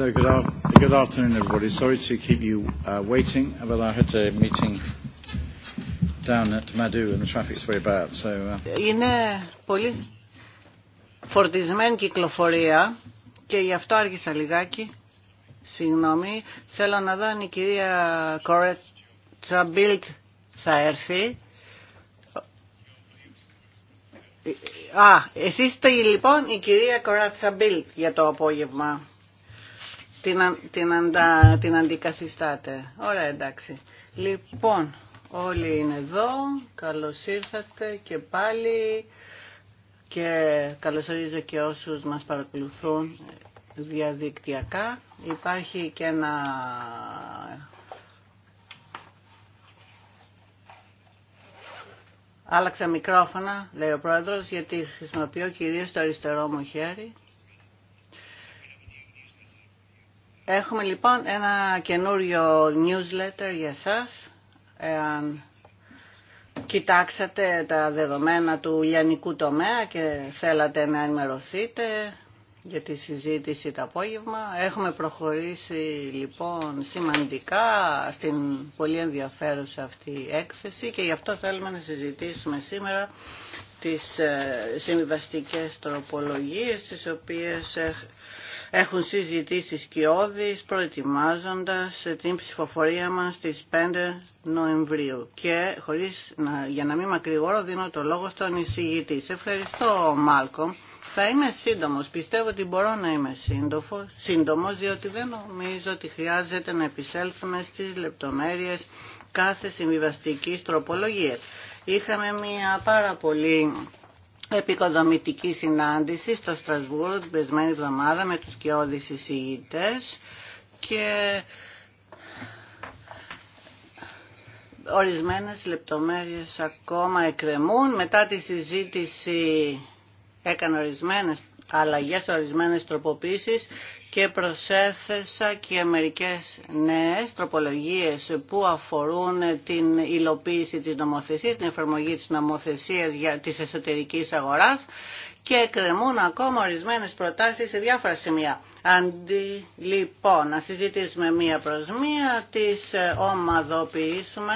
So good, afternoon, everybody. Sorry to keep you uh, waiting, but I had a meeting down at and the traffic's very bad. So, uh, Είναι πολύ φορτισμένη κυκλοφορία και γι' αυτό άργησα λιγάκι. Συγγνώμη. Θέλω να δω αν η κυρία Μπίλτ θα έρθει. Α, εσείς είστε λοιπόν η κυρία Κοράτσα Μπίλτ για το απόγευμα την, την, αντα, την αντικαθιστάτε. Ωραία, εντάξει. Λοιπόν, όλοι είναι εδώ. Καλώς ήρθατε και πάλι. Και καλωσορίζω και όσους μας παρακολουθούν διαδικτυακά. Υπάρχει και ένα Άλλαξα μικρόφωνα, λέει ο πρόεδρος, γιατί χρησιμοποιώ κυρίως το αριστερό μου χέρι. Έχουμε λοιπόν ένα καινούριο newsletter για σας. Εάν κοιτάξατε τα δεδομένα του λιανικού τομέα και θέλατε να ενημερωθείτε για τη συζήτηση το απόγευμα. Έχουμε προχωρήσει λοιπόν σημαντικά στην πολύ ενδιαφέρουσα αυτή έκθεση και γι' αυτό θέλουμε να συζητήσουμε σήμερα τις ε, συμβαστικές τροπολογίες τις οποίες έχουν συζητήσει σκιώδεις προετοιμάζοντας την ψηφοφορία μας στις 5 Νοεμβρίου. Και χωρίς, να, για να μην μακρηγορώ δίνω το λόγο στον εισηγητή. Σε ευχαριστώ Μάλκομ. Θα είμαι σύντομος. Πιστεύω ότι μπορώ να είμαι σύντομο, σύντομος, διότι δεν νομίζω ότι χρειάζεται να επισέλθουμε στις λεπτομέρειες κάθε συμβιβαστικής τροπολογίας. Είχαμε μια πάρα πολύ επικοδομητική συνάντηση στο Στρασβούργο την περισμένη εβδομάδα με τους κοιόδης εισηγητές και ορισμένες λεπτομέρειες ακόμα εκρεμούν. Μετά τη συζήτηση έκανε ορισμένες αλλαγές, ορισμένες τροποποίησεις και προσέθεσα και μερικές νέες τροπολογίες που αφορούν την υλοποίηση της νομοθεσίας, την εφαρμογή της νομοθεσίας για της εσωτερικής αγοράς και κρεμούν ακόμα ορισμένες προτάσεις σε διάφορα σημεία. Αντί λοιπόν να συζητήσουμε μία προς μία, τις ε, ομαδοποιήσουμε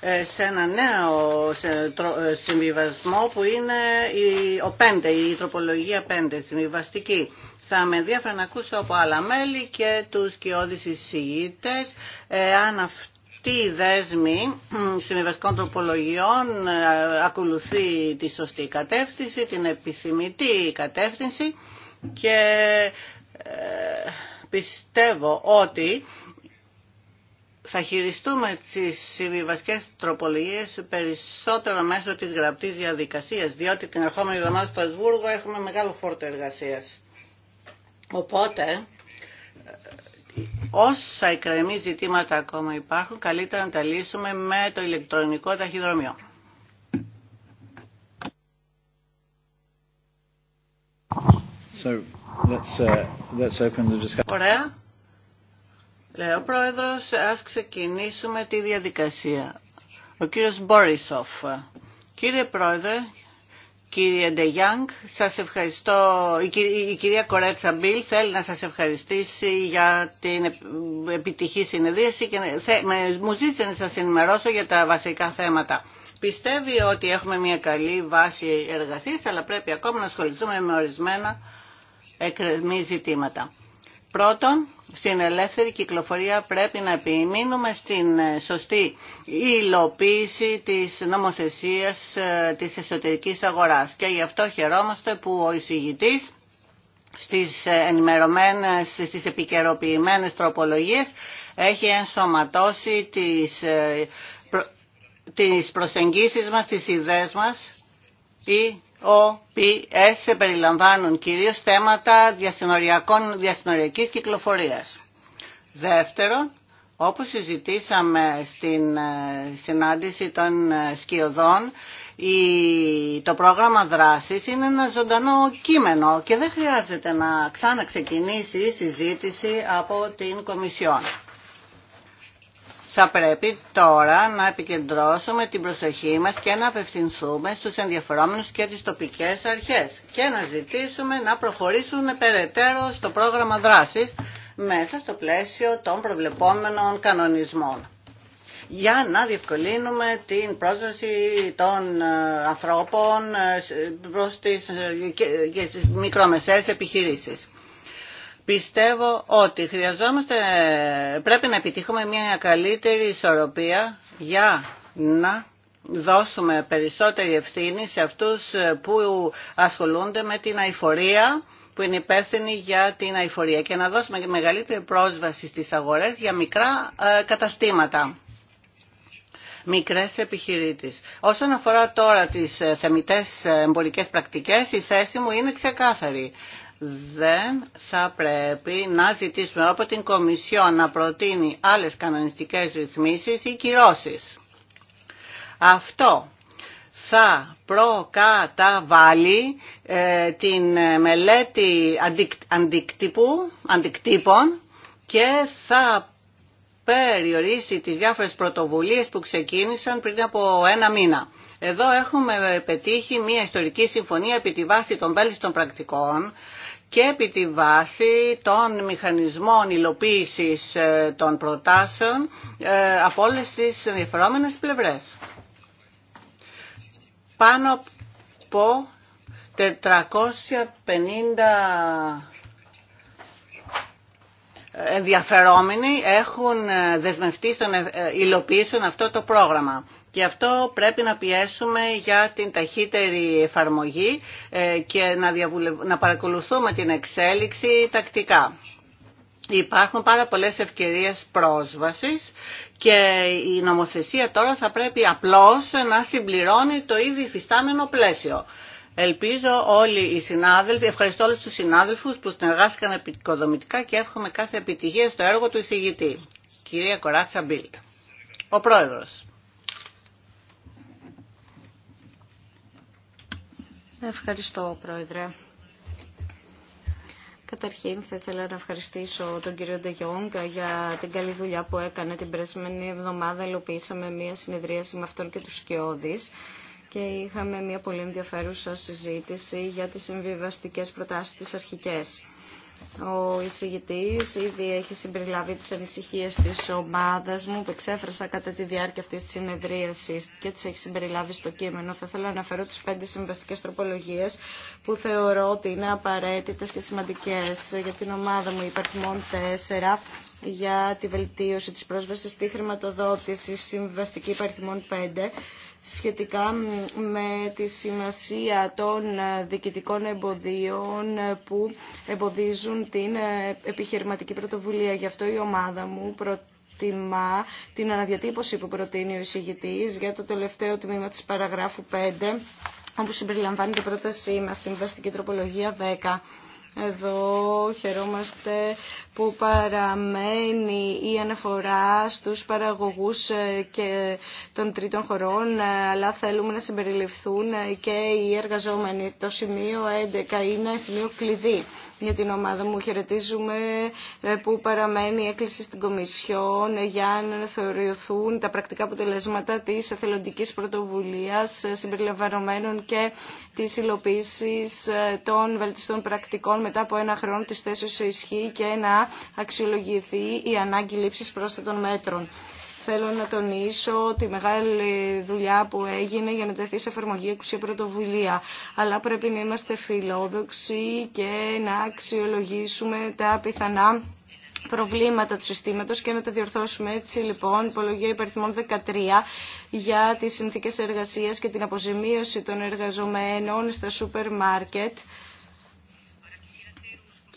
ε, σε ένα νέο ε, συμβιβασμό που είναι ο πέντε η τροπολογία 5, συμβιβαστική θα με ενδιαφέρει να ακούσω από άλλα μέλη και τους κοιόδης εισηγητές αν αυτή η δέσμη συμβιβαστικών τροπολογιών ε, ακολουθεί τη σωστή κατεύθυνση, την επισημητή κατεύθυνση και ε, πιστεύω ότι θα χειριστούμε τις συμβιβαστικέ τροπολογίες περισσότερο μέσω της γραπτής διαδικασίας, διότι την ερχόμενη εβδομάδα στο Ασβούργο έχουμε μεγάλο φόρτο εργασίας. Οπότε, όσα εκκρεμή ζητήματα ακόμα υπάρχουν, καλύτερα να τα λύσουμε με το ηλεκτρονικό ταχυδρομείο. So, let's, uh, Ωραία. Λέω, ο Πρόεδρος, ας ξεκινήσουμε τη διαδικασία. Ο κύριος Μπόρισοφ. Κύριε Πρόεδρε, Κύριε Ντεγιάνγκ, σας ευχαριστώ. Η κυρία Κορέτσα Μπίλ θέλει να σας ευχαριστήσει για την επιτυχή συνεδρίαση και μου ζήτησε να σας ενημερώσω για τα βασικά θέματα. Πιστεύει ότι έχουμε μια καλή βάση εργασίας, αλλά πρέπει ακόμα να ασχοληθούμε με ορισμένα εκκρεμή ζητήματα. Πρώτον, στην ελεύθερη κυκλοφορία πρέπει να επιμείνουμε στην ε, σωστή υλοποίηση της νομοθεσίας ε, της εσωτερικής αγοράς. Και γι' αυτό χαιρόμαστε που ο εισηγητής στις ε, ενημερωμένες, στις επικαιροποιημένες τροπολογίες έχει ενσωματώσει τις, τις προσεγγίσεις μας, τις ιδέες μας ή όποιε περιλαμβάνουν κυρίως θέματα διασυνοριακών, διασυνοριακής κυκλοφορίας. Δεύτερον, όπως συζητήσαμε στην ε, συνάντηση των ε, σκιωδών, το πρόγραμμα δράσης είναι ένα ζωντανό κείμενο και δεν χρειάζεται να ξαναξεκινήσει η συζήτηση από την Κομισιόν. Θα πρέπει τώρα να επικεντρώσουμε την προσοχή μας και να απευθυνθούμε στους ενδιαφερόμενους και τις τοπικές αρχές και να ζητήσουμε να προχωρήσουν περαιτέρω στο πρόγραμμα δράσης μέσα στο πλαίσιο των προβλεπόμενων κανονισμών για να διευκολύνουμε την πρόσβαση των ε, ανθρώπων ε, προς τις, ε, και επιχειρήσεις. Πιστεύω ότι χρειαζόμαστε, πρέπει να επιτύχουμε μια καλύτερη ισορροπία για να δώσουμε περισσότερη ευθύνη σε αυτούς που ασχολούνται με την αηφορία, που είναι υπεύθυνοι για την αηφορία και να δώσουμε μεγαλύτερη πρόσβαση στις αγορές για μικρά ε, καταστήματα μικρές επιχειρήσεις. Όσον αφορά τώρα τις ε, θεμητές ε, εμπορικές πρακτικές, η θέση μου είναι ξεκάθαρη δεν θα πρέπει να ζητήσουμε από την Κομισιό να προτείνει άλλες κανονιστικές ρυθμίσεις ή κυρώσεις. Αυτό θα προκαταβάλει ε, την μελέτη αντικτύπου, αντικτύπων και θα περιορίσει τις διάφορες πρωτοβουλίες που ξεκίνησαν πριν από ένα μήνα. Εδώ έχουμε πετύχει μια ιστορική συμφωνία επί τη βάση των βέλτιστων πρακτικών και επί τη βάση των μηχανισμών υλοποίησης ε, των προτάσεων ε, από όλες τις ενδιαφερόμενες πλευρές. Πάνω από 450 ενδιαφερόμενοι έχουν ε, δεσμευτεί στο να ε, υλοποιήσουν αυτό το πρόγραμμα. Και αυτό πρέπει να πιέσουμε για την ταχύτερη εφαρμογή ε, και να, να παρακολουθούμε την εξέλιξη τακτικά. Υπάρχουν πάρα πολλές ευκαιρίες πρόσβασης και η νομοθεσία τώρα θα πρέπει απλώς να συμπληρώνει το ήδη υφιστάμενο πλαίσιο. Ελπίζω όλοι οι συνάδελφοι, ευχαριστώ όλους τους συνάδελφους που συνεργάστηκαν επικοδομητικά και εύχομαι κάθε επιτυχία στο έργο του εισηγητή. Κυρία Κοράτσα Μπίλτ, ο πρόεδρος. Ευχαριστώ, πρόεδρε. Καταρχήν θα ήθελα να ευχαριστήσω τον κύριο Ντεγιόγκα για την καλή δουλειά που έκανε την περασμένη εβδομάδα. Ελοποιήσαμε μία συνεδρίαση με αυτόν και τους Σκιώδης και είχαμε μια πολύ ενδιαφέρουσα συζήτηση για τις συμβιβαστικές προτάσεις τις αρχικές. Ο εισηγητής ήδη έχει συμπεριλάβει τις ανησυχίες της ομάδας μου που εξέφρασα κατά τη διάρκεια αυτής της συνεδρίασης και τις έχει συμπεριλάβει στο κείμενο. Θα ήθελα να αναφέρω τις πέντε συμβαστικές τροπολογίες που θεωρώ ότι είναι απαραίτητες και σημαντικές για την ομάδα μου υπαρχημών 4 για τη βελτίωση της πρόσβασης στη χρηματοδότηση, συμβιβαστική υπαριθμών 5, σχετικά με τη σημασία των διοικητικών εμποδίων που εμποδίζουν την επιχειρηματική πρωτοβουλία. Γι' αυτό η ομάδα μου προτιμά την αναδιατύπωση που προτείνει ο εισηγητή για το τελευταίο τμήμα της παραγράφου 5 όπου συμπεριλαμβάνει την πρότασή μας, συμβαστική τροπολογία 10. Εδώ χαιρόμαστε που παραμένει η αναφορά στους παραγωγούς ε, και των τρίτων χωρών, ε, αλλά θέλουμε να συμπεριληφθούν ε, και οι εργαζόμενοι. Το σημείο 11 είναι σημείο κλειδί για την ομάδα μου. Χαιρετίζουμε που παραμένει η έκκληση στην Κομισιόν για να θεωρηθούν τα πρακτικά αποτελέσματα της εθελοντικής πρωτοβουλίας συμπεριλαμβανομένων και της υλοποίησης των βελτιστών πρακτικών μετά από ένα χρόνο της και να αξιολογηθεί η ανάγκη λήψης πρόσθετων μέτρων. Θέλω να τονίσω τη μεγάλη δουλειά που έγινε για να τεθεί σε εφαρμογή εξουσία πρωτοβουλία. Αλλά πρέπει να είμαστε φιλόδοξοι και να αξιολογήσουμε τα πιθανά προβλήματα του συστήματος και να τα διορθώσουμε έτσι λοιπόν υπολογία υπερθυμών 13 για τις συνθήκες εργασίας και την αποζημίωση των εργαζομένων στα σούπερ μάρκετ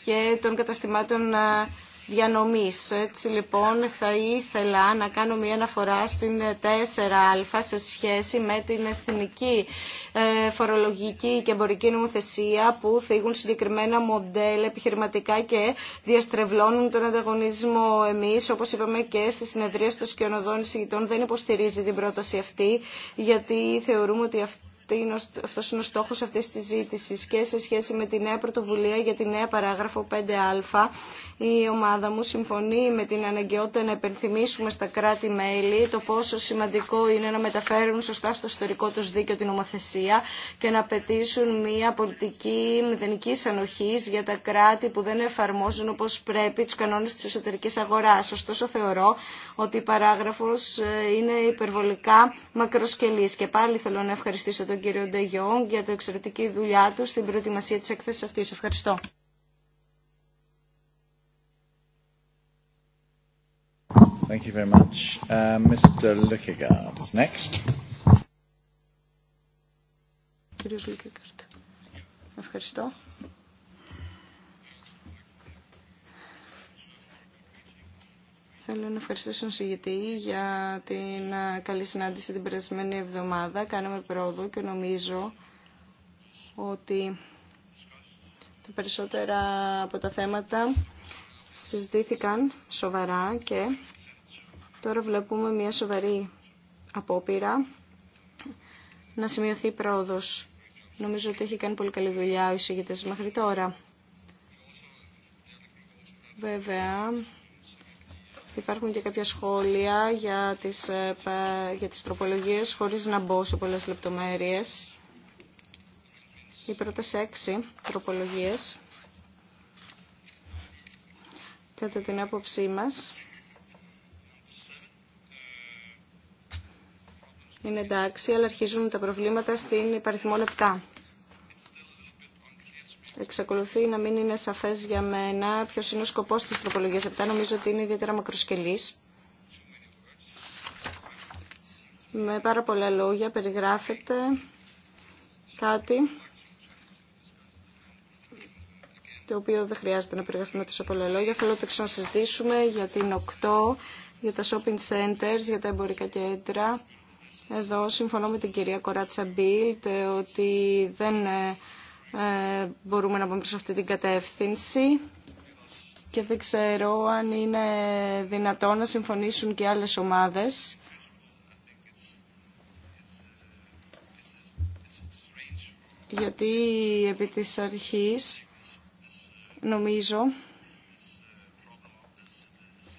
και των καταστημάτων ε, διανομής. Έτσι λοιπόν θα ήθελα να κάνω μια αναφορά στην 4α σε σχέση με την εθνική ε, φορολογική και εμπορική νομοθεσία που θίγουν συγκεκριμένα μοντέλα επιχειρηματικά και διαστρεβλώνουν τον ανταγωνισμό. Εμείς, όπως είπαμε και στη συνεδρία των σκιονοδών εισηγητών, δεν υποστηρίζει την πρόταση αυτή γιατί θεωρούμε ότι αυτή αυτό είναι ο στόχο αυτή τη ζήτηση, και σε σχέση με τη νέα πρωτοβουλία για τη νέα παράγραφο 5α η ομάδα μου συμφωνεί με την αναγκαιότητα να υπενθυμίσουμε στα κράτη-μέλη το πόσο σημαντικό είναι να μεταφέρουν σωστά στο ιστορικό τους δίκαιο την ομοθεσία και να απαιτήσουν μια πολιτική μηδενική ανοχή για τα κράτη που δεν εφαρμόζουν όπω πρέπει του κανόνε τη εσωτερική αγορά. Ωστόσο θεωρώ ότι η παράγραφος ε, είναι υπερβολικά μακροσκελή. και πάλι θέλω να ευχαριστήσω τον κύριο Ντεγιόν για την εξαιρετική δουλειά του στην προετοιμασία τη εκθέση αυτή. Ευχαριστώ. Thank you very much. Uh, Mr. Lückegaard is next. Ευχαριστώ. Θέλω να ευχαριστήσω τον συγγετή για την ε, καλή συνάντηση την περασμένη εβδομάδα. Κάναμε πρόοδο και νομίζω ότι τα περισσότερα από τα θέματα συζητήθηκαν σοβαρά και Τώρα βλέπουμε μια σοβαρή απόπειρα να σημειωθεί πρόοδος. Νομίζω ότι έχει κάνει πολύ καλή δουλειά ο εισηγητής μέχρι τώρα. Βέβαια, υπάρχουν και κάποια σχόλια για τις, ε, για τις τροπολογίες χωρίς να μπω σε πολλές λεπτομέρειες. Οι πρώτες έξι τροπολογίες, κατά την άποψή μας, είναι εντάξει, αλλά αρχίζουν τα προβλήματα στην υπαριθμό 7. Εξακολουθεί να μην είναι σαφές για μένα Ποιο είναι ο σκοπός της τροπολογίας 7. Νομίζω ότι είναι ιδιαίτερα μακροσκελής. Με πάρα πολλά λόγια περιγράφεται κάτι το οποίο δεν χρειάζεται να περιγραφούμε τόσο πολλά λόγια. Θέλω να το ξανασυζητήσουμε για την 8, για τα shopping centers, για τα εμπορικά κέντρα. Εδώ συμφωνώ με την κυρία Κοράτσα Μπίλτ ότι δεν ε, ε, μπορούμε να πάμε προς αυτή την κατεύθυνση και δεν ξέρω αν είναι δυνατό να συμφωνήσουν και άλλες ομάδες. Γιατί επί της αρχής νομίζω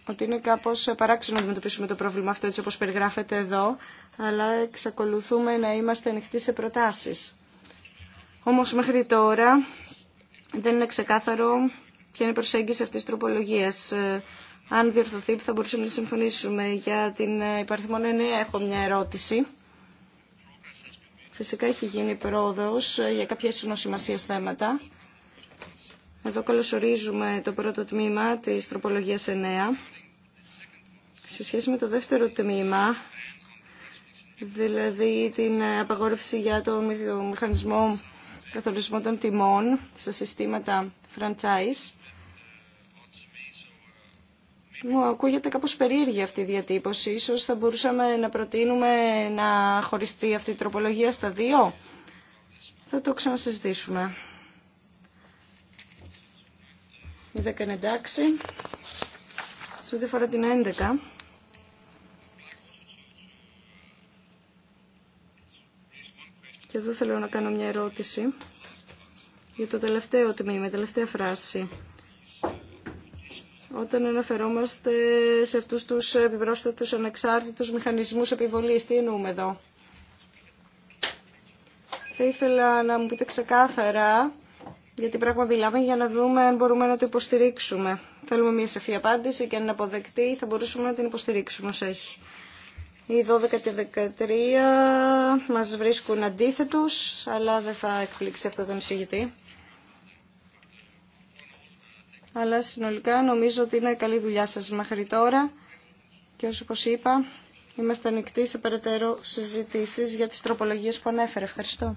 ότι είναι κάπως παράξενο να αντιμετωπίσουμε το πρόβλημα αυτό έτσι όπως περιγράφεται εδώ αλλά εξακολουθούμε να είμαστε ανοιχτοί σε προτάσεις. Όμως μέχρι τώρα δεν είναι ξεκάθαρο ποια είναι η προσέγγιση αυτής της τροπολογίας. Ε, αν διορθωθεί θα μπορούσαμε να συμφωνήσουμε για την ε, υπαριθμόν 9. Έχω μια ερώτηση. Φυσικά έχει γίνει πρόοδος ε, για κάποια συνοσημασία θέματα. Εδώ καλωσορίζουμε το πρώτο τμήμα της τροπολογίας 9. Σε σχέση με το δεύτερο τμήμα δηλαδή την ε, απαγόρευση για το μηχανισμό καθορισμού των τιμών στα συστήματα franchise. Μου ακούγεται κάπως περίεργη αυτή η διατύπωση. Ίσως θα μπορούσαμε να προτείνουμε να χωριστεί αυτή η τροπολογία στα δύο. Θα το ξανασυζητήσουμε. Η 10 εντάξει. Σε ό,τι αφορά την 11. Και εδώ θέλω να κάνω μια ερώτηση για το τελευταίο τμήμα, τελευταία φράση. Όταν αναφερόμαστε σε αυτούς τους επιπρόσθετους ανεξάρτητους μηχανισμούς επιβολής, τι εννοούμε εδώ. Θα ήθελα να μου πείτε ξεκάθαρα γιατί πράγμα μιλάμε για να δούμε αν μπορούμε να το υποστηρίξουμε. Θέλουμε μια σαφή απάντηση και αν είναι αποδεκτή θα μπορούσαμε να την υποστηρίξουμε όσο έχει. Οι 12 και 13 μας βρίσκουν αντίθετους, αλλά δεν θα εκπλήξει αυτό τον εισηγητή. Αλλά συνολικά νομίζω ότι είναι καλή δουλειά σας μέχρι τώρα. Και όπως είπα, είμαστε ανοιχτοί σε περαιτέρω συζητήσεις για τις τροπολογίες που ανέφερε. Ευχαριστώ.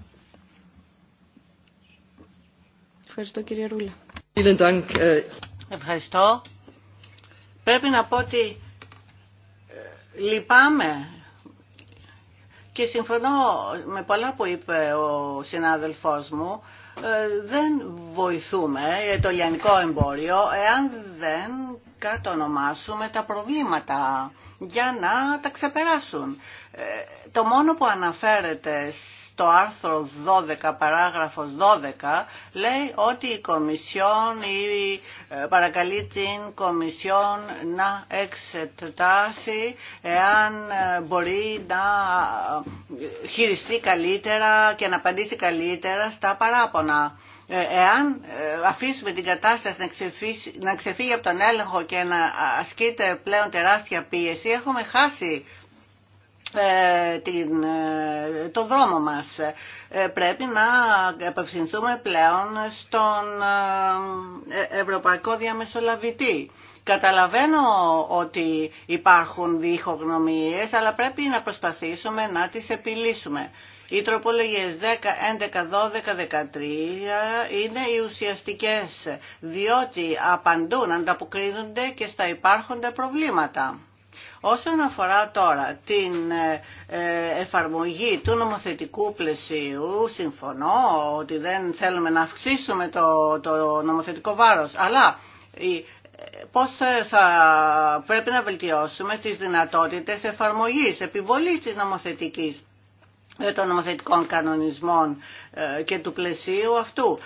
Ευχαριστώ κύριε Ρούλα. Ευχαριστώ. Πρέπει να πω ότι Λυπάμαι και συμφωνώ με πολλά που είπε ο συνάδελφός μου, ε, δεν βοηθούμε ε, το λιανικό εμπόριο εάν δεν κατονομάσουμε τα προβλήματα για να τα ξεπεράσουν. Ε, το μόνο που αναφέρεται το άρθρο 12, παράγραφος 12, λέει ότι η Κομισιόν η, ε, παρακαλεί την Κομισιόν να εξετάσει εάν ε, μπορεί να ε, χειριστεί καλύτερα και να απαντήσει καλύτερα στα παράπονα. Εάν αφήσουμε την κατάσταση να ξεφύγει, να ξεφύγει από τον έλεγχο και να ασκείται πλέον τεράστια πίεση, έχουμε χάσει ε, ε, το δρόμο μας. Ε, πρέπει να απευθυνθούμε πλέον στον Ευρωπαϊκό Διαμεσολαβητή. Καταλαβαίνω ότι υπάρχουν διχογνωμίες, αλλά πρέπει να προσπαθήσουμε να τις επιλύσουμε. Οι τροπολογίες 10, 11, 12, 13 είναι οι ουσιαστικές, διότι απαντούν, ανταποκρίνονται και στα υπάρχοντα προβλήματα. Όσον αφορά τώρα την ε, ε, εφαρμογή του νομοθετικού πλαισίου, συμφωνώ ότι δεν θέλουμε να αυξήσουμε το, το νομοθετικό βάρος, αλλά ε, πώς θα πρέπει να βελτιώσουμε τις δυνατότητες εφαρμογής, επιβολής της νομοθετικής των νομοθετικών κανονισμών και του πλαισίου αυτού.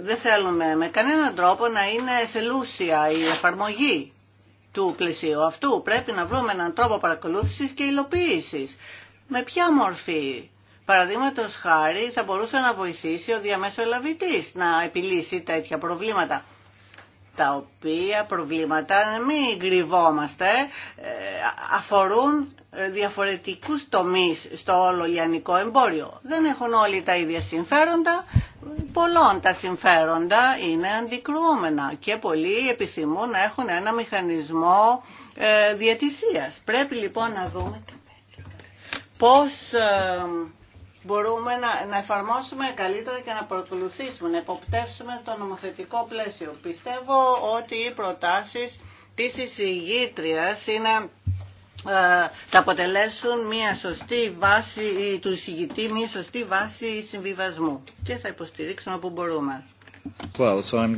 Δεν θέλουμε με κανέναν τρόπο να είναι σε λούσια η εφαρμογή του πλαισίου αυτού. Πρέπει να βρούμε έναν τρόπο παρακολούθησης και υλοποίησης. Με ποια μορφή. Παραδείγματο χάρη θα μπορούσε να βοηθήσει ο διαμεσολαβητής να επιλύσει τέτοια προβλήματα. Τα οποία προβλήματα, μην κρυβόμαστε, ε, αφορούν ε, διαφορετικούς τομείς στο όλο λιανικό εμπόριο. Δεν έχουν όλοι τα ίδια συμφέροντα, πολλών τα συμφέροντα είναι αντικρούμενα και πολλοί επισημούν να έχουν ένα μηχανισμό ε, Πρέπει λοιπόν να δούμε πώς ε, μπορούμε να, εφαρμόσουμε καλύτερα και να παρακολουθήσουμε, να υποπτεύσουμε το νομοθετικό πλαίσιο. Πιστεύω ότι οι προτάσεις της εισηγήτριας είναι ε, θα αποτελέσουν μια σωστή βάση του εισηγητή, μια σωστή βάση συμβιβασμού και θα υποστηρίξουμε όπου μπορούμε. Well, so I'm...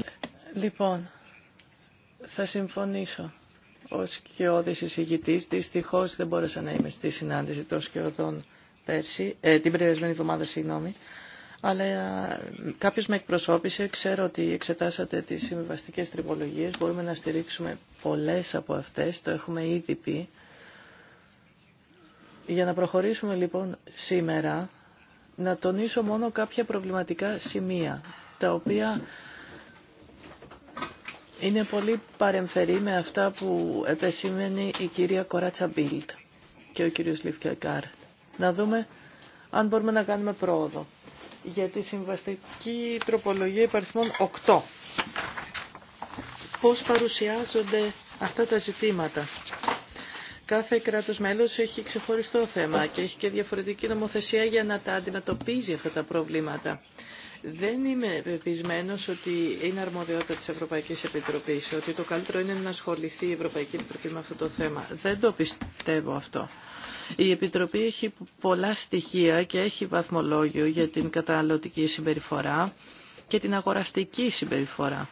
Λοιπόν, θα συμφωνήσω ως σκιώδης εισηγητής. Δυστυχώς δεν μπόρεσα να είμαι στη συνάντηση των σκιωδών πέρσι, ε, την περιορισμένη εβδομάδα, συγγνώμη. Αλλά ε, κάποιος με εκπροσώπησε, ξέρω ότι εξετάσατε τις συμβιβαστικές τρυπολογίες, μπορούμε να στηρίξουμε πολλές από αυτές, το έχουμε ήδη πει. Για να προχωρήσουμε λοιπόν σήμερα, να τονίσω μόνο κάποια προβληματικά σημεία, τα οποία είναι πολύ παρεμφερή με αυτά που επεσήμενε η κυρία Κοράτσα Μπίλτ και ο κύριος Λιφκιακάρ. Να δούμε αν μπορούμε να κάνουμε πρόοδο. Για τη συμβαστική τροπολογία υπαριθμών 8. Πώς παρουσιάζονται αυτά τα ζητήματα Κάθε κράτο μέλο έχει ξεχωριστό θέμα και έχει και διαφορετική νομοθεσία για να τα αντιμετωπίζει αυτά τα προβλήματα. Δεν είμαι πεπισμένο ότι είναι αρμοδιότητα τη Ευρωπαϊκή Επιτροπή, ότι το καλύτερο είναι να ασχοληθεί η Ευρωπαϊκή Επιτροπή με αυτό το θέμα. Δεν το πιστεύω αυτό. Η Επιτροπή έχει πολλά στοιχεία και έχει βαθμολόγιο για την καταναλωτική συμπεριφορά και την αγοραστική συμπεριφορά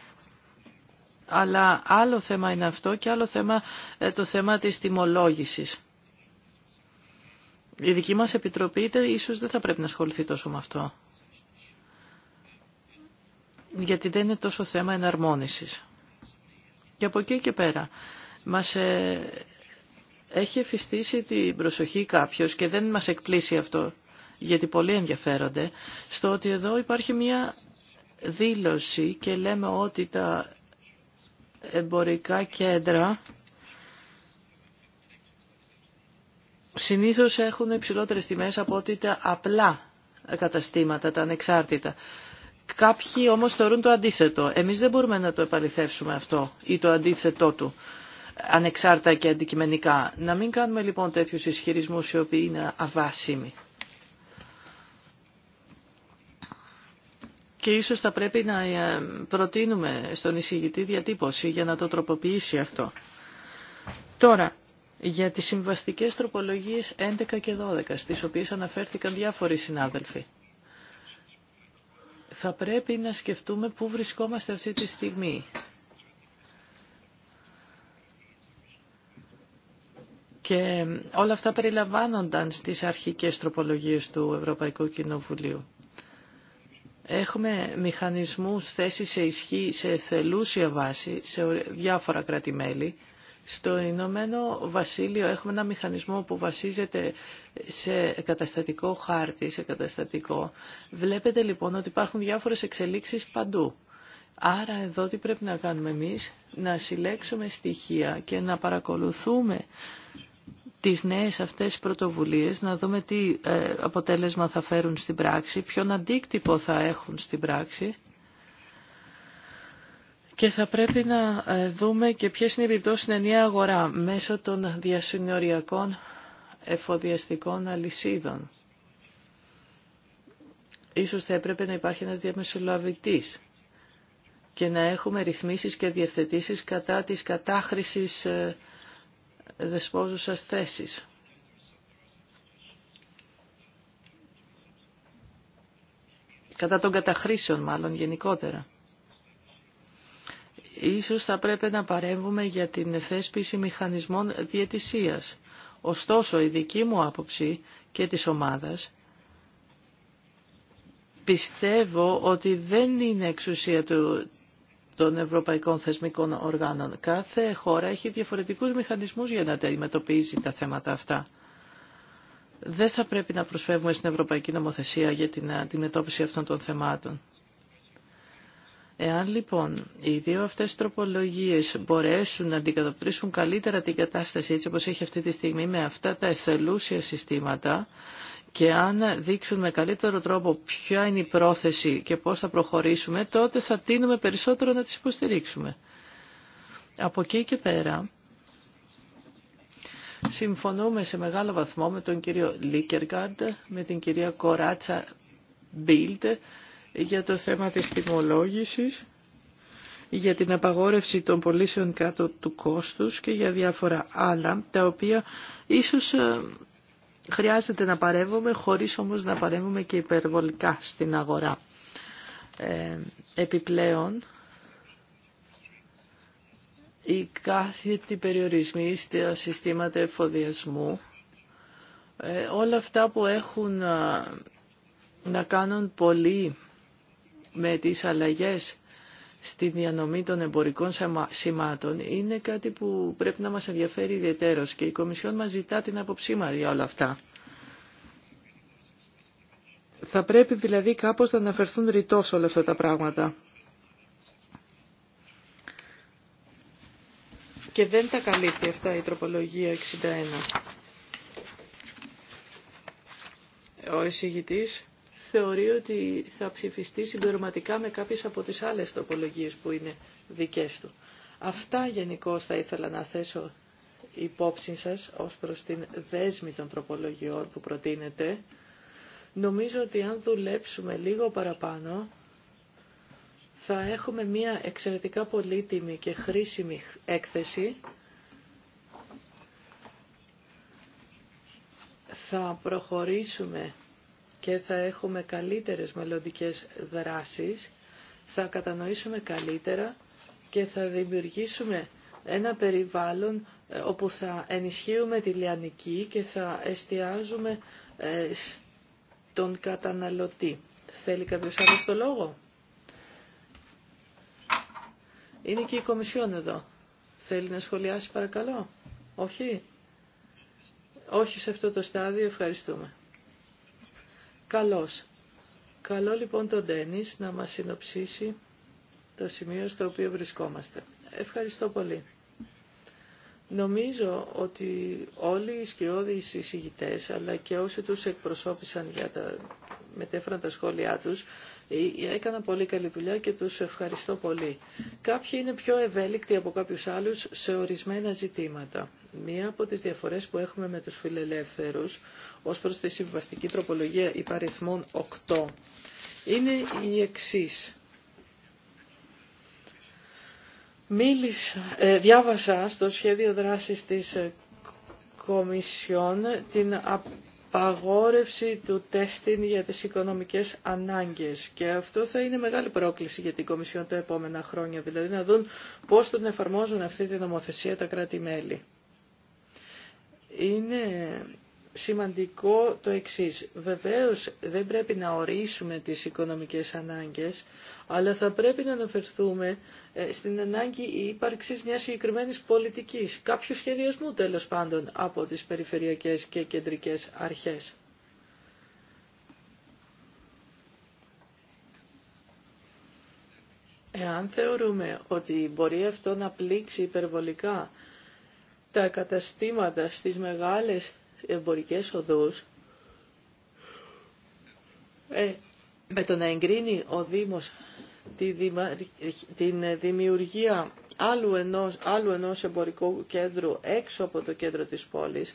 αλλά άλλο θέμα είναι αυτό και άλλο θέμα ε, το θέμα της τιμολόγησης. Η δική μας επιτροπή ίσως δεν θα πρέπει να ασχοληθεί τόσο με αυτό. Γιατί δεν είναι τόσο θέμα εναρμόνισης. Και από εκεί και πέρα, μας ε, έχει εφιστήσει την προσοχή κάποιος και δεν μας εκπλήσει αυτό, γιατί πολλοί ενδιαφέρονται, στο ότι εδώ υπάρχει μια δήλωση και λέμε ότι τα εμπορικά κέντρα συνήθως έχουν υψηλότερες τιμές από ότι τα απλά καταστήματα, τα ανεξάρτητα. Κάποιοι όμως θεωρούν το αντίθετο. Εμείς δεν μπορούμε να το επαληθεύσουμε αυτό ή το αντίθετό του ανεξάρτητα και αντικειμενικά. Να μην κάνουμε λοιπόν τέτοιους ισχυρισμούς οι οποίοι είναι αβάσιμοι. και ίσως θα πρέπει να ε, προτείνουμε στον εισηγητή διατύπωση για να το τροποποιήσει αυτό. Τώρα, για τις συμβαστικές τροπολογίες 11 και 12, στις οποίες αναφέρθηκαν διάφοροι συνάδελφοι. Θα πρέπει να σκεφτούμε πού βρισκόμαστε αυτή τη στιγμή. Και όλα αυτά περιλαμβάνονταν στις αρχικές τροπολογίες του Ευρωπαϊκού Κοινοβουλίου. Έχουμε μηχανισμούς θέση σε ισχύ σε θελούσια βάση σε διάφορα κράτη-μέλη. Στο Ηνωμένο Βασίλειο έχουμε ένα μηχανισμό που βασίζεται σε καταστατικό χάρτη, σε καταστατικό. Βλέπετε λοιπόν ότι υπάρχουν διάφορες εξελίξεις παντού. Άρα εδώ τι πρέπει να κάνουμε εμείς, να συλλέξουμε στοιχεία και να παρακολουθούμε τις νέες αυτές πρωτοβουλίες, να δούμε τι ε, αποτέλεσμα θα φέρουν στην πράξη, ποιον αντίκτυπο θα έχουν στην πράξη. Και θα πρέπει να ε, δούμε και ποιες είναι οι επιπτώσεις στην ενιαία αγορά μέσω των διασυνοριακών εφοδιαστικών αλυσίδων. Ίσως θα έπρεπε να υπάρχει ένας διαμεσολαβητής και να έχουμε ρυθμίσεις και διευθετήσεις κατά της κατάχρησης ε, δεσπόζουσας θέσεις. Κατά των καταχρήσεων μάλλον γενικότερα. Ίσως θα πρέπει να παρέμβουμε για την θέσπιση μηχανισμών διαιτησίας. Ωστόσο, η δική μου άποψη και της ομάδας πιστεύω ότι δεν είναι εξουσία του, των ευρωπαϊκών θεσμικών οργάνων. Κάθε χώρα έχει διαφορετικούς μηχανισμούς για να αντιμετωπίζει τα θέματα αυτά. Δεν θα πρέπει να προσφεύγουμε στην Ευρωπαϊκή Νομοθεσία για την αντιμετώπιση αυτών των θεμάτων. Εάν λοιπόν οι δύο αυτές τροπολογίες μπορέσουν να αντικατοπτρίσουν καλύτερα την κατάσταση έτσι όπως έχει αυτή τη στιγμή με αυτά τα εθελούσια συστήματα, και αν δείξουν με καλύτερο τρόπο ποια είναι η πρόθεση και πώς θα προχωρήσουμε, τότε θα τίνουμε περισσότερο να τις υποστηρίξουμε. Από εκεί και πέρα, συμφωνούμε σε μεγάλο βαθμό με τον κύριο Λίκεργαρντ, με την κυρία Κοράτσα Μπίλτ για το θέμα της τιμολόγησης, για την απαγόρευση των πωλήσεων κάτω του κόστους και για διάφορα άλλα, τα οποία ίσως ε, Χρειάζεται να παρεύουμε χωρίς όμως να παρεύουμε και υπερβολικά στην αγορά. Ε, επιπλέον, οι κάθετοι περιορισμοί στα συστήματα εφοδιασμού, ε, όλα αυτά που έχουν να, ε, να κάνουν πολύ με τις αλλαγές στη διανομή των εμπορικών σημάτων είναι κάτι που πρέπει να μας ενδιαφέρει ιδιαίτερος και η Κομισιόν μας ζητά την άποψή μας για όλα αυτά. Θα πρέπει δηλαδή κάπως να αναφερθούν ρητός όλα αυτά τα πράγματα. Και δεν τα καλύπτει αυτά η τροπολογία 61. Ο εισηγητής θεωρεί ότι θα ψηφιστεί συμπληρωματικά με κάποιες από τις άλλες τροπολογίες που είναι δικές του. Αυτά γενικώ θα ήθελα να θέσω υπόψη σας ως προς την δέσμη των τροπολογιών που προτείνεται. Νομίζω ότι αν δουλέψουμε λίγο παραπάνω θα έχουμε μια εξαιρετικά πολύτιμη και χρήσιμη έκθεση. Θα προχωρήσουμε και θα έχουμε καλύτερες μελλοντικέ δράσεις, θα κατανοήσουμε καλύτερα και θα δημιουργήσουμε ένα περιβάλλον ε, όπου θα ενισχύουμε τη λιανική και θα εστιάζουμε ε, στον καταναλωτή. Θέλει κάποιος άλλος το λόγο? Είναι και η Κομισιόν εδώ. Θέλει να σχολιάσει παρακαλώ. Όχι. Όχι σε αυτό το στάδιο. Ευχαριστούμε. Καλώς. Καλό λοιπόν τον Τένις να μας συνοψίσει το σημείο στο οποίο βρισκόμαστε. Ευχαριστώ πολύ. Νομίζω ότι όλοι οι σκιώδεις εισηγητές αλλά και όσοι τους εκπροσώπησαν για τα μετέφεραν τα σχόλιά τους ε, έκανα πολύ καλή δουλειά και τους ευχαριστώ πολύ. Κάποιοι είναι πιο ευέλικτοι από κάποιους άλλους σε ορισμένα ζητήματα. Μία από τις διαφορές που έχουμε με τους φιλελεύθερους ως προς τη συμβαστική τροπολογία υπαριθμών 8 είναι η εξής. Μίλησα, ε, διάβασα στο σχέδιο δράσης της Κομισιόν την απαγόρευση του τέστην για τις οικονομικές ανάγκες. Και αυτό θα είναι μεγάλη πρόκληση για την Κομισιόν τα επόμενα χρόνια, δηλαδή να δουν πώς τον εφαρμόζουν αυτή την νομοθεσία τα κράτη-μέλη. Είναι σημαντικό το εξής. Βεβαίως δεν πρέπει να ορίσουμε τις οικονομικές ανάγκες, αλλά θα πρέπει να αναφερθούμε ε, στην ανάγκη ύπαρξης μιας συγκεκριμένης πολιτικής, κάποιου σχεδιασμού τέλος πάντων από τις περιφερειακές και κεντρικές αρχές. Εάν θεωρούμε ότι μπορεί αυτό να πλήξει υπερβολικά τα καταστήματα στις μεγάλες εμπορικές οδούς, ε, με το να εγκρίνει ο Δήμος τη την δημιουργία άλλου ενός, άλλου ενός εμπορικού κέντρου έξω από το κέντρο της πόλης,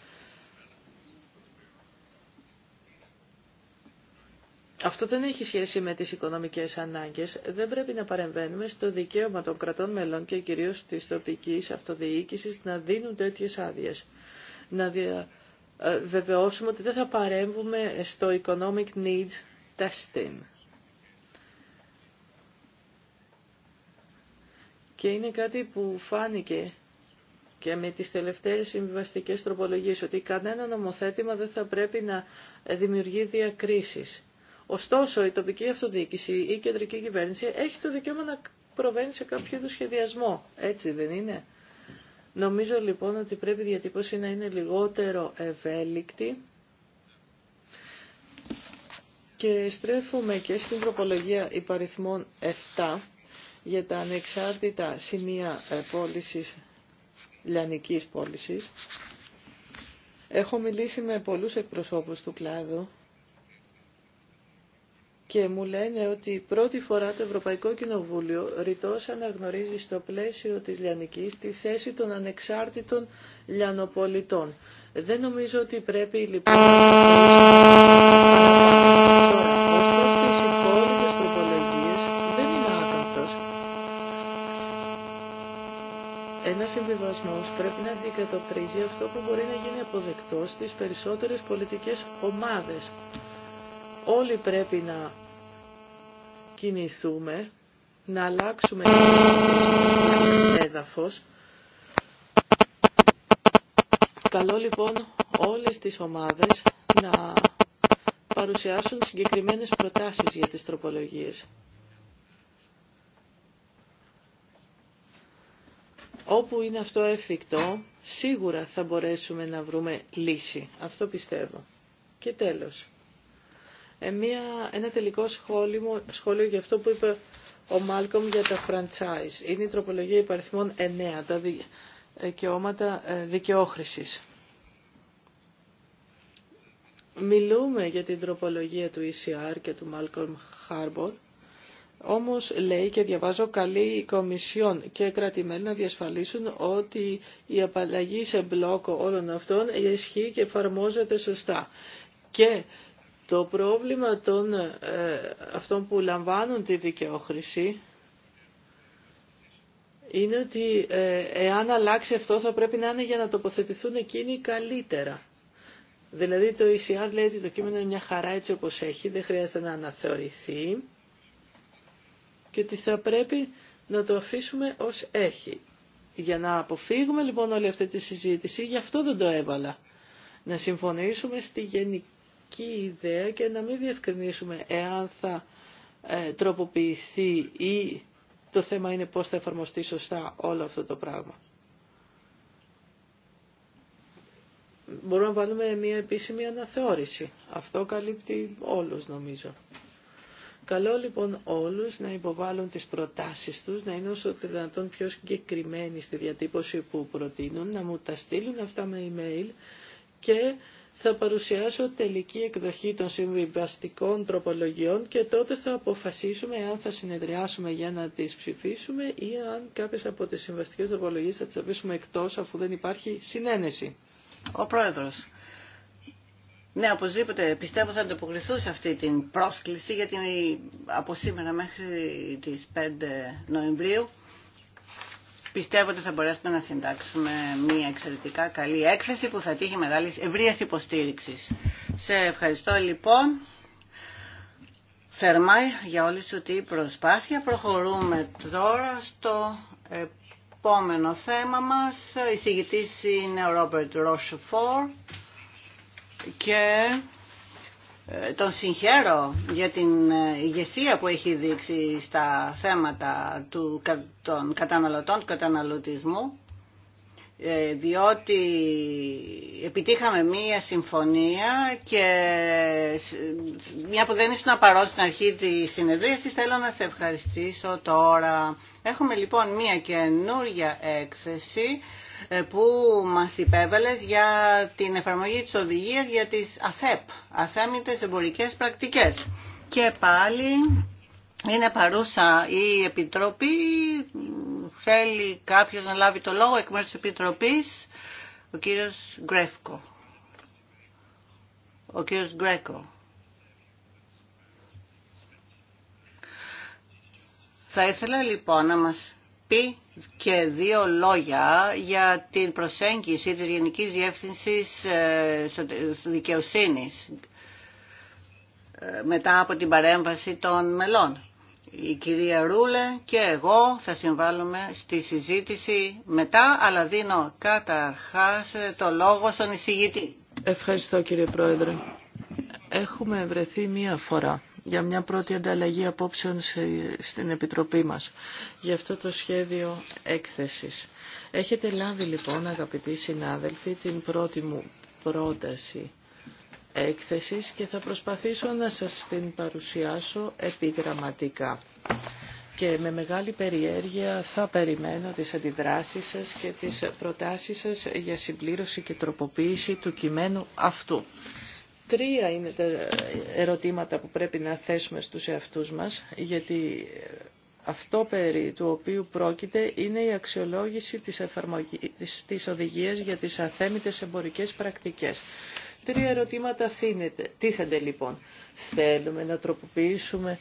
Αυτό δεν έχει σχέση με τις οικονομικές ανάγκες. Δεν πρέπει να παρεμβαίνουμε στο δικαίωμα των κρατών μελών και κυρίως της τοπικής αυτοδιοίκησης να δίνουν τέτοιες άδειες. Ε, βεβαιώσουμε ότι δεν θα παρέμβουμε στο Economic Needs Testing. Και είναι κάτι που φάνηκε και με τις τελευταίες συμβιβαστικές τροπολογίες ότι κανένα νομοθέτημα δεν θα πρέπει να δημιουργεί διακρίσεις. Ωστόσο, η τοπική αυτοδιοίκηση ή η κεντρική κυβέρνηση έχει το δικαίωμα να προβαίνει σε κάποιο είδου σχεδιασμό. Έτσι δεν είναι. Νομίζω λοιπόν ότι πρέπει η διατύπωση να είναι λιγότερο ευέλικτη και στρέφουμε και στην τροπολογία υπαριθμών 7 για τα ανεξάρτητα σημεία ε, πώλησης, λιανικής πώλησης. Έχω μιλήσει με πολλούς εκπροσώπους του κλάδου και μου λένε ότι πρώτη φορά το Ευρωπαϊκό Κοινοβούλιο ρητός αναγνωρίζει στο πλαίσιο της Λιανικής τη θέση των ανεξάρτητων λιανοπολιτών. Δεν νομίζω ότι πρέπει λοιπόν Ένα συμβιβασμό πρέπει να αντικατοπτρίζει αυτό που μπορεί να γίνει αποδεκτό στι περισσότερε πολιτικέ ομάδε. Όλοι πρέπει να κινηθούμε, να αλλάξουμε το έδαφος. Καλό λοιπόν όλες τις ομάδες να παρουσιάσουν συγκεκριμένες προτάσεις για τις τροπολογίες. Όπου είναι αυτό εφικτό, σίγουρα θα μπορέσουμε να βρούμε λύση. Αυτό πιστεύω. Και τέλος. Ε, Μια, ένα τελικό σχόλιο, σχόλιο για αυτό που είπε ο Μάλκομ για τα franchise. Είναι η τροπολογία υπαριθμών 9, τα ε, δικαιώματα ε, δικαιόχρησης. Μιλούμε για την τροπολογία του ECR και του Malcolm Harbour, όμως λέει και διαβάζω καλή η Κομισιόν και κρατημένοι να διασφαλίσουν ότι η απαλλαγή σε μπλόκο όλων αυτών ισχύει και εφαρμόζεται σωστά. Και το πρόβλημα των ε, αυτών που λαμβάνουν τη δικαιόχρηση είναι ότι ε, εάν αλλάξει αυτό θα πρέπει να είναι για να τοποθετηθούν εκείνοι καλύτερα. Δηλαδή το ECR λέει ότι το κείμενο είναι μια χαρά έτσι όπως έχει, δεν χρειάζεται να αναθεωρηθεί και ότι θα πρέπει να το αφήσουμε ως έχει. Για να αποφύγουμε λοιπόν όλη αυτή τη συζήτηση, γι' αυτό δεν το έβαλα. Να συμφωνήσουμε στη γενική ιδέα και να μην διευκρινίσουμε εάν θα ε, τροποποιηθεί ή το θέμα είναι πώς θα εφαρμοστεί σωστά όλο αυτό το πράγμα. Μπορούμε να βάλουμε μια επίσημη αναθεώρηση. Αυτό καλύπτει όλους νομίζω. Καλό λοιπόν όλους να υποβάλουν τις προτάσεις τους, να είναι όσο το δυνατόν πιο συγκεκριμένοι στη διατύπωση που προτείνουν, να μου τα στείλουν αυτά με email και θα παρουσιάσω τελική εκδοχή των συμβιβαστικών τροπολογιών και τότε θα αποφασίσουμε αν θα συνεδριάσουμε για να τις ψηφίσουμε ή αν κάποιες από τις συμβαστικές τροπολογίες θα τις αφήσουμε εκτός αφού δεν υπάρχει συνένεση. Ο Πρόεδρος. Ναι, οπωσδήποτε. Πιστεύω θα ανταποκριθώ σε αυτή την πρόσκληση γιατί από σήμερα μέχρι τις 5 Νοεμβρίου πιστεύω ότι θα μπορέσουμε να συντάξουμε μια εξαιρετικά καλή έκθεση που θα τύχει μεγάλη ευρεία υποστήριξης. Σε ευχαριστώ λοιπόν θερμά για όλη σου την προσπάθεια. Προχωρούμε τώρα στο επόμενο θέμα μας. Η είναι ο Ρόμπερτ Ροσφόρ και ε, τον συγχαίρω για την ε, ηγεσία που έχει δείξει στα θέματα του, των καταναλωτών, του καταναλωτισμού, ε, διότι επιτύχαμε μία συμφωνία και μια που δεν ήσουν παρόν στην αρχή της συνεδρίαση, θέλω να σε ευχαριστήσω τώρα. Έχουμε λοιπόν μία καινούργια έκθεση ε, που μας υπέβαλες για την εφαρμογή της οδηγίας για τις ΑΘΕΠ, αθέμητες εμπορικές πρακτικές. Και πάλι είναι παρούσα η Επιτροπή, θέλει κάποιος να λάβει το λόγο εκ μέρους της Επιτροπής, ο κύριος Γκρέφκο. Ο κύριος Γκρέκο. Θα ήθελα λοιπόν να μας πει και δύο λόγια για την προσέγγιση της Γενικής Διεύθυνσης ε, Δικαιοσύνης ε, μετά από την παρέμβαση των μελών. Η κυρία Ρούλε και εγώ θα συμβάλλουμε στη συζήτηση μετά, αλλά δίνω καταρχάς το λόγο στον εισηγητή. Ευχαριστώ κύριε Πρόεδρε. Έχουμε βρεθεί μία φορά για μια πρώτη ανταλλαγή απόψεων στην Επιτροπή μας για αυτό το σχέδιο έκθεσης. Έχετε λάβει λοιπόν αγαπητοί συνάδελφοι την πρώτη μου πρόταση έκθεσης και θα προσπαθήσω να σας την παρουσιάσω επιγραμματικά. Και με μεγάλη περιέργεια θα περιμένω τις αντιδράσεις σας και τις προτάσεις σας για συμπλήρωση και τροποποίηση του κειμένου αυτού. Τρία είναι τα ερωτήματα που πρέπει να θέσουμε στους εαυτούς μας, γιατί αυτό περί του οποίου πρόκειται είναι η αξιολόγηση της, εφαρμογή, της, της οδηγίας για τις αθέμητες εμπορικές πρακτικές. Τρία ερωτήματα θύνεται, τίθενται λοιπόν. Θέλουμε να τροποποιήσουμε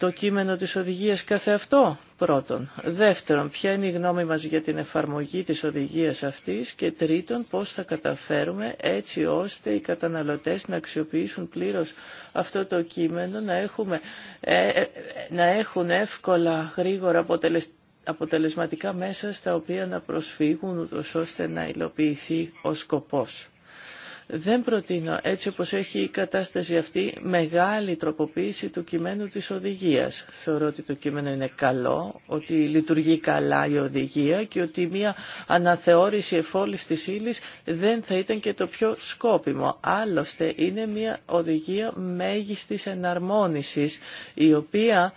το κείμενο της οδηγίας κάθε αυτό πρώτον. Δεύτερον, ποια είναι η γνώμη μας για την εφαρμογή της οδηγίας αυτής και τρίτον, πώς θα καταφέρουμε έτσι ώστε οι καταναλωτές να αξιοποιήσουν πλήρως αυτό το κείμενο, να, έχουμε, ε, ε, να έχουν εύκολα, γρήγορα αποτελεσματικά μέσα στα οποία να προσφύγουν, ούτως ώστε να υλοποιηθεί ο σκοπός. Δεν προτείνω έτσι όπως έχει η κατάσταση αυτή μεγάλη τροποποίηση του κειμένου της οδηγίας. Θεωρώ ότι το κείμενο είναι καλό, ότι λειτουργεί καλά η οδηγία και ότι μια αναθεώρηση εφόλης της ύλη δεν θα ήταν και το πιο σκόπιμο. Άλλωστε είναι μια οδηγία μέγιστης εναρμόνισης η οποία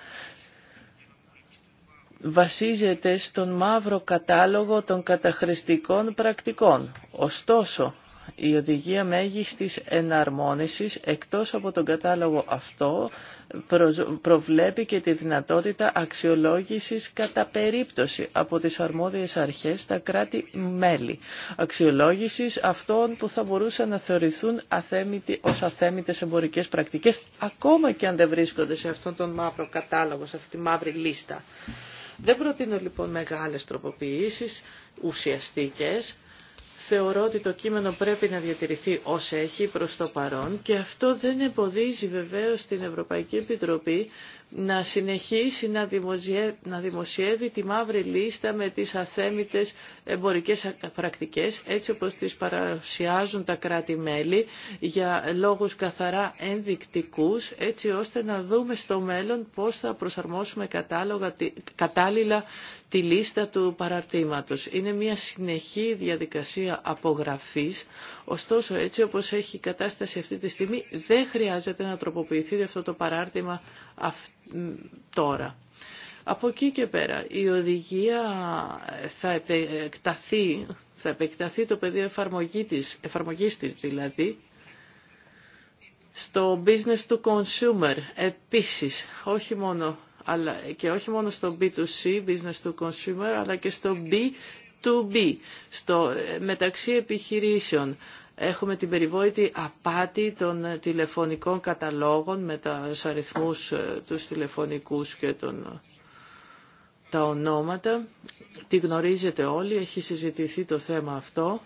βασίζεται στον μαύρο κατάλογο των καταχρηστικών πρακτικών. Ωστόσο, η οδηγία μέγιστης εναρμόνισης, εκτός από τον κατάλογο αυτό, προβλέπει και τη δυνατότητα αξιολόγησης κατά περίπτωση από τις αρμόδιες αρχές στα κράτη-μέλη. Αξιολόγησης αυτών που θα μπορούσαν να θεωρηθούν αθέμητοι ως αθέμητες εμπορικές πρακτικές, ακόμα και αν δεν βρίσκονται σε αυτόν τον μαύρο κατάλογο, σε αυτή τη μαύρη λίστα. Δεν προτείνω λοιπόν μεγάλες τροποποιήσεις ουσιαστικές, Θεωρώ ότι το κείμενο πρέπει να διατηρηθεί ως έχει προς το παρόν και αυτό δεν εμποδίζει βεβαίως την Ευρωπαϊκή Επιτροπή να συνεχίσει να, δημοσιεύει, να δημοσιεύει τη μαύρη λίστα με τις αθέμητες εμπορικές πρακτικές έτσι όπως τις παρουσιάζουν τα κράτη-μέλη για λόγους καθαρά ενδεικτικούς έτσι ώστε να δούμε στο μέλλον πώς θα προσαρμόσουμε κατάλογα, κατάλληλα τη λίστα του παραρτήματος. Είναι μια συνεχή διαδικασία απογραφής, ωστόσο έτσι όπως έχει η κατάσταση αυτή τη στιγμή δεν χρειάζεται να τροποποιηθεί αυτό το παράρτημα αυτό τώρα. Από εκεί και πέρα η οδηγία θα επεκταθεί, θα επεκταθεί το πεδίο εφαρμογή της, εφαρμογής της δηλαδή στο business to consumer επίσης, όχι μόνο αλλά και όχι μόνο στο B2C, business to consumer, αλλά και στο B2B, στο, μεταξύ επιχειρήσεων. Έχουμε την περιβόητη απάτη των τηλεφωνικών καταλόγων με τους αριθμούς ε, τους τηλεφωνικούς και τα ονόματα. Τη γνωρίζετε όλοι, έχει συζητηθεί το θέμα αυτό.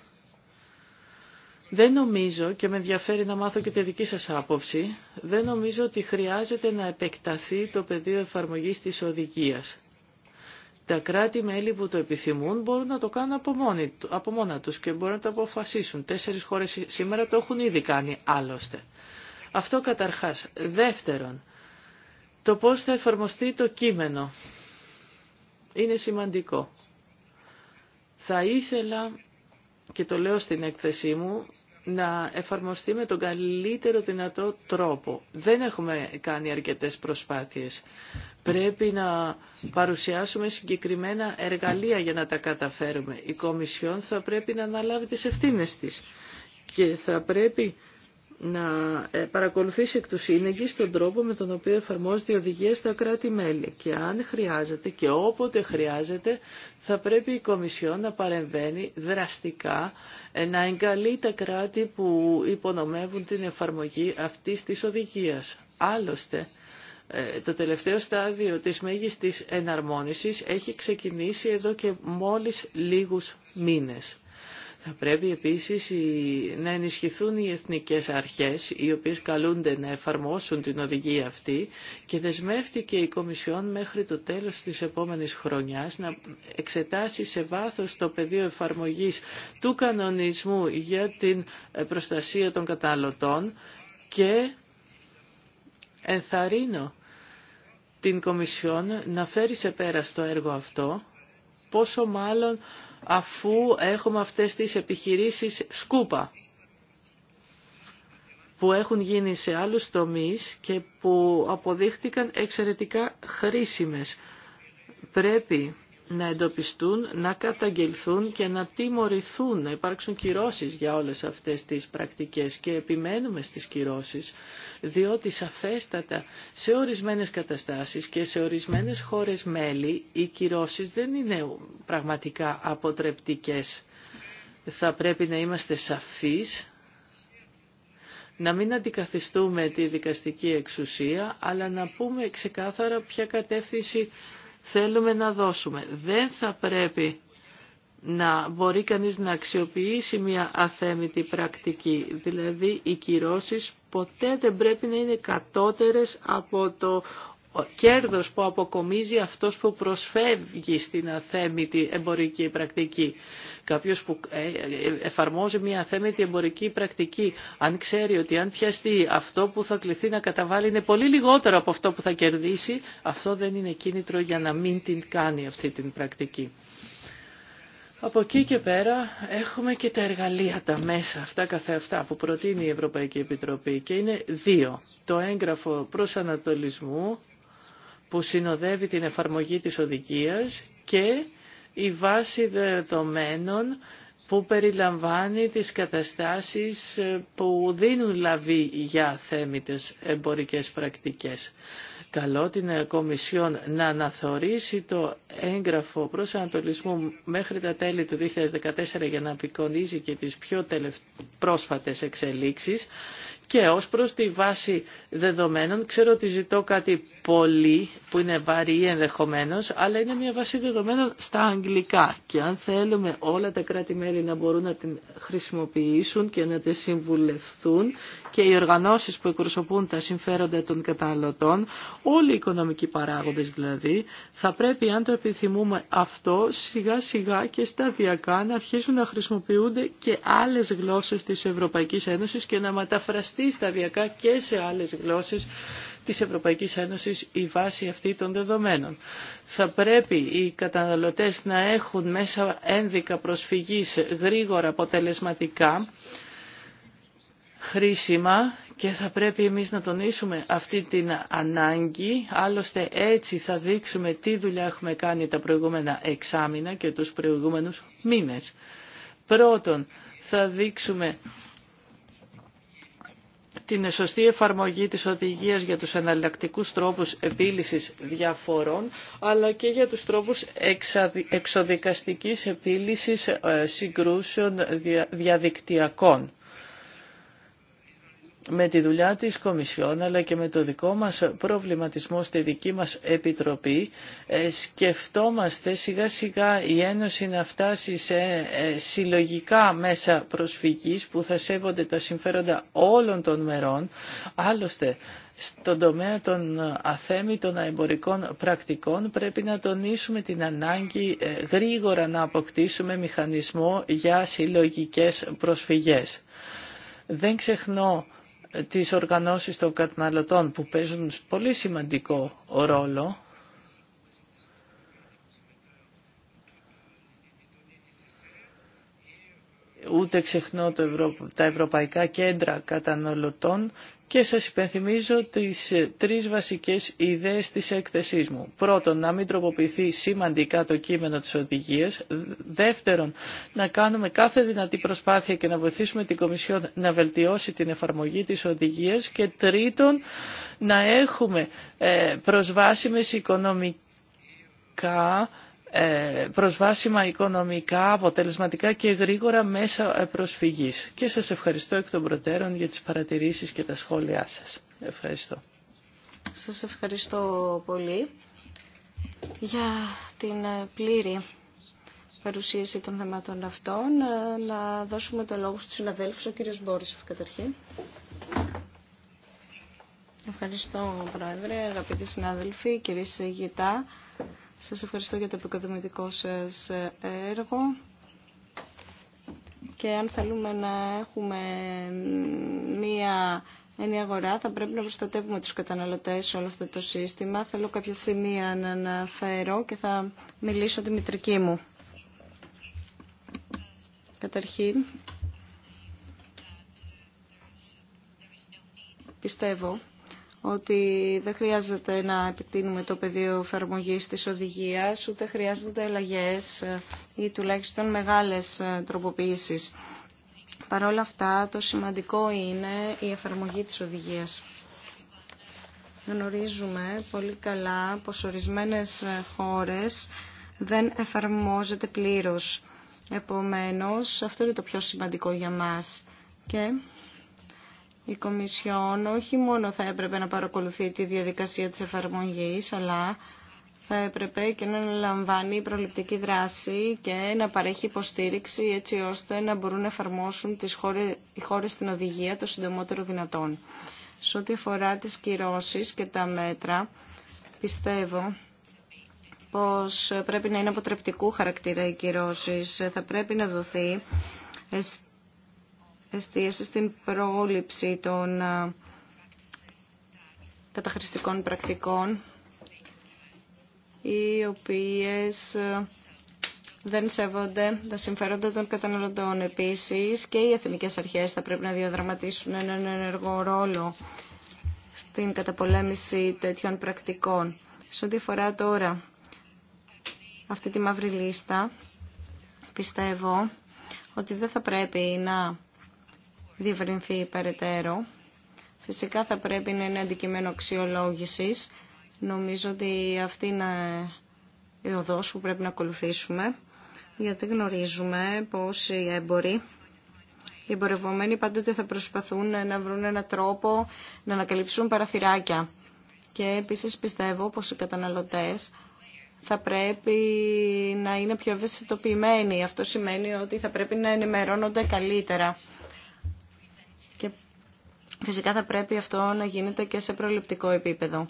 Δεν νομίζω, και με ενδιαφέρει να μάθω και τη δική σας άποψη, δεν νομίζω ότι χρειάζεται να επεκταθεί το πεδίο εφαρμογής της οδηγίας. Τα κράτη-μέλη που το επιθυμούν μπορούν να το κάνουν από, μόνοι, μόνα τους και μπορούν να το αποφασίσουν. Τέσσερις χώρες σήμερα το έχουν ήδη κάνει άλλωστε. Αυτό καταρχάς. Δεύτερον, το πώς θα εφαρμοστεί το κείμενο. Είναι σημαντικό. Θα ήθελα, και το λέω στην έκθεσή μου, να εφαρμοστεί με τον καλύτερο δυνατό τρόπο. Δεν έχουμε κάνει αρκετές προσπάθειες. Πρέπει να παρουσιάσουμε συγκεκριμένα εργαλεία για να τα καταφέρουμε. Η Κομισιόν θα πρέπει να αναλάβει τις ευθύνες της και θα πρέπει να ε, παρακολουθήσει εκ του σύνεγγυ τον τρόπο με τον οποίο εφαρμόζεται η οδηγία στα κράτη-μέλη και αν χρειάζεται και όποτε χρειάζεται θα πρέπει η Κομισιόν να παρεμβαίνει δραστικά ε, να εγκαλεί τα κράτη που υπονομεύουν την εφαρμογή αυτής της οδηγίας. Άλλωστε, ε, το τελευταίο στάδιο της μέγιστης εναρμόνισης έχει ξεκινήσει εδώ και μόλις λίγους μήνες. Θα πρέπει επίσης να ενισχυθούν οι εθνικές αρχές, οι οποίες καλούνται να εφαρμόσουν την οδηγία αυτή και δεσμεύτηκε η Κομισιόν μέχρι το τέλος της επόμενης χρονιάς να εξετάσει σε βάθος το πεδίο εφαρμογής του κανονισμού για την προστασία των καταναλωτών και ενθαρρύνω την Κομισιόν να φέρει σε πέρα στο έργο αυτό, πόσο μάλλον αφού έχουμε αυτές τις επιχειρήσεις σκούπα που έχουν γίνει σε άλλους τομείς και που αποδείχτηκαν εξαιρετικά χρήσιμες. Πρέπει να εντοπιστούν, να καταγγελθούν και να τιμωρηθούν, να υπάρξουν κυρώσεις για όλες αυτές τις πρακτικές και επιμένουμε στις κυρώσεις, διότι σαφέστατα σε ορισμένες καταστάσεις και σε ορισμένες χώρες μέλη οι κυρώσεις δεν είναι πραγματικά αποτρεπτικές. Θα πρέπει να είμαστε σαφείς, να μην αντικαθιστούμε τη δικαστική εξουσία, αλλά να πούμε ξεκάθαρα ποια κατεύθυνση θέλουμε να δώσουμε. Δεν θα πρέπει να μπορεί κανείς να αξιοποιήσει μια αθέμητη πρακτική. Δηλαδή οι κυρώσεις ποτέ δεν πρέπει να είναι κατώτερες από το κέρδος που αποκομίζει αυτός που προσφεύγει στην αθέμητη εμπορική πρακτική. Κάποιος που ε, ε, εφαρμόζει μια αθέμητη εμπορική πρακτική, αν ξέρει ότι αν πιαστεί αυτό που θα κληθεί να καταβάλει είναι πολύ λιγότερο από αυτό που θα κερδίσει, αυτό δεν είναι κίνητρο για να μην την κάνει αυτή την πρακτική. Από εκεί και πέρα έχουμε και τα εργαλεία, τα μέσα, αυτά καθεαυτά που προτείνει η Ευρωπαϊκή Επιτροπή και είναι δύο. Το έγγραφο προς ανατολισμού που συνοδεύει την εφαρμογή της οδηγίας και η βάση δεδομένων που περιλαμβάνει τις καταστάσεις ε, που δίνουν λαβή για θέμητες εμπορικές πρακτικές. Καλό την ε, Κομισιόν να αναθεωρήσει το έγγραφο Ανατολισμού μέχρι τα τέλη του 2014 για να απεικονίζει και τις πιο πρόσφατες εξελίξεις και ως προς τη βάση δεδομένων ξέρω ότι ζητώ κάτι πολύ, που είναι βαρύ ενδεχομένως, αλλά είναι μια βασή δεδομένων στα αγγλικά. Και αν θέλουμε όλα τα κράτη-μέλη να μπορούν να την χρησιμοποιήσουν και να τη συμβουλευθούν και οι οργανώσεις που εκπροσωπούν τα συμφέροντα των καταναλωτών, όλοι οι οικονομικοί παράγοντες δηλαδή, θα πρέπει αν το επιθυμούμε αυτό σιγά-σιγά και σταδιακά να αρχίσουν να χρησιμοποιούνται και άλλες γλώσσες της Ευρωπαϊκής Ένωσης και να μεταφραστεί σταδιακά και σε άλλε γλώσσε της Ευρωπαϊκής Ένωσης η βάση αυτή των δεδομένων. Θα πρέπει οι καταναλωτές να έχουν μέσα ένδικα προσφυγής γρήγορα αποτελεσματικά, χρήσιμα και θα πρέπει εμείς να τονίσουμε αυτή την ανάγκη, άλλωστε έτσι θα δείξουμε τι δουλειά έχουμε κάνει τα προηγούμενα εξάμηνα και τους προηγούμενους μήνες. Πρώτον, θα δείξουμε την σωστή εφαρμογή της οδηγίας για τους εναλλακτικούς τρόπους επίλυσης διαφορών, αλλά και για τους τρόπους εξοδικαστικής επίλυσης ε, συγκρούσεων διαδικτυακών με τη δουλειά της Κομισιόν αλλά και με το δικό μας προβληματισμό στη δική μας Επιτροπή ε, σκεφτόμαστε σιγά σιγά η Ένωση να φτάσει σε ε, συλλογικά μέσα προσφυγής που θα σέβονται τα συμφέροντα όλων των μερών. Άλλωστε, στον τομέα των αθέμητων εμπορικών πρακτικών πρέπει να τονίσουμε την ανάγκη ε, γρήγορα να αποκτήσουμε μηχανισμό για συλλογικές προσφυγές. Δεν ξεχνώ τις οργανώσεις των καταναλωτών που παίζουν πολύ σημαντικό ρόλο ούτε ξεχνώ τα ευρωπαϊκά κέντρα καταναλωτών και σας υπενθυμίζω τις ε, τρεις βασικές ιδέες της έκθεσής μου. Πρώτον, να μην τροποποιηθεί σημαντικά το κείμενο της οδηγίας. Δεύτερον, να κάνουμε κάθε δυνατή προσπάθεια και να βοηθήσουμε την Κομισιόν να βελτιώσει την εφαρμογή της οδηγίας. Και τρίτον, να έχουμε ε, προσβάσιμες οικονομικά ε, προσβάσιμα οικονομικά, αποτελεσματικά και γρήγορα μέσα προσφυγής. Και σας ευχαριστώ εκ των προτέρων για τις παρατηρήσεις και τα σχόλιά σας. Ευχαριστώ. Σας ευχαριστώ πολύ για την ε, πλήρη παρουσίαση των θεμάτων αυτών. Ε, να δώσουμε το λόγο στους συναδέλφους, ο κύριος Μπόρισεφ καταρχήν. Ευχαριστώ, Πρόεδρε, αγαπητοί συνάδελφοι, κυρίες Σεγητά. Σας ευχαριστώ για το επικοδομητικό σας ε, έργο και αν θέλουμε να έχουμε μία ενή αγορά θα πρέπει να προστατεύουμε τους καταναλωτές σε όλο αυτό το σύστημα. Θέλω κάποια σημεία να αναφέρω και θα μιλήσω τη μητρική μου. Καταρχήν, πιστεύω ότι δεν χρειάζεται να επιτείνουμε το πεδίο εφαρμογή της οδηγίας, ούτε χρειάζονται αλλαγέ ή τουλάχιστον μεγάλες ε, τροποποιήσεις. Παρ' όλα αυτά, το σημαντικό είναι η εφαρμογή της οδηγίας. Γνωρίζουμε πολύ καλά πως ορισμένες ε, χώρες δεν εφαρμόζεται πλήρως. Επομένως, αυτό είναι το πιο σημαντικό για μας. Και η Κομισιόν όχι μόνο θα έπρεπε να παρακολουθεί τη διαδικασία της εφαρμογής, αλλά θα έπρεπε και να λαμβάνει προληπτική δράση και να παρέχει υποστήριξη έτσι ώστε να μπορούν να εφαρμόσουν τις χώρες, οι χώρες στην οδηγία το συντομότερο δυνατόν. Σε ό,τι αφορά τις κυρώσεις και τα μέτρα, πιστεύω πως πρέπει να είναι αποτρεπτικού χαρακτήρα οι κυρώσεις. Θα πρέπει να δοθεί εστίαση στην πρόληψη των καταχρηστικών πρακτικών οι οποίες δεν σέβονται τα συμφέροντα των καταναλωτών. Επίσης και οι εθνικές αρχές θα πρέπει να διαδραματίσουν έναν ενεργό ρόλο στην καταπολέμηση τέτοιων πρακτικών. Σε ό,τι αφορά τώρα αυτή τη μαύρη λίστα, πιστεύω ότι δεν θα πρέπει να διευρυνθεί περαιτέρω. Φυσικά θα πρέπει να είναι αντικείμενο αξιολόγηση. Νομίζω ότι αυτή είναι η οδός που πρέπει να ακολουθήσουμε, γιατί γνωρίζουμε πως οι έμποροι, οι εμπορευόμενοι πάντοτε θα προσπαθούν να βρουν έναν τρόπο να ανακαλύψουν παραθυράκια. Και επίσης πιστεύω πως οι καταναλωτές θα πρέπει να είναι πιο ευαισθητοποιημένοι. Αυτό σημαίνει ότι θα πρέπει να ενημερώνονται καλύτερα Φυσικά θα πρέπει αυτό να γίνεται και σε προληπτικό επίπεδο.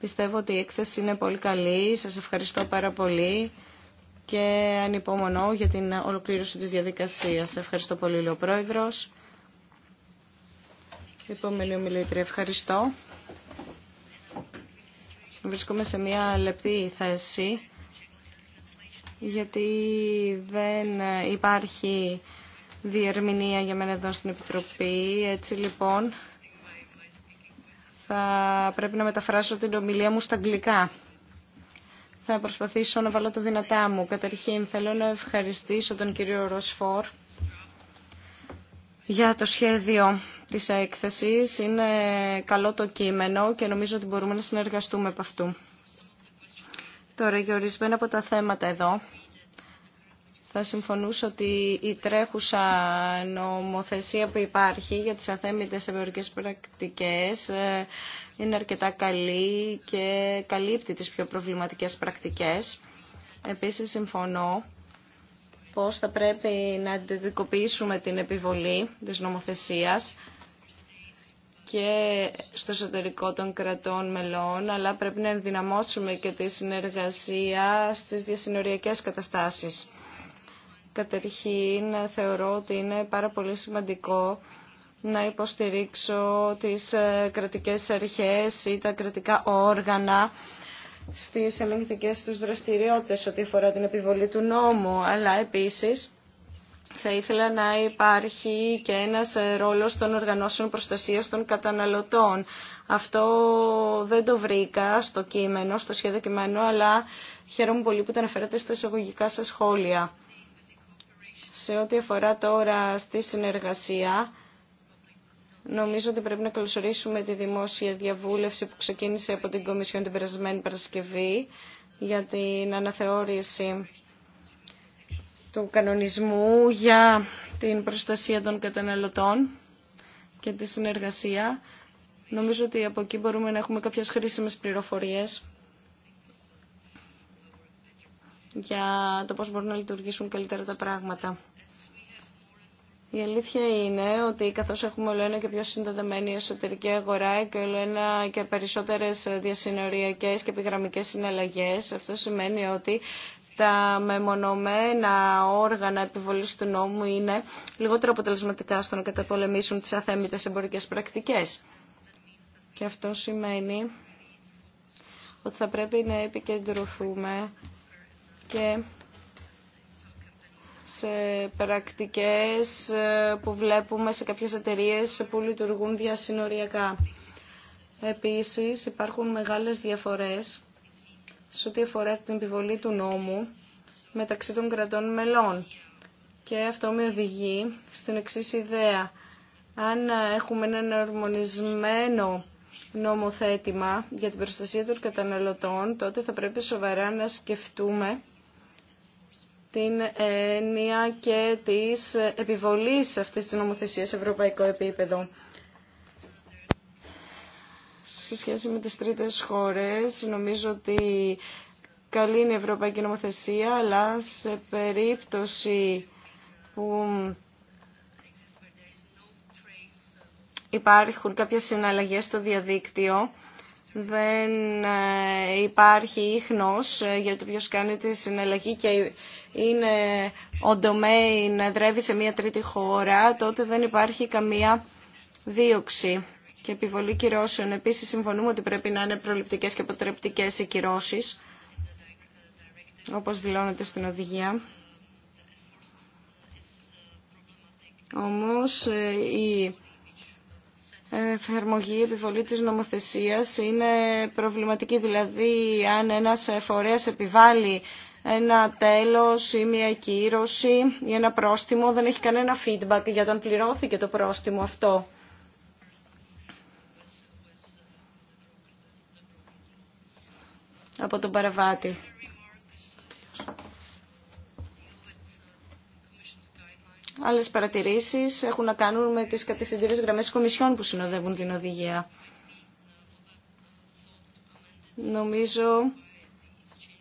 Πιστεύω ότι η έκθεση είναι πολύ καλή. Σας ευχαριστώ πάρα πολύ και ανυπομονώ για την ολοκλήρωση της διαδικασίας. Ευχαριστώ πολύ, λέει ο Πρόεδρος. Επόμενη ομιλήτρια, ευχαριστώ. Βρίσκομαι σε μια λεπτή θέση, γιατί δεν υπάρχει διερμηνία για μένα εδώ στην Επιτροπή. Έτσι λοιπόν θα πρέπει να μεταφράσω την ομιλία μου στα αγγλικά. Θα προσπαθήσω να βάλω το δυνατά μου. Καταρχήν θέλω να ευχαριστήσω τον κύριο Ροσφόρ για το σχέδιο της έκθεσης. Είναι καλό το κείμενο και νομίζω ότι μπορούμε να συνεργαστούμε από αυτού. Τώρα για ορισμένα από τα θέματα εδώ θα συμφωνούσα ότι η τρέχουσα νομοθεσία που υπάρχει για τις αθέμητες εμπορικές πρακτικές ε, είναι αρκετά καλή και καλύπτει τις πιο προβληματικές πρακτικές. Επίσης συμφωνώ πώς θα πρέπει να αντιδικοποιήσουμε την επιβολή της νομοθεσίας και στο εσωτερικό των κρατών μελών, αλλά πρέπει να ενδυναμώσουμε και τη συνεργασία στις διασυνοριακές καταστάσεις. Καταρχήν θεωρώ ότι είναι πάρα πολύ σημαντικό να υποστηρίξω τις ε, κρατικές αρχές ή τα κρατικά όργανα στις ελεγχτικές τους δραστηριότητες ό,τι αφορά την επιβολή του νόμου, αλλά επίσης θα ήθελα να υπάρχει και ένας ε, ρόλος των οργανώσεων προστασίας των καταναλωτών. Αυτό δεν το βρήκα στο κείμενο, στο σχέδιο κειμένο, αλλά χαίρομαι πολύ που τα αναφέρατε στα εισαγωγικά σας σχόλια. Σε ό,τι αφορά τώρα στη συνεργασία, νομίζω ότι πρέπει να καλωσορίσουμε τη δημόσια διαβούλευση που ξεκίνησε από την Κομισιόν την περασμένη Παρασκευή για την αναθεώρηση του κανονισμού για την προστασία των καταναλωτών και τη συνεργασία. Νομίζω ότι από εκεί μπορούμε να έχουμε κάποιες χρήσιμες πληροφορίες για το πώς μπορούν να λειτουργήσουν καλύτερα τα πράγματα. Η αλήθεια είναι ότι καθώς έχουμε όλο ένα και πιο συνδεδεμένη εσωτερική αγορά και όλο ένα και περισσότερες διασυνοριακές και επιγραμμικές συναλλαγές, αυτό σημαίνει ότι τα μεμονωμένα όργανα επιβολής του νόμου είναι λιγότερο αποτελεσματικά στο να καταπολεμήσουν τις αθέμητες εμπορικές πρακτικές. Και αυτό σημαίνει ότι θα πρέπει να επικεντρωθούμε και σε πρακτικές ε, που βλέπουμε σε κάποιες εταιρείες που λειτουργούν διασυνοριακά. Επίσης υπάρχουν μεγάλες διαφορές σε ό,τι αφορά την επιβολή του νόμου μεταξύ των κρατών μελών. Και αυτό με οδηγεί στην εξή ιδέα. Αν έχουμε ένα ορμονισμένο νομοθέτημα για την προστασία των καταναλωτών, τότε θα πρέπει σοβαρά να σκεφτούμε την έννοια και της επιβολής αυτής της νομοθεσίας σε ευρωπαϊκό επίπεδο. Σε σχέση με τις τρίτες χώρες, νομίζω ότι καλή είναι η ευρωπαϊκή νομοθεσία, αλλά σε περίπτωση που υπάρχουν κάποιες συναλλαγές στο διαδίκτυο, δεν ε, υπάρχει ίχνος ε, για το ποιος κάνει τη συναλλαγή και είναι ο domain εδρεύει σε μια τρίτη χώρα, τότε δεν υπάρχει καμία δίωξη και επιβολή κυρώσεων. Επίσης συμφωνούμε ότι πρέπει να είναι προληπτικές και αποτρεπτικές οι κυρώσεις, όπως δηλώνεται στην οδηγία. Όμως ε, η εφαρμογή, επιβολή της νομοθεσίας είναι προβληματική. Δηλαδή, αν ένας φορέας επιβάλλει ένα τέλος ή μια κύρωση ή ένα πρόστιμο, δεν έχει κανένα feedback για το αν πληρώθηκε το πρόστιμο αυτό. από τον παραβάτη. Άλλες παρατηρήσεις έχουν να κάνουν με τις κατευθυντήρες γραμμές κομισιών που συνοδεύουν την οδηγία. Νομίζω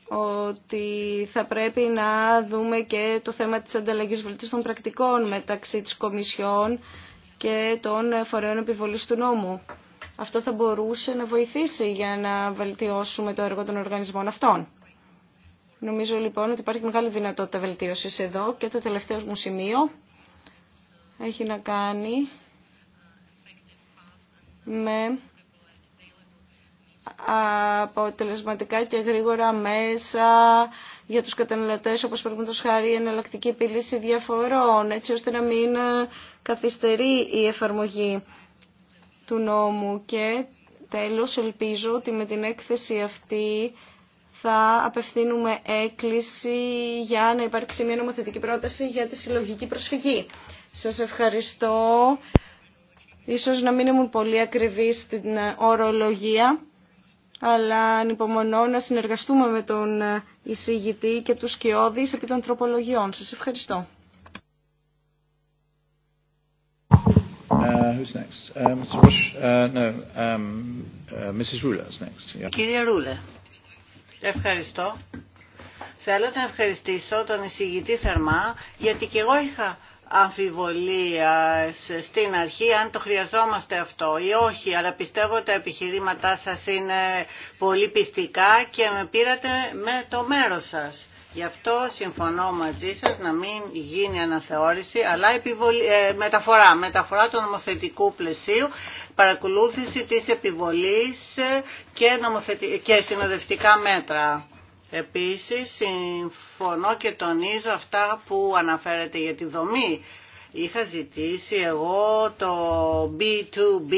ότι θα πρέπει να δούμε και το θέμα της ανταλλαγής των πρακτικών μεταξύ της κομισιών και των φορέων επιβολής του νόμου. Αυτό θα μπορούσε να βοηθήσει για να βελτιώσουμε το έργο των οργανισμών αυτών. Νομίζω λοιπόν ότι υπάρχει μεγάλη δυνατότητα βελτίωσης εδώ και το τελευταίο μου σημείο έχει να κάνει με αποτελεσματικά και γρήγορα μέσα για τους καταναλωτές, όπως παραδείγματο χάρη η εναλλακτική επίλυση διαφορών, έτσι ώστε να μην καθυστερεί η εφαρμογή του νόμου. Και τέλος ελπίζω ότι με την έκθεση αυτή θα απευθύνουμε έκκληση για να υπάρξει μια νομοθετική πρόταση για τη συλλογική προσφυγή. Σας ευχαριστώ. Ίσως να μην ήμουν πολύ ακριβή στην ορολογία, αλλά ανυπομονώ να συνεργαστούμε με τον εισηγητή και τους σκιώδεις επί των τροπολογιών. Σας ευχαριστώ. Κύριε Ρούλε, ευχαριστώ. Θέλω να ευχαριστήσω τον εισηγητή Θερμά, γιατί και εγώ είχα αμφιβολία στην αρχή αν το χρειαζόμαστε αυτό ή όχι, αλλά πιστεύω τα επιχειρήματά σας είναι πολύ πιστικά και με πήρατε με το μέρος σας. Γι' αυτό συμφωνώ μαζί σας να μην γίνει αναθεώρηση, αλλά επιβολή, ε, μεταφορά, μεταφορά του νομοθετικού πλαισίου, παρακολούθηση της επιβολής ε, και, νομοθετη... και συνοδευτικά μέτρα. Επίσης, συμφωνώ και τονίζω αυτά που αναφέρεται για τη δομή. Είχα ζητήσει εγώ το B2B,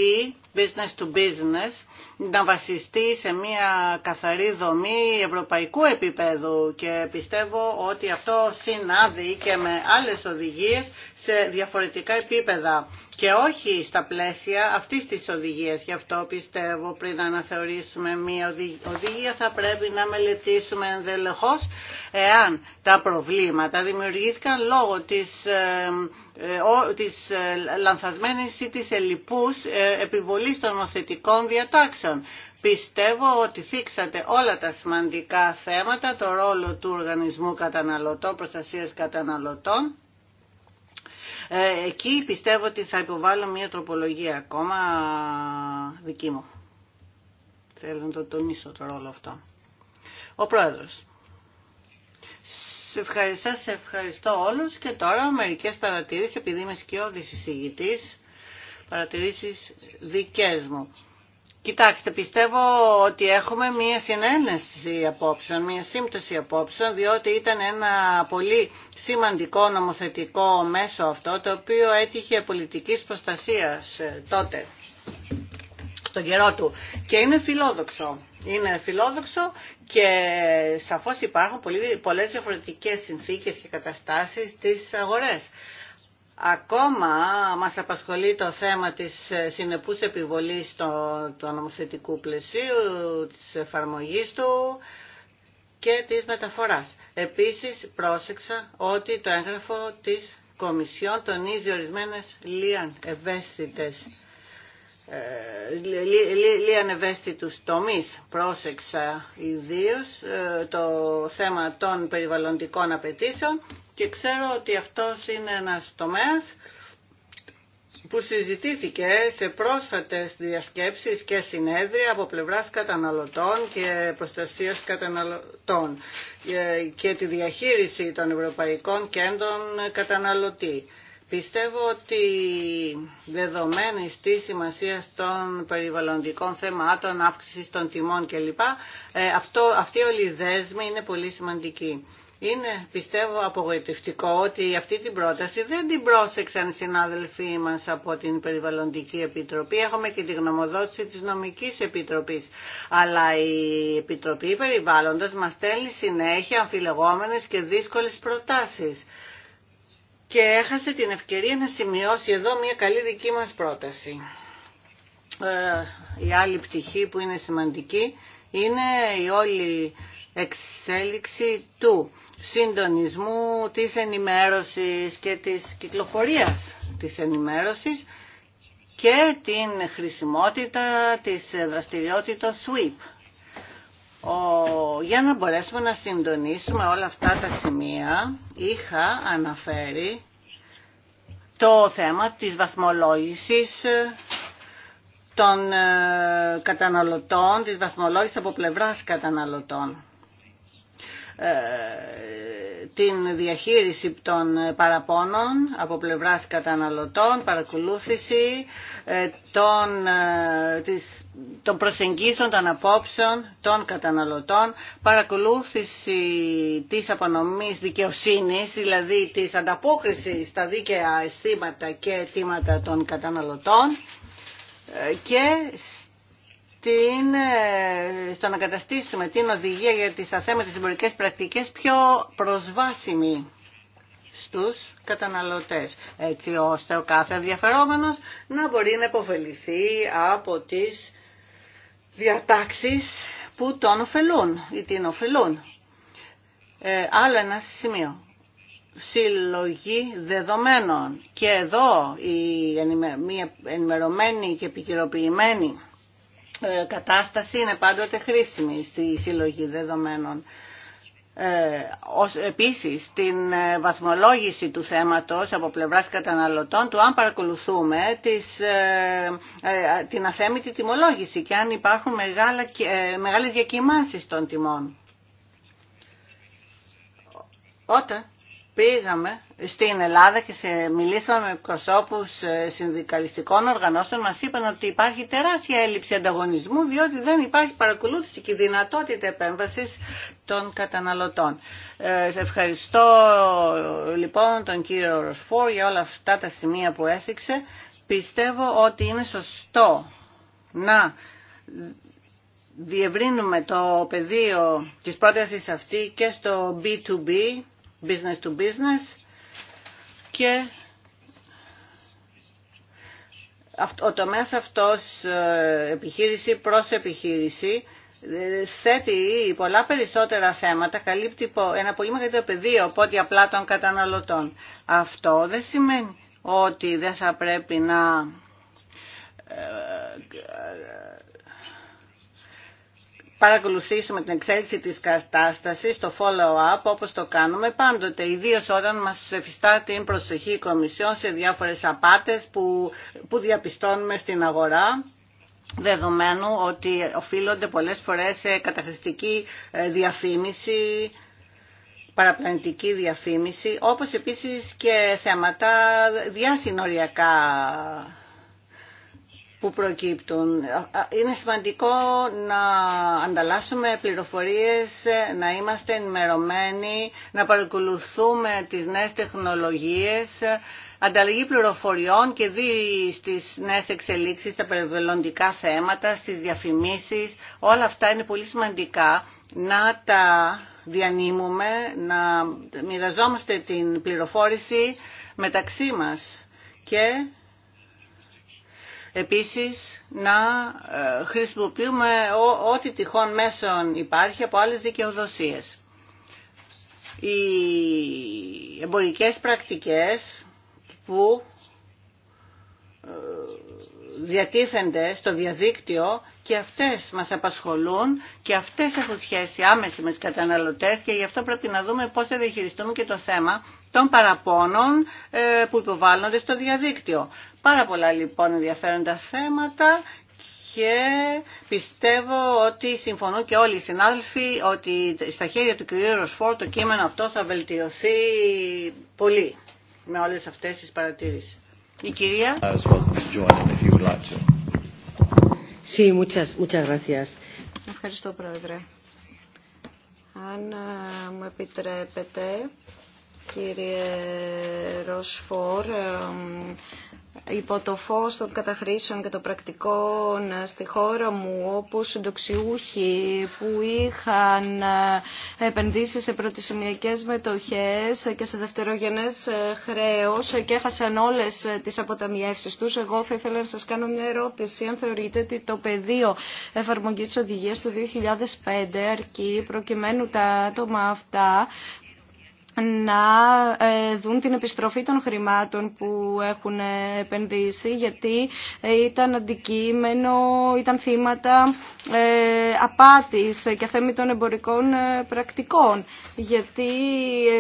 business to business, να βασιστεί σε μια καθαρή δομή ευρωπαϊκού επίπεδου και πιστεύω ότι αυτό συνάδει και με άλλες οδηγίες σε διαφορετικά επίπεδα και όχι στα πλαίσια αυτής της οδηγίας. Γι' αυτό πιστεύω πριν αναθεωρήσουμε μία οδηγία θα πρέπει να μελετήσουμε ενδελεχώς εάν τα προβλήματα δημιουργήθηκαν λόγω της, ε, ε, της ε, λανθασμένης ή της ελλειπούς επιβολής των ομοθετικών διατάξεων. Πιστεύω ότι θίξατε όλα τα σημαντικά θέματα, το ρόλο του Οργανισμού Καταναλωτών, Προστασίας Καταναλωτών, ε, εκεί πιστεύω ότι θα υποβάλω μια τροπολογία ακόμα δική μου. Θέλω να το τονίσω το ρόλο αυτό. Ο Πρόεδρος. Σε ευχαριστώ, σε ευχαριστώ όλους και τώρα μερικές παρατηρήσεις επειδή είμαι σκιώδης εισηγητής, παρατηρήσεις δικές μου. Κοιτάξτε, πιστεύω ότι έχουμε μία συνένεση απόψεων, μία σύμπτωση απόψεων, διότι ήταν ένα πολύ σημαντικό νομοθετικό μέσο αυτό, το οποίο έτυχε πολιτικής προστασίας ε, τότε, στον καιρό του. Και είναι φιλόδοξο. Είναι φιλόδοξο και σαφώς υπάρχουν πολλές διαφορετικές συνθήκες και καταστάσεις στις αγορές. Ακόμα μας απασχολεί το θέμα της συνεπούς επιβολής του νομοθετικού πλαισίου, της εφαρμογής του και της μεταφοράς. Επίσης πρόσεξα ότι το έγγραφο της Κομισιόν τονίζει ορισμένες λίαν ευαίσθητες ε, λίαν ευαίσθητους τομείς πρόσεξα ιδίω ε, το θέμα των περιβαλλοντικών απαιτήσεων και ξέρω ότι αυτός είναι ένας τομέας που συζητήθηκε σε πρόσφατες διασκέψεις και συνέδρια από πλευράς καταναλωτών και προστασίας καταναλωτών και τη διαχείριση των Ευρωπαϊκών Κέντρων Καταναλωτή. Πιστεύω ότι δεδομένη τη σημασία των περιβαλλοντικών θεμάτων, αύξησης των τιμών κλπ, ε, αυτή όλη η δέσμη είναι πολύ σημαντική. Είναι πιστεύω απογοητευτικό ότι αυτή την πρόταση δεν την πρόσεξαν συνάδελφοί μας από την Περιβαλλοντική Επιτροπή. Έχουμε και τη γνωμοδότηση της Νομικής Επιτροπής. Αλλά η Επιτροπή Περιβάλλοντος μας στέλνει συνέχεια αμφιλεγόμενες και δύσκολες προτάσεις. Και έχασε την ευκαιρία να σημειώσει εδώ μια καλή δική μας πρόταση. Ε, η άλλη πτυχή που είναι σημαντική είναι η όλη εξέλιξη του συντονισμού της ενημέρωσης και της κυκλοφορίας της ενημέρωσης και την χρησιμότητα της δραστηριότητας SWEEP. Ο, για να μπορέσουμε να συντονίσουμε όλα αυτά τα σημεία είχα αναφέρει το θέμα της βαθμολόγησης των ε, καταναλωτών, της βαθμολόγησης από πλευράς καταναλωτών. Ε, την διαχείριση των παραπώνων από πλευράς καταναλωτών, παρακολούθηση ε, των, ε, των προσεγγίσεων, των απόψεων των καταναλωτών, παρακολούθηση της απονομής δικαιοσύνης, δηλαδή της ανταπόκρισης στα δίκαια αισθήματα και αιτήματα των καταναλωτών και την, ε, στο να καταστήσουμε την οδηγία για τις ασέμετες εμπορικές πρακτικές πιο προσβάσιμη στους καταναλωτές, έτσι ώστε ο κάθε ενδιαφερόμενος να μπορεί να υποφεληθεί από τις διατάξεις που τον ωφελούν ή την ωφελούν. Ε, άλλο ένα σημείο. Συλλογή δεδομένων. Και εδώ η ενημερωμένη και επικυροποιημένη κατάσταση είναι πάντοτε χρήσιμη στη συλλογή δεδομένων. Ε, ως, επίσης την ε, βαθμολόγηση του θέματος από πλευράς καταναλωτών του αν παρακολουθούμε τις, ε, ε, την αθέμητη τιμολόγηση και αν υπάρχουν μεγάλα, ε, μεγάλες διακοιμάνσεις των τιμών. Όταν πήγαμε στην Ελλάδα και σε, μιλήσαμε με προσώπους ε, συνδικαλιστικών οργανώσεων, μας είπαν ότι υπάρχει τεράστια έλλειψη ανταγωνισμού διότι δεν υπάρχει παρακολούθηση και δυνατότητα επέμβασης των καταναλωτών. Ε, ευχαριστώ λοιπόν τον κύριο Ροσφόρ για όλα αυτά τα σημεία που έσυξε. Πιστεύω ότι είναι σωστό να διευρύνουμε το πεδίο της πρότασης αυτή και στο B2B business to business και ο τομέας αυτός ε, επιχείρηση προς επιχείρηση ε, θέτει πολλά περισσότερα θέματα, καλύπτει ένα πολύ μεγαλύτερο πεδίο από ό,τι απλά των καταναλωτών. Αυτό δεν σημαίνει ότι δεν θα πρέπει να ε, παρακολουθήσουμε την εξέλιξη της κατάστασης, το follow-up όπως το κάνουμε πάντοτε, ιδίως όταν μας εφιστά την προσοχή Κομισιόν σε διάφορες απάτες που, που διαπιστώνουμε στην αγορά δεδομένου ότι οφείλονται πολλές φορές σε καταχρηστική ε, διαφήμιση, παραπλανητική διαφήμιση, όπως επίσης και θέματα διασυνοριακά που προκύπτουν. Είναι σημαντικό να ανταλλάσσουμε πληροφορίες, να είμαστε ενημερωμένοι, να παρακολουθούμε τις νέες τεχνολογίες, ανταλλαγή πληροφοριών και δει στις νέες εξελίξεις, στα περιβαλλοντικά θέματα, στις διαφημίσεις. Όλα αυτά είναι πολύ σημαντικά να τα διανύμουμε, να μοιραζόμαστε την πληροφόρηση μεταξύ μας και Επίσης, να ε, χρησιμοποιούμε ό,τι τυχόν μέσον υπάρχει από άλλες δικαιοδοσίες. Οι εμπορικές πρακτικές που ε, διατίθενται στο διαδίκτυο και αυτές μας απασχολούν και αυτές έχουν σχέση άμεση με τις καταναλωτές και γι' αυτό πρέπει να δούμε πώς θα διαχειριστούμε και το θέμα των παραπώνων ε, που υποβάλλονται στο διαδίκτυο. Πάρα πολλά λοιπόν ενδιαφέροντα θέματα και πιστεύω ότι συμφωνούν και όλοι οι συνάδελφοι ότι στα χέρια του κ. Ροσφόρ το κείμενο αυτό θα βελτιωθεί πολύ με όλες αυτές τις παρατήρησεις. Η κυρία... Ευχαριστώ, Πρόεδρε. Αν μου επιτρέπετε, κύριε Ροσφόρ, υπό το φως των καταχρήσεων και των πρακτικών στη χώρα μου, όπως συντοξιούχοι που είχαν ε, επενδύσει σε πρωτισημιακές μετοχές και σε δευτερογενές ε, χρέος και έχασαν όλες ε, τις αποταμιεύσεις τους. Εγώ θα ήθελα να σας κάνω μια ερώτηση, αν θεωρείτε ότι το πεδίο εφαρμογής της οδηγίας του 2005 αρκεί προκειμένου τα άτομα αυτά να ε, δουν την επιστροφή των χρημάτων που έχουν επενδύσει γιατί ε, ήταν αντικείμενο, ήταν θύματα ε, απάτης και θέμη των εμπορικών πρακτικών. Γιατί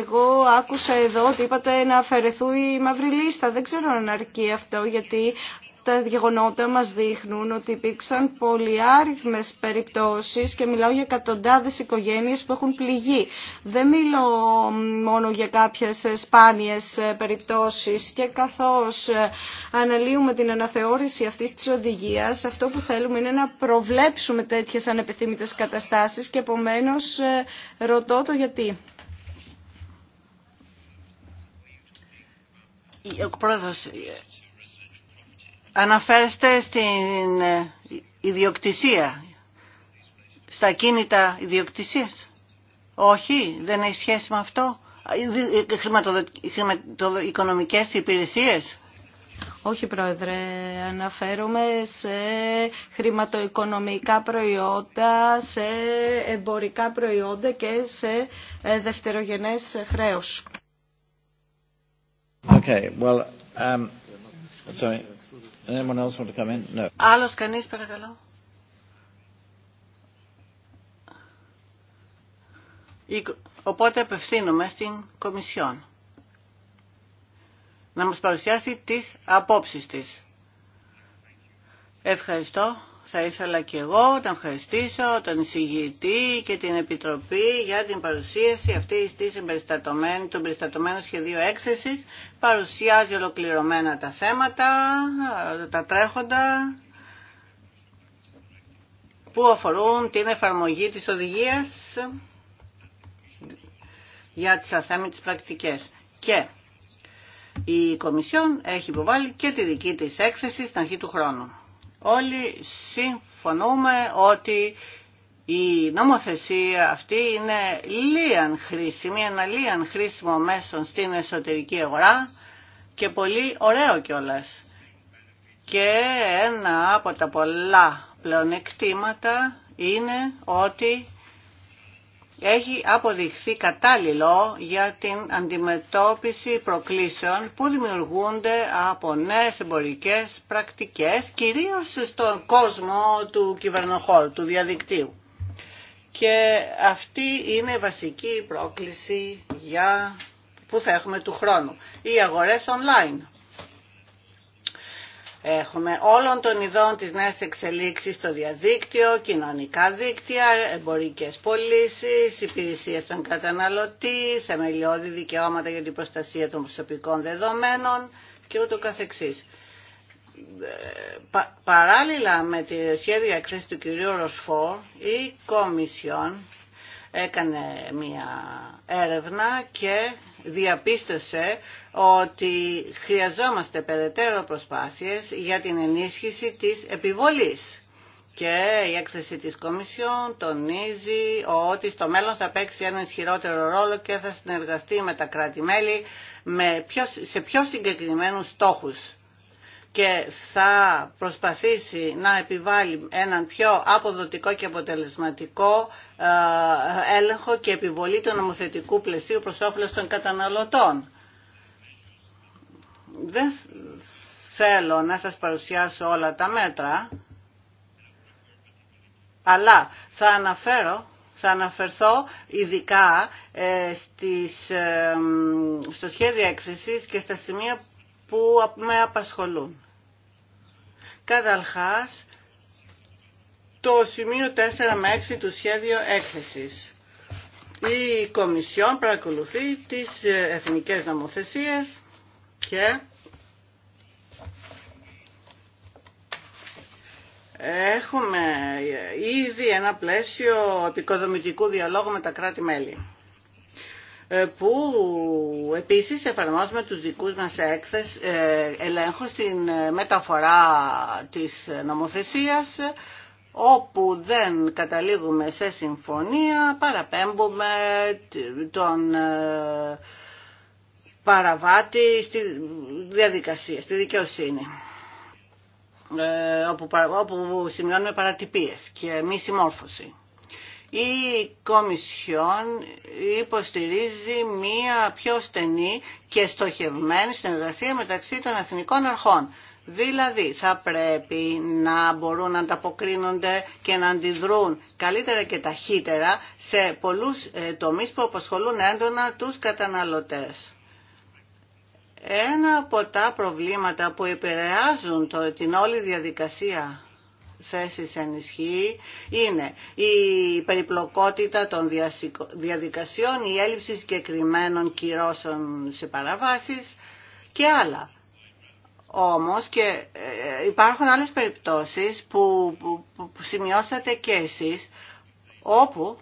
εγώ άκουσα εδώ ότι είπατε να αφαιρεθούν η μαύρη λίστα. Δεν ξέρω αν αρκεί αυτό γιατί τα γεγονότα μας δείχνουν ότι υπήρξαν πολυάριθμες περιπτώσεις και μιλάω για εκατοντάδες οικογένειες που έχουν πληγεί. Δεν μιλώ μόνο για κάποιες σπάνιες περιπτώσεις και καθώς αναλύουμε την αναθεώρηση αυτής της οδηγίας, αυτό που θέλουμε είναι να προβλέψουμε τέτοιες ανεπιθύμητες καταστάσεις και επομένως ε, ρωτώ το γιατί. πρόεδρος αναφέρεστε στην ε, ιδιοκτησία, στα κίνητα ιδιοκτησίας. Όχι, δεν έχει σχέση με αυτό. Ε, χρηματοοικονομικές υπηρεσίες. Όχι, Πρόεδρε. Αναφέρομαι σε χρηματοοικονομικά προϊόντα, σε εμπορικά προϊόντα και σε ε, δευτερογενές χρέος. Um, No. Άλλος κανείς παρακαλώ. Οπότε απευθύνομαι στην Κομισιόν να μας παρουσιάσει τις απόψεις της. Ευχαριστώ. Θα ήθελα και εγώ να ευχαριστήσω τον εισηγητή και την Επιτροπή για την παρουσίαση αυτή τη συμπεριστατωμένη, του εμπεριστατωμένου σχεδίου έξεση. Παρουσιάζει ολοκληρωμένα τα θέματα, τα τρέχοντα που αφορούν την εφαρμογή της οδηγίας για τις αθέμητες πρακτικές. Και η Κομισιόν έχει υποβάλει και τη δική της έκθεση στην αρχή του χρόνου όλοι συμφωνούμε ότι η νομοθεσία αυτή είναι λίαν χρήσιμη, ένα λίαν χρήσιμο μέσο στην εσωτερική αγορά και πολύ ωραίο κιόλα. Και ένα από τα πολλά πλεονεκτήματα είναι ότι έχει αποδειχθεί κατάλληλο για την αντιμετώπιση προκλήσεων που δημιουργούνται από νέες εμπορικές πρακτικές, κυρίως στον κόσμο του κυβερνοχώρου, του διαδικτύου. Και αυτή είναι η βασική πρόκληση για... που θα έχουμε του χρόνου. Οι αγορές online Έχουμε όλων των ειδών της νέας εξελίξης στο διαδίκτυο, κοινωνικά δίκτυα, εμπορικές πωλήσει, υπηρεσίες των καταναλωτή, θεμελιώδη δικαιώματα για την προστασία των προσωπικών δεδομένων και ούτω καθεξής. παράλληλα με τη σχέδια έκθεση του κυρίου Ροσφόρ, η Κομισιόν έκανε μια έρευνα και διαπίστωσε ότι χρειαζόμαστε περαιτέρω προσπάσεις για την ενίσχυση της επιβολής. Και η έκθεση της Κομισιόν τονίζει ότι στο μέλλον θα παίξει ένα ισχυρότερο ρόλο και θα συνεργαστεί με τα κράτη-μέλη σε πιο συγκεκριμένους στόχους και θα προσπαθήσει να επιβάλλει έναν πιο αποδοτικό και αποτελεσματικό ε, έλεγχο και επιβολή του νομοθετικού πλαισίου προς όφελος των καταναλωτών. Δεν θέλω να σας παρουσιάσω όλα τα μέτρα, αλλά θα αναφέρω θα αναφερθώ ειδικά ε, στις, ε, στο σχέδιο έκθεσης και στα σημεία που με απασχολούν. Καταρχάς, το σημείο 4 με 6 του σχέδιου έκθεσης. Η Κομισιόν παρακολουθεί τις ε, εθνικές νομοθεσίες και έχουμε ε, ήδη ένα πλαίσιο επικοδομητικού διαλόγου με τα κράτη-μέλη. Ε, που επίσης εφαρμόζουμε τους δικούς μας έξες, ε, ελέγχους στην ε, μεταφορά της νομοθεσίας όπου δεν καταλήγουμε σε συμφωνία παραπέμπουμε τον παραβάτη στη διαδικασία, στη δικαιοσύνη όπου, όπου σημειώνουμε παρατυπίες και μη συμμόρφωση η Κομισιόν υποστηρίζει μία πιο στενή και στοχευμένη συνεργασία μεταξύ των εθνικών αρχών. Δηλαδή θα πρέπει να μπορούν να ανταποκρίνονται και να αντιδρούν καλύτερα και ταχύτερα σε πολλούς ε, τομείς που αποσχολούν έντονα τους καταναλωτές. Ένα από τα προβλήματα που επηρεάζουν την όλη διαδικασία θέσεις ενισχύει είναι η περιπλοκότητα των διαδικασιών, η έλλειψη συγκεκριμένων κυρώσεων σε παραβάσεις και άλλα. Όμως και ε, υπάρχουν άλλες περιπτώσεις που, που, που σημειώσατε και εσείς όπου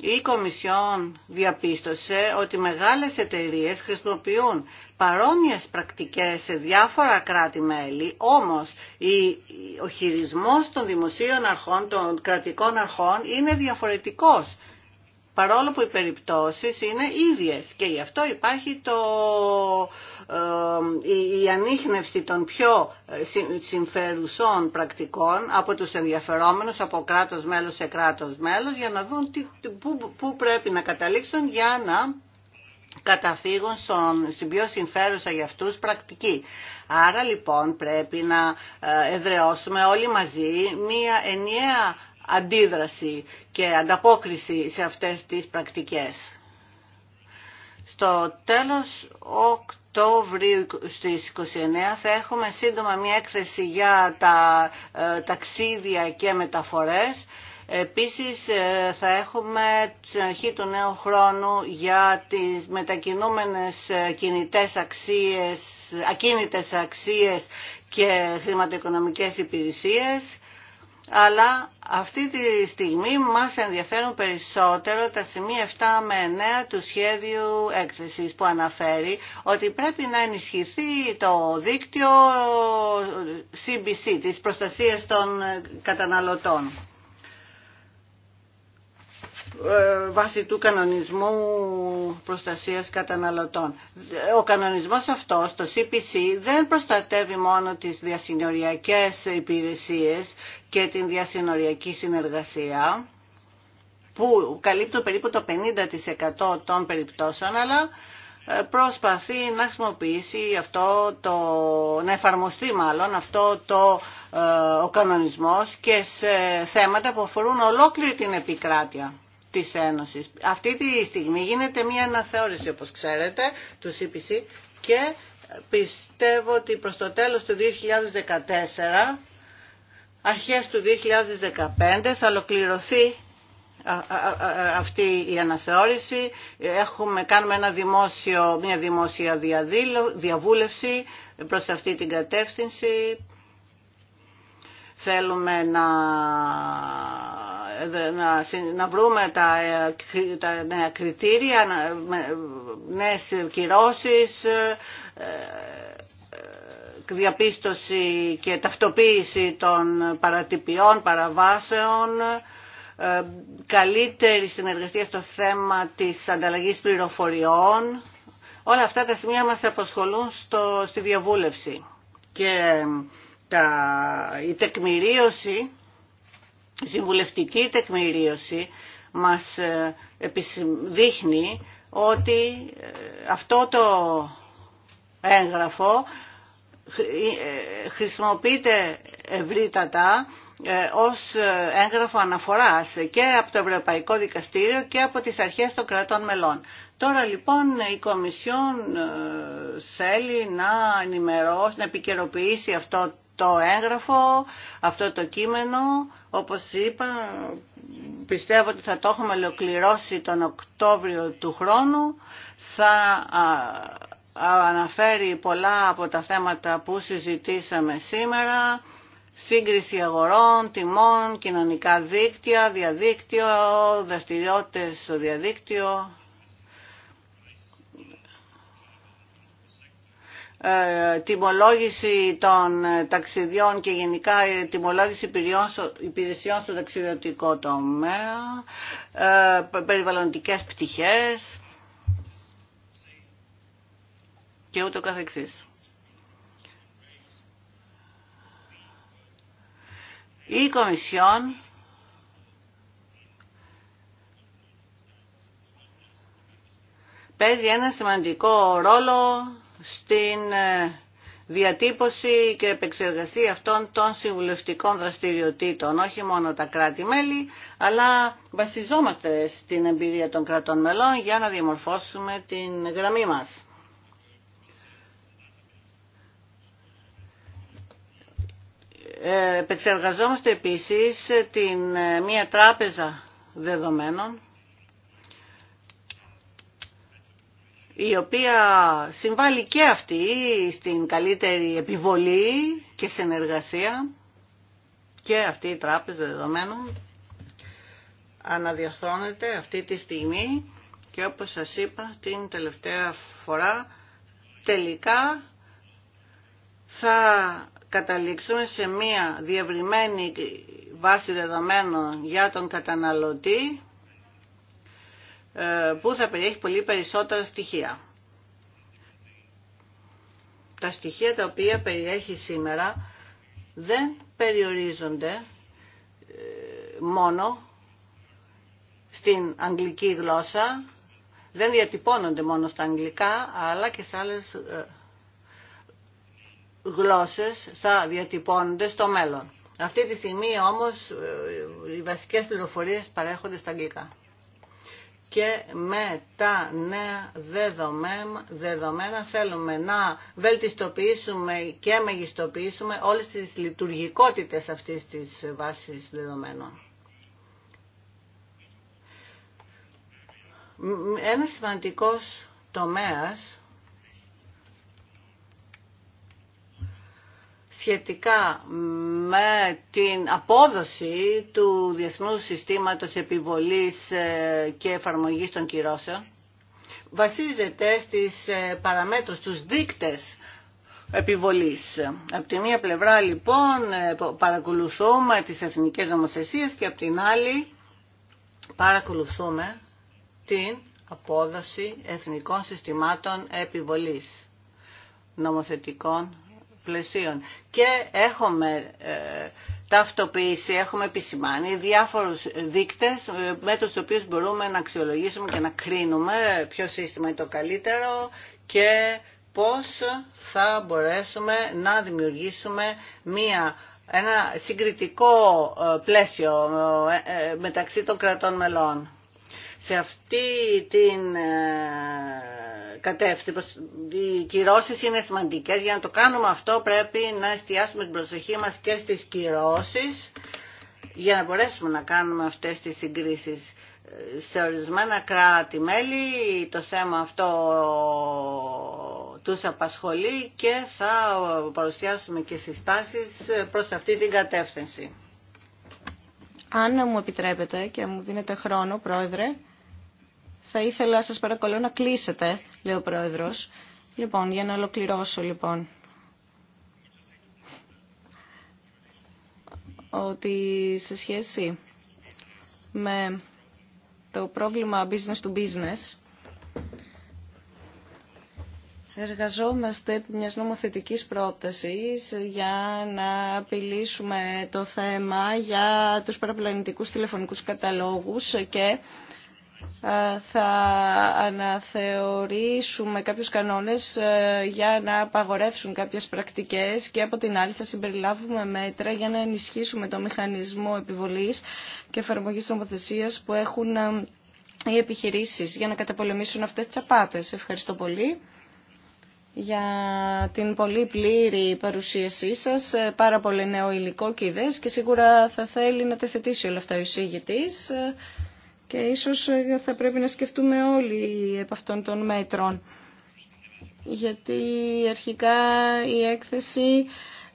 η Κομισιόν διαπίστωσε ότι μεγάλες εταιρείες χρησιμοποιούν παρόμοιες πρακτικές σε διάφορα κράτη-μέλη, όμως ο χειρισμός των δημοσίων αρχών, των κρατικών αρχών είναι διαφορετικός παρόλο που οι περιπτώσεις είναι ίδιες και γι' αυτό υπάρχει το, η, ανείχνευση των πιο ε, συμφερουσών πρακτικών από τους ενδιαφερόμενους από κράτος μέλος σε κράτος μέλος για να δουν που, πρέπει να καταλήξουν για να καταφύγουν στον, στην πιο συμφέρουσα για αυτούς πρακτική. Άρα λοιπόν πρέπει να ε, εδραιώσουμε όλοι μαζί μία ενιαία αντίδραση και ανταπόκριση σε αυτές τις πρακτικές. Στο τέλος Οκτωβρίου στις 29 θα έχουμε σύντομα μια έκθεση για τα ε, ταξίδια και μεταφορές. Επίσης ε, θα έχουμε την αρχή του νέου χρόνου για τις μετακινούμενες ε, κινητές αξίες, ακίνητες αξίες και χρηματοοικονομικές υπηρεσίες αλλά αυτή τη στιγμή μας ενδιαφέρουν περισσότερο τα σημεία 7 με 9 του σχέδιου έκθεσης που αναφέρει ότι πρέπει να ενισχυθεί το δίκτυο CBC της προστασίας των καταναλωτών. Ε, βάσει του κανονισμού προστασίας καταναλωτών. Ο κανονισμός αυτός, το CPC, δεν προστατεύει μόνο τις διασυνοριακές υπηρεσίες και την διασυνοριακή συνεργασία, που καλύπτουν περίπου το 50% των περιπτώσεων, αλλά ε, προσπαθεί να χρησιμοποιήσει αυτό το, να εφαρμοστεί μάλλον αυτό το ε, ο κανονισμός και σε θέματα που αφορούν ολόκληρη την επικράτεια της Ένωσης. Αυτή τη στιγμή γίνεται μια αναθεώρηση, όπως ξέρετε, του CPC και πιστεύω ότι προς το τέλος του 2014, αρχές του 2015, θα ολοκληρωθεί αυτή η αναθεώρηση. Έχουμε, κάνουμε ένα δημόσιο, μια δημόσια διαβούλευση προς αυτή την κατεύθυνση. Θέλουμε να να, βρούμε τα, ε, τα νέα κριτήρια, νέες κυρώσεις, ε, ε, διαπίστωση και ταυτοποίηση των παρατυπιών, παραβάσεων, καλύτερη συνεργασία στο θέμα της ανταλλαγής πληροφοριών. Όλα αυτά τα σημεία μας απασχολούν στο, στη διαβούλευση. Και τα, η τεκμηρίωση συμβουλευτική τεκμηρίωση μας ε, δείχνει ότι ε, αυτό το έγγραφο ε, χρησιμοποιείται ευρύτατα ως έγγραφο αναφοράς και από το Ευρωπαϊκό Δικαστήριο και από τις αρχές των κρατών μελών. Τώρα λοιπόν η Κομισιόν θέλει να ενημερώσει, να επικαιροποιήσει αυτό το έγγραφο, αυτό το κείμενο. Όπως είπα, πιστεύω ότι θα το έχουμε ολοκληρώσει τον Οκτώβριο του χρόνου. Θα αναφέρει πολλά από τα θέματα που συζητήσαμε σήμερα. Σύγκριση αγορών, τιμών, κοινωνικά δίκτυα, διαδίκτυο, δραστηριότητες στο διαδίκτυο, Ε, τιμολόγηση των ταξιδιών και γενικά τιμολόγηση υπηρεσιών στο ταξιδιωτικό τομέα, ε, περιβαλλοντικές πτυχές και ούτω καθεξής. Η Κομισιόν παίζει ένα σημαντικό ρόλο στην ε, διατύπωση και επεξεργασία αυτών των συμβουλευτικών δραστηριοτήτων. Όχι μόνο τα κράτη-μέλη, αλλά βασιζόμαστε στην εμπειρία των κρατών μελών για να διαμορφώσουμε την γραμμή μας. Ε, επεξεργαζόμαστε επίσης την, ε, μια τράπεζα δεδομένων η οποία συμβάλλει και αυτή στην καλύτερη επιβολή και συνεργασία και αυτή η τράπεζα δεδομένων αναδιορθώνεται αυτή τη στιγμή και όπως σας είπα την τελευταία φορά τελικά θα καταλήξουμε σε μία διευρυμένη βάση δεδομένων για τον καταναλωτή ε, που θα περιέχει πολύ περισσότερα στοιχεία. Τα στοιχεία τα οποία περιέχει σήμερα δεν περιορίζονται ε, μόνο στην αγγλική γλώσσα, δεν διατυπώνονται μόνο στα αγγλικά, αλλά και σε άλλες ε, γλώσσες θα διατυπώνονται στο μέλλον. Αυτή τη στιγμή όμως οι βασικές πληροφορίες παρέχονται στα αγγλικά και με τα νέα δεδομένα, δεδομένα θέλουμε να βελτιστοποιήσουμε και μεγιστοποιήσουμε όλες τις λειτουργικότητες αυτής της βάσης δεδομένων. Ένα σημαντικός τομέας σχετικά με την απόδοση του διεθνού Συστήματος Επιβολής ε, και Εφαρμογής των Κυρώσεων βασίζεται στις ε, παραμέτρους, τους δείκτες επιβολής. Από τη μία πλευρά λοιπόν ε, παρακολουθούμε τις εθνικές νομοθεσίες και από την άλλη παρακολουθούμε την απόδοση εθνικών συστημάτων επιβολής νομοθετικών πλαισίων. Και έχουμε ε, ταυτοποιήσει, έχουμε επισημάνει διάφορους δείκτες ε, με τους οποίους μπορούμε να αξιολογήσουμε και να κρίνουμε ποιο σύστημα είναι το καλύτερο και πώς θα μπορέσουμε να δημιουργήσουμε μία ένα συγκριτικό ε, πλαίσιο μεταξύ των κρατών μελών σε αυτή την ε, κατεύθυνση. Οι κυρώσει είναι σημαντικέ. Για να το κάνουμε αυτό πρέπει να εστιάσουμε την προσοχή μας και στις κυρώσει για να μπορέσουμε να κάνουμε αυτές τις συγκρίσεις. Ε, σε ορισμένα κράτη-μέλη το θέμα αυτό τους απασχολεί και θα παρουσιάσουμε και συστάσεις προς αυτή την κατεύθυνση. Αν μου επιτρέπετε και μου δίνετε χρόνο, Πρόεδρε, θα ήθελα, σας παρακαλώ, να κλείσετε, λέει ο Πρόεδρος. Λοιπόν, για να ολοκληρώσω, λοιπόν. Ότι σε σχέση με το πρόβλημα business to business, Εργαζόμαστε μια μιας νομοθετικής πρότασης για να απειλήσουμε το θέμα για τους παραπλανητικούς τηλεφωνικούς καταλόγους και ε, θα αναθεωρήσουμε κάποιους κανόνες ε, για να απαγορεύσουν κάποιες πρακτικές και από την άλλη θα συμπεριλάβουμε μέτρα για να ενισχύσουμε το μηχανισμό επιβολής και εφαρμογής νομοθεσίας που έχουν ε, οι επιχειρήσεις για να καταπολεμήσουν αυτές τις απάτες. Ευχαριστώ πολύ για την πολύ πλήρη παρουσίασή σας, πάρα πολύ νέο υλικό και ιδέες και σίγουρα θα θέλει να τεθετήσει όλα αυτά ο εισήγητης και ίσως ε, θα πρέπει να σκεφτούμε όλοι από αυτών των μέτρων. Γιατί αρχικά η έκθεση,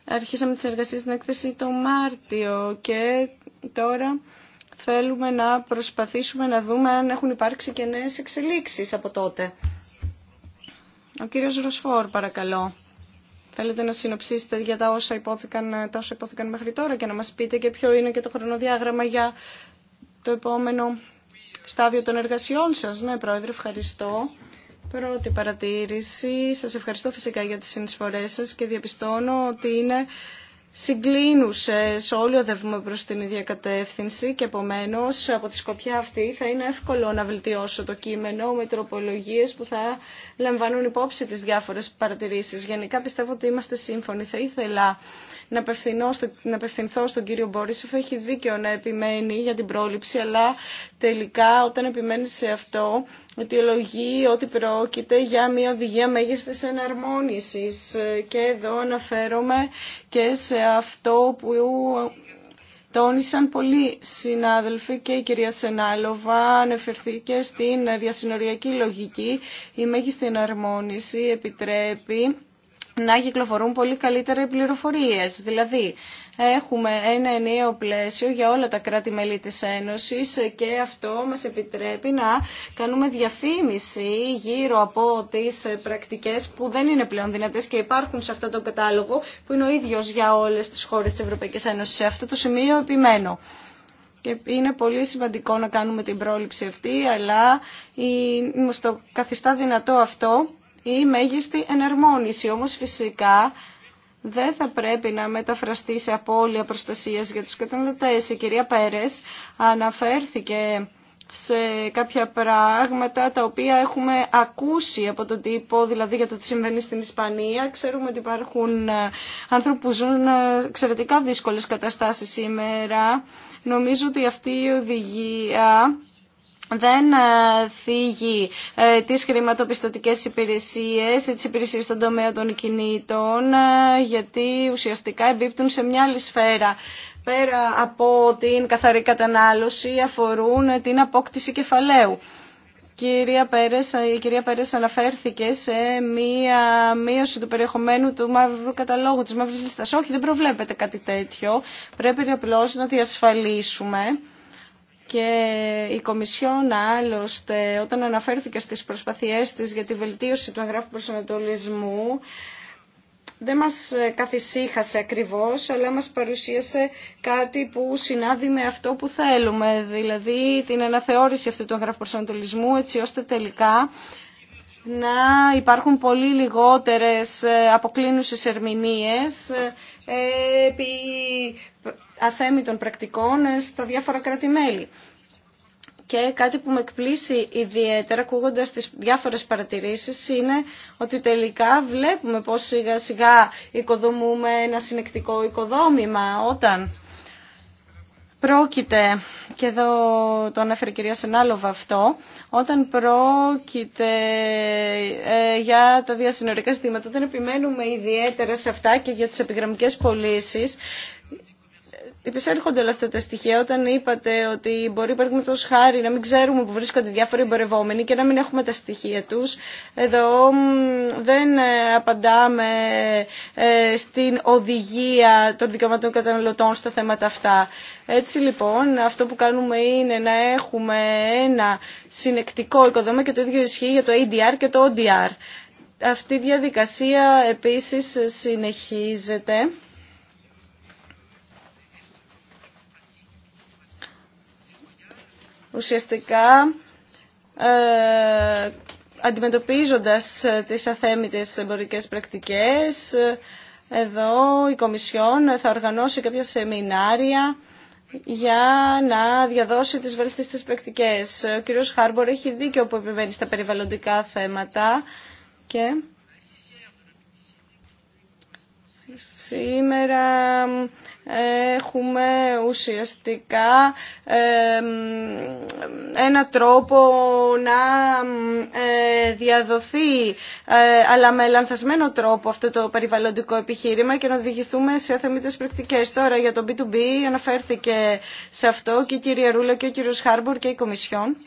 αρχίσαμε τις εργασίες στην έκθεση το Μάρτιο και τώρα θέλουμε να προσπαθήσουμε να δούμε αν έχουν υπάρξει και νέες εξελίξεις από τότε. Ο κύριος Ροσφόρ, παρακαλώ. Θέλετε να συνοψίσετε για τα όσα υπόθηκαν, τα όσα υπόθηκαν μέχρι τώρα και να μας πείτε και ποιο είναι και το χρονοδιάγραμμα για το επόμενο στάδιο των εργασιών σας. Ναι, Πρόεδρε, ευχαριστώ. Πρώτη παρατήρηση. Σας ευχαριστώ φυσικά για τις συνεισφορές σας και διαπιστώνω ότι είναι συγκλίνουσε όλοι οδεύουμε προς την ίδια κατεύθυνση και επομένως από τη σκοπιά αυτή θα είναι εύκολο να βελτιώσω το κείμενο με τροπολογίες που θα λαμβάνουν υπόψη τις διάφορες παρατηρήσεις. Γενικά πιστεύω ότι είμαστε σύμφωνοι. Θα ήθελα να, να απευθυνθώ στον κύριο Μπόρισεφ. Έχει δίκιο να επιμένει για την πρόληψη, αλλά τελικά όταν επιμένει σε αυτό, αιτιολογεί ότι πρόκειται για μια οδηγία μέγιστη εναρμόνισης. Και εδώ αναφέρομαι και σε αυτό που τόνισαν πολλοί συνάδελφοι και η κυρία Σενάλοβα ανεφερθήκε στην διασυνοριακή λογική. Η μέγιστη εναρμόνιση επιτρέπει να κυκλοφορούν πολύ καλύτερα οι πληροφορίες. Δηλαδή, έχουμε ένα ενιαίο πλαίσιο για όλα τα κράτη-μέλη της Ένωσης και αυτό μας επιτρέπει να κάνουμε διαφήμιση γύρω από τις πρακτικές που δεν είναι πλέον δυνατές και υπάρχουν σε αυτό το κατάλογο που είναι ο ίδιος για όλες τις χώρες της Ευρωπαϊκής Ένωσης. Σε αυτό το σημείο επιμένω. Και είναι πολύ σημαντικό να κάνουμε την πρόληψη αυτή, αλλά στο καθιστά δυνατό αυτό η μέγιστη ενερμόνιση. Όμως φυσικά δεν θα πρέπει να μεταφραστεί σε απώλεια προστασίας για τους καταναλωτές. Η κυρία Πέρες αναφέρθηκε σε κάποια πράγματα τα οποία έχουμε ακούσει από τον τύπο, δηλαδή για το τι συμβαίνει στην Ισπανία. Ξέρουμε ότι υπάρχουν ε, άνθρωποι που ζουν ε, εξαιρετικά δύσκολες καταστάσεις σήμερα. Νομίζω ότι αυτή η οδηγία δεν ε, θίγει ε, τις χρηματοπιστωτικές υπηρεσίες, τις υπηρεσίες στον τομέα των κινήτων, ε, γιατί ουσιαστικά εμπίπτουν σε μια άλλη σφαίρα. Πέρα από την καθαρή κατανάλωση αφορούν την απόκτηση κεφαλαίου. Κυρία Πέρες, η κυρία Πέρες αναφέρθηκε σε μία μείωση του περιεχομένου του μαύρου καταλόγου, της μαύρης λίστας. Όχι, δεν προβλέπεται κάτι τέτοιο. Πρέπει απλώς να διασφαλίσουμε και η Κομισιόν άλλωστε όταν αναφέρθηκε στις προσπαθίες της για τη βελτίωση του εγγράφου προσανατολισμού δεν μας καθησύχασε ακριβώς, αλλά μας παρουσίασε κάτι που συνάδει με αυτό που θέλουμε, δηλαδή την αναθεώρηση αυτού του εγγράφου προσανατολισμού, έτσι ώστε τελικά να υπάρχουν πολύ λιγότερες αποκλίνουσες ερμηνείες επί αθέμητων πρακτικών ε, στα διάφορα κράτη-μέλη. Και κάτι που με εκπλήσει ιδιαίτερα ακούγοντα τις διάφορες παρατηρήσεις είναι ότι τελικά βλέπουμε πως σιγά σιγά οικοδομούμε ένα συνεκτικό οικοδόμημα όταν Πρόκειται, και εδώ το ανέφερε η κυρία Σενάλοβα αυτό, όταν πρόκειται ε, για τα διασυνορικά ζητήματα, όταν επιμένουμε ιδιαίτερα σε αυτά και για τις επιγραμμικές πωλήσει, επισέρχονται όλα αυτά τα στοιχεία όταν είπατε ότι μπορεί παραδείγματο χάρη να μην ξέρουμε που βρίσκονται διάφοροι εμπορευόμενοι και να μην έχουμε τα στοιχεία τους. Εδώ δεν ε, απαντάμε ε, στην οδηγία των δικαιωμάτων καταναλωτών στα θέματα αυτά. Έτσι λοιπόν αυτό που κάνουμε είναι να έχουμε ένα συνεκτικό οικοδόμα και το ίδιο ισχύει για το ADR και το ODR. Αυτή η διαδικασία επίσης συνεχίζεται Ουσιαστικά ε, αντιμετωπίζοντας ε, τις αθέμητες εμπορικές πρακτικές, ε, εδώ η Κομισιόν θα οργανώσει κάποια σεμινάρια για να διαδώσει τις βελτιστές πρακτικές. Ο κύριος Χάρμπορ έχει δίκιο που επιβαίνει στα περιβαλλοντικά θέματα και Σήμερα έχουμε ουσιαστικά ε, ένα τρόπο να ε, διαδοθεί ε, αλλά με λανθασμένο τρόπο αυτό το περιβαλλοντικό επιχείρημα και να οδηγηθούμε σε αθεμίτες πρακτικές. Τώρα για το B2B αναφέρθηκε σε αυτό και η κυρία Ρούλα και ο κύριος Χάρμπορ και η Κομισιόν.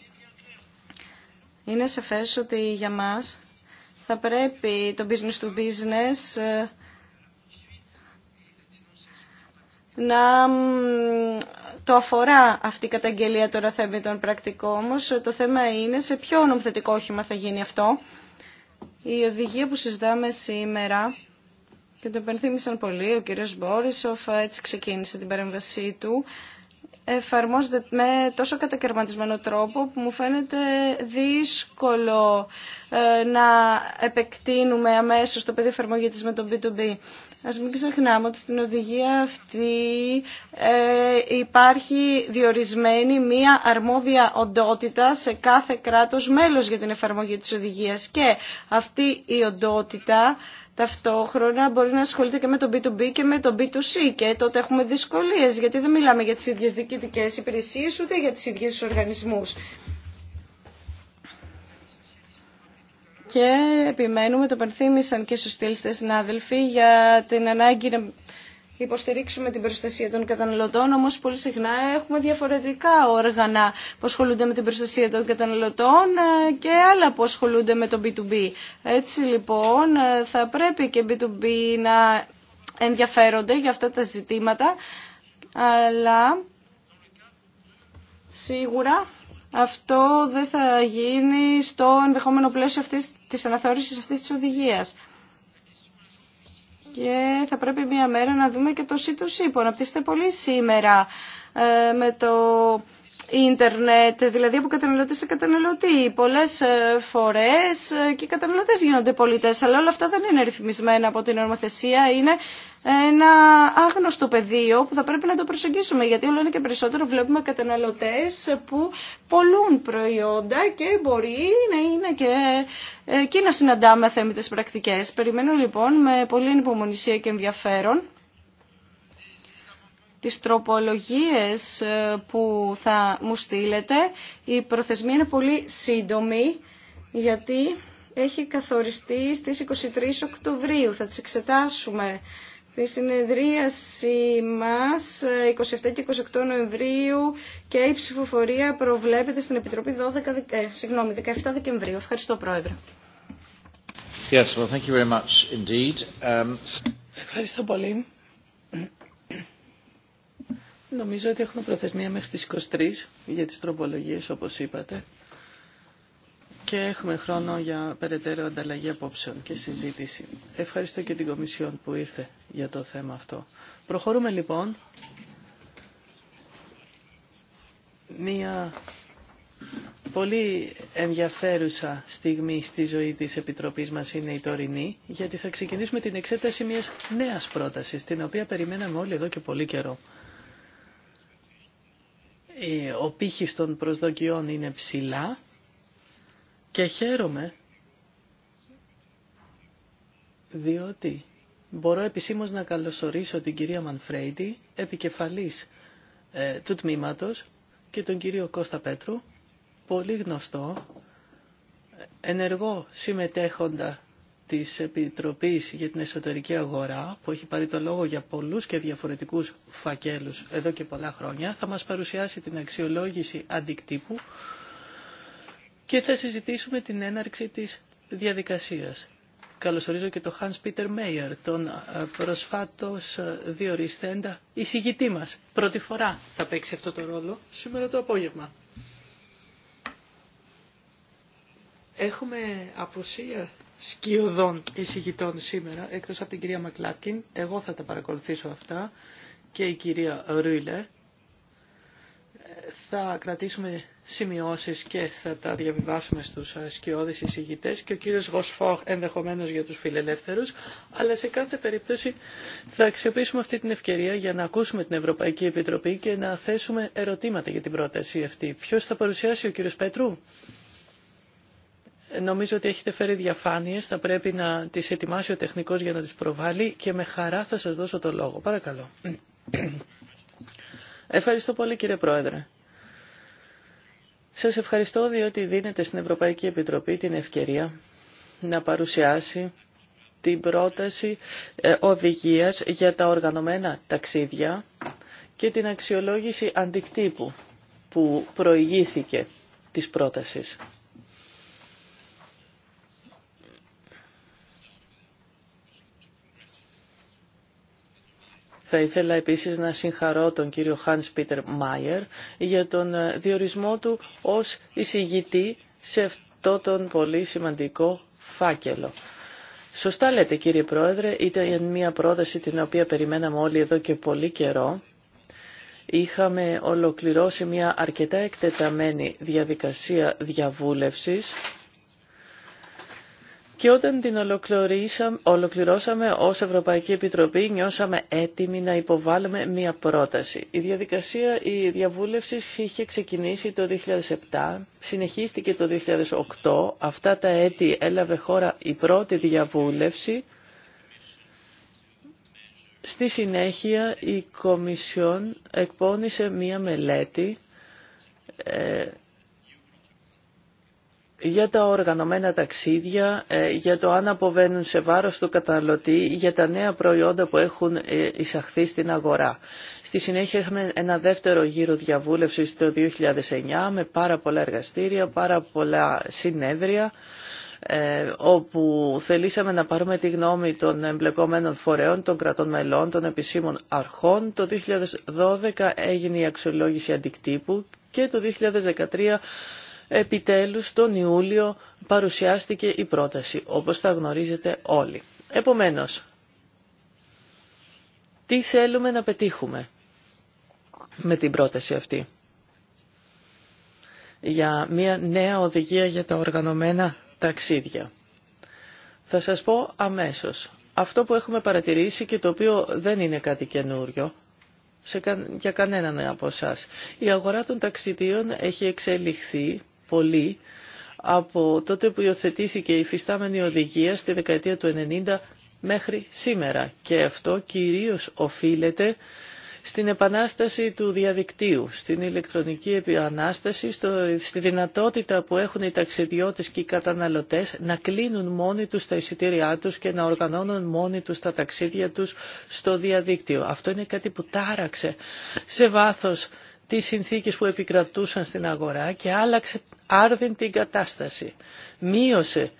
Είναι σαφές ότι για μας θα πρέπει το business to business να το αφορά αυτή η καταγγελία τώρα θέμα των πρακτικών, όμω, το θέμα είναι σε ποιο νομοθετικό όχημα θα γίνει αυτό. Η οδηγία που συζητάμε σήμερα, και το επενθύμησαν πολύ, ο κύριος Μπόρισοφ έτσι ξεκίνησε την παρέμβασή του, εφαρμόζεται με τόσο κατακαιρματισμένο τρόπο που μου φαίνεται δύσκολο ε, να επεκτείνουμε αμέσως το πεδίο εφαρμογή με τον B2B. Ας μην ξεχνάμε ότι στην οδηγία αυτή ε, υπάρχει διορισμένη μία αρμόδια οντότητα σε κάθε κράτος μέλος για την εφαρμογή της οδηγίας και αυτή η οντότητα ταυτόχρονα μπορεί να ασχολείται και με το B2B και με το B2C και τότε έχουμε δυσκολίες γιατί δεν μιλάμε για τις ίδιες διοικητικές υπηρεσίες ούτε για τις ίδιες τους οργανισμούς. Και επιμένουμε, το πενθύμησαν και στους στήλιστες συνάδελφοι, για την ανάγκη να υποστηρίξουμε την προστασία των καταναλωτών, όμως πολύ συχνά έχουμε διαφορετικά όργανα που ασχολούνται με την προστασία των καταναλωτών ε, και άλλα που ασχολούνται με το B2B. Έτσι λοιπόν ε, θα πρέπει και B2B να ενδιαφέρονται για αυτά τα ζητήματα, αλλά σίγουρα αυτό δεν θα γίνει στο ενδεχόμενο πλαίσιο αυτής, της αναθεώρησης αυτής της οδηγίας και θα πρέπει μία μέρα να δούμε και το C2C που αναπτύσσεται πολύ σήμερα ε, με το ίντερνετ, δηλαδή από καταναλωτή σε καταναλωτή. Πολλέ ε, φορέ ε, και οι καταναλωτέ γίνονται πολιτέ, αλλά όλα αυτά δεν είναι ρυθμισμένα από την νομοθεσία, είναι ένα άγνωστο πεδίο που θα πρέπει να το προσεγγίσουμε, γιατί όλο ένα και περισσότερο βλέπουμε καταναλωτέ που πολλούν προϊόντα και μπορεί να είναι και εκεί να συναντάμε θέμητε πρακτικές. Περιμένω λοιπόν με πολύ ανυπομονησία και ενδιαφέρον τις τροπολογίες ε, που θα μου στείλετε. Η προθεσμία είναι πολύ σύντομη γιατί έχει καθοριστεί στις 23 Οκτωβρίου. Θα τις εξετάσουμε τη συνεδρίαση μας 27 ε, και 28 Νοεμβρίου και η ψηφοφορία προβλέπεται στην Επιτροπή 12, ε, συγγνώμη, 17 Δεκεμβρίου. Ευχαριστώ Πρόεδρε. Yes, well, thank you very much indeed. Um... Ευχαριστώ πολύ. Νομίζω ότι έχουμε προθεσμία μέχρι τις 23 για τις τροπολογίες όπως είπατε και έχουμε χρόνο για περαιτέρω ανταλλαγή απόψεων και συζήτηση. Ευχαριστώ και την Κομισιόν που ήρθε για το θέμα αυτό. Προχωρούμε λοιπόν μία πολύ ενδιαφέρουσα στιγμή στη ζωή της Επιτροπής μας είναι η τωρινή, γιατί θα ξεκινήσουμε την εξέταση μιας νέας πρότασης, την οποία περιμέναμε όλοι εδώ και πολύ καιρό. Ε, ο πύχης των προσδοκιών είναι ψηλά και χαίρομαι διότι μπορώ επισήμως να καλωσορίσω την κυρία Μανφρέιντι, επικεφαλής ε, του τμήματος και τον κύριο Κώστα Πέτρου, πολύ γνωστό, ενεργό συμμετέχοντα της Επιτροπής για την Εσωτερική Αγορά, που έχει πάρει το λόγο για πολλούς και διαφορετικούς φακέλους εδώ και πολλά χρόνια, θα μας παρουσιάσει την αξιολόγηση αντικτύπου και θα συζητήσουμε την έναρξη της διαδικασίας. Καλωσορίζω και τον Hans Peter Mayer, τον ε, προσφάτως ε, διοριστέντα εισηγητή μας. Πρώτη φορά θα παίξει αυτό το ρόλο σήμερα το απόγευμα. Έχουμε απουσία σκιωδών εισηγητών σήμερα, εκτός από την κυρία Μακλάρκιν Εγώ θα τα παρακολουθήσω αυτά και η κυρία Ρούιλε. Ε, θα κρατήσουμε σημειώσεις και θα τα διαβιβάσουμε στους ε, σκιώδεις εισηγητές και ο κύριος Γοσφόχ ενδεχομένως για τους φιλελεύθερους, αλλά σε κάθε περίπτωση θα αξιοποιήσουμε αυτή την ευκαιρία για να ακούσουμε την Ευρωπαϊκή Επιτροπή και να θέσουμε ερωτήματα για την πρόταση αυτή. Ποιος θα παρουσιάσει ο κύριος Πέτρου? Νομίζω ότι έχετε φέρει διαφάνειες, θα πρέπει να τις ετοιμάσει ο τεχνικός για να τις προβάλλει και με χαρά θα σας δώσω το λόγο. Παρακαλώ. Ευχαριστώ πολύ κύριε Πρόεδρε. Σας ευχαριστώ διότι δίνετε στην Ευρωπαϊκή Επιτροπή την ευκαιρία να παρουσιάσει την πρόταση ε, οδηγίας για τα οργανωμένα ταξίδια και την αξιολόγηση αντικτύπου που προηγήθηκε της πρότασης. Θα ήθελα επίσης να συγχαρώ τον κύριο Hans Peter Μάιερ για τον ε, διορισμό του ως εισηγητή σε αυτό τον πολύ σημαντικό φάκελο. Σωστά λέτε κύριε Πρόεδρε, ήταν μια πρόταση την οποία περιμέναμε όλοι εδώ και πολύ καιρό. Είχαμε ολοκληρώσει μια αρκετά εκτεταμένη διαδικασία διαβούλευσης και όταν την ολοκληρώσαμε ως Ευρωπαϊκή Επιτροπή νιώσαμε έτοιμοι να υποβάλουμε μία πρόταση. Η διαδικασία η διαβούλευση είχε ξεκινήσει το 2007, συνεχίστηκε το 2008. Αυτά τα έτη έλαβε χώρα η πρώτη διαβούλευση. Στη συνέχεια η Κομισιόν εκπώνησε μία μελέτη ε, για τα οργανωμένα ταξίδια, ε, για το αν αποβαίνουν σε βάρος του καταναλωτή, για τα νέα προϊόντα που έχουν ε, εισαχθεί στην αγορά. Στη συνέχεια είχαμε ένα δεύτερο γύρο διαβούλευσης το 2009 με πάρα πολλά εργαστήρια, πάρα πολλά συνέδρια ε, όπου θελήσαμε να πάρουμε τη γνώμη των εμπλεκόμενων φορέων, των κρατών μελών, των επισήμων αρχών. Το 2012 έγινε η αξιολόγηση αντικτύπου και το 2013 επιτέλους τον Ιούλιο παρουσιάστηκε η πρόταση, όπως τα γνωρίζετε όλοι. Επομένως, τι θέλουμε να πετύχουμε με την πρόταση αυτή για μια νέα οδηγία για τα οργανωμένα ταξίδια. Θα σας πω αμέσως. Αυτό που έχουμε παρατηρήσει και το οποίο δεν είναι κάτι καινούριο σε, για κανέναν από εσά. Η αγορά των ταξιδίων έχει εξελιχθεί πολύ από τότε που υιοθετήθηκε η φυστάμενη οδηγία στη δεκαετία του 90 μέχρι σήμερα. Και αυτό κυρίως οφείλεται στην επανάσταση του διαδικτύου, στην ηλεκτρονική επανάσταση, στη δυνατότητα που έχουν οι ταξιδιώτες και οι καταναλωτές να κλείνουν μόνοι τους τα εισιτήριά τους και να οργανώνουν μόνοι τους τα ταξίδια τους στο διαδίκτυο. Αυτό είναι κάτι που τάραξε σε βάθος τις συνθήκες που επικρατούσαν στην αγορά και άλλαξε άρδιν την κατάσταση. Μείωσε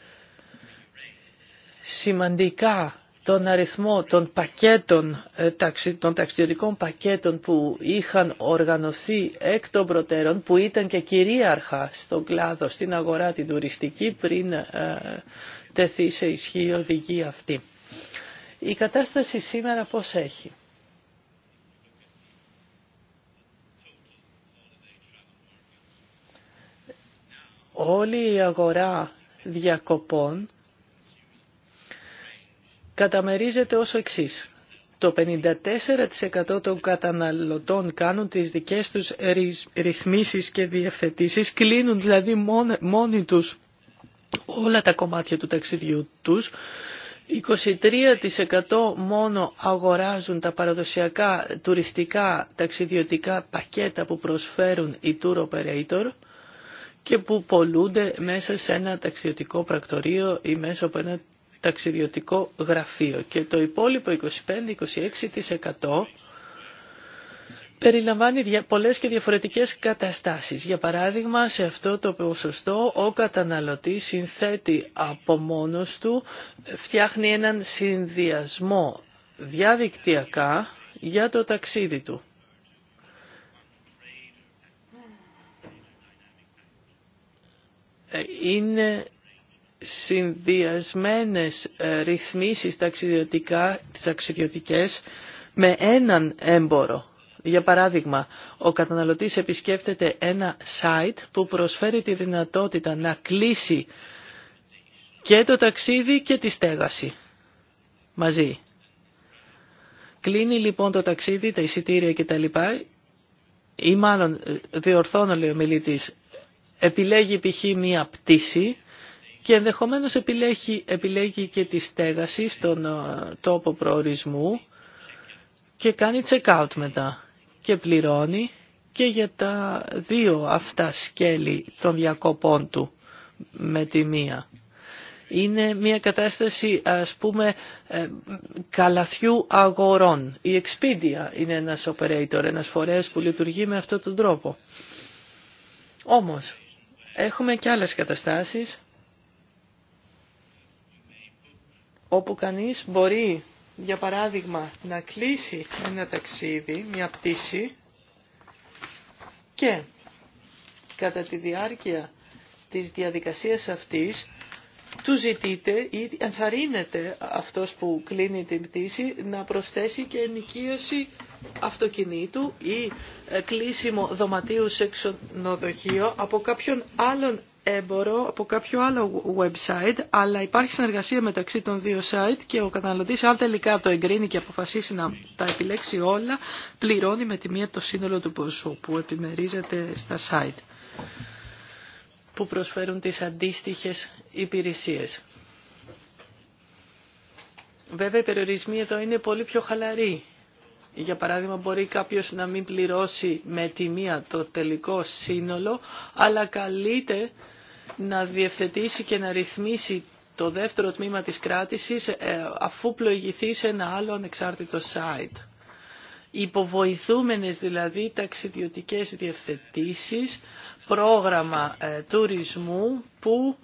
σημαντικά τον αριθμό των πακέτων, ε, των ταξιδιωτικών πακέτων που είχαν οργανωθεί εκ των προτέρων, που ήταν και κυρίαρχα στον κλάδο, στην αγορά την τουριστική, πριν ε, τεθεί σε ισχύ η οδηγία αυτή. Η κατάσταση σήμερα πώς έχει. όλη η αγορά διακοπών καταμερίζεται όσο εξής. Το 54% των καταναλωτών κάνουν τις δικές τους ρυθμίσεις και διευθετήσεις, κλείνουν δηλαδή μόνοι τους όλα τα κομμάτια του ταξιδιού τους. 23% μόνο αγοράζουν τα παραδοσιακά τουριστικά ταξιδιωτικά πακέτα που προσφέρουν οι tour operator και που πολλούνται μέσα σε ένα ταξιδιωτικό πρακτορείο ή μέσα από ένα ταξιδιωτικό γραφείο. Και το υπόλοιπο 25-26% περιλαμβάνει πολλές και διαφορετικές καταστάσεις. Για παράδειγμα, σε αυτό το ποσοστό ο καταναλωτής συνθέτει από μόνος του, φτιάχνει έναν συνδυασμό διαδικτυακά για το ταξίδι του. Ε, είναι συνδυασμένες ε, ρυθμίσεις ταξιδιωτικά, τις αξιδιωτικές με έναν έμπορο. Για παράδειγμα, ο καταναλωτής επισκέφτεται ένα site που προσφέρει τη δυνατότητα να κλείσει και το ταξίδι και τη στέγαση μαζί. Κλείνει λοιπόν το ταξίδι, τα εισιτήρια κτλ. Ή μάλλον ε, διορθώνω λέει ο μιλήτης, επιλέγει π.χ. μία πτήση και ενδεχομένως επιλέγει, επιλέγει και τη στέγαση στον ε, τόπο προορισμού και κάνει check-out μετά και πληρώνει και για τα δύο αυτά σκέλη των διακοπών του με τη μία. Είναι μια κατάσταση ας πούμε ε, καλαθιού αγορών. Η Expedia είναι ένας operator, ένας φορέας που λειτουργεί με αυτόν τον τρόπο. Όμως Έχουμε και άλλες καταστάσεις όπου κανείς μπορεί, για παράδειγμα, να κλείσει ένα ταξίδι, μια πτήση και κατά τη διάρκεια της διαδικασίας αυτής του ζητείτε ή ενθαρρύνεται αυτός που κλείνει την πτήση να προσθέσει και ενοικίαση αυτοκινήτου ή ε, κλείσιμο δωματίου σε ξενοδοχείο από κάποιον άλλον έμπορο, από κάποιο άλλο website, αλλά υπάρχει συνεργασία μεταξύ των δύο site και ο καταναλωτής αν τελικά το εγκρίνει και αποφασίσει να τα επιλέξει όλα, πληρώνει με τη μία το σύνολο του ποσού που επιμερίζεται στα site που προσφέρουν τις αντίστοιχες υπηρεσίες. Βέβαια οι περιορισμοί εδώ είναι πολύ πιο χαλαροί για παράδειγμα, μπορεί κάποιο να μην πληρώσει με τιμία το τελικό σύνολο, αλλά καλείται να διευθετήσει και να ρυθμίσει το δεύτερο τμήμα της κράτησης ε, αφού πλοηγηθεί σε ένα άλλο ανεξάρτητο site. Υποβοηθούμενες δηλαδή ταξιδιωτικές διευθετήσεις, πρόγραμμα ε, τουρισμού που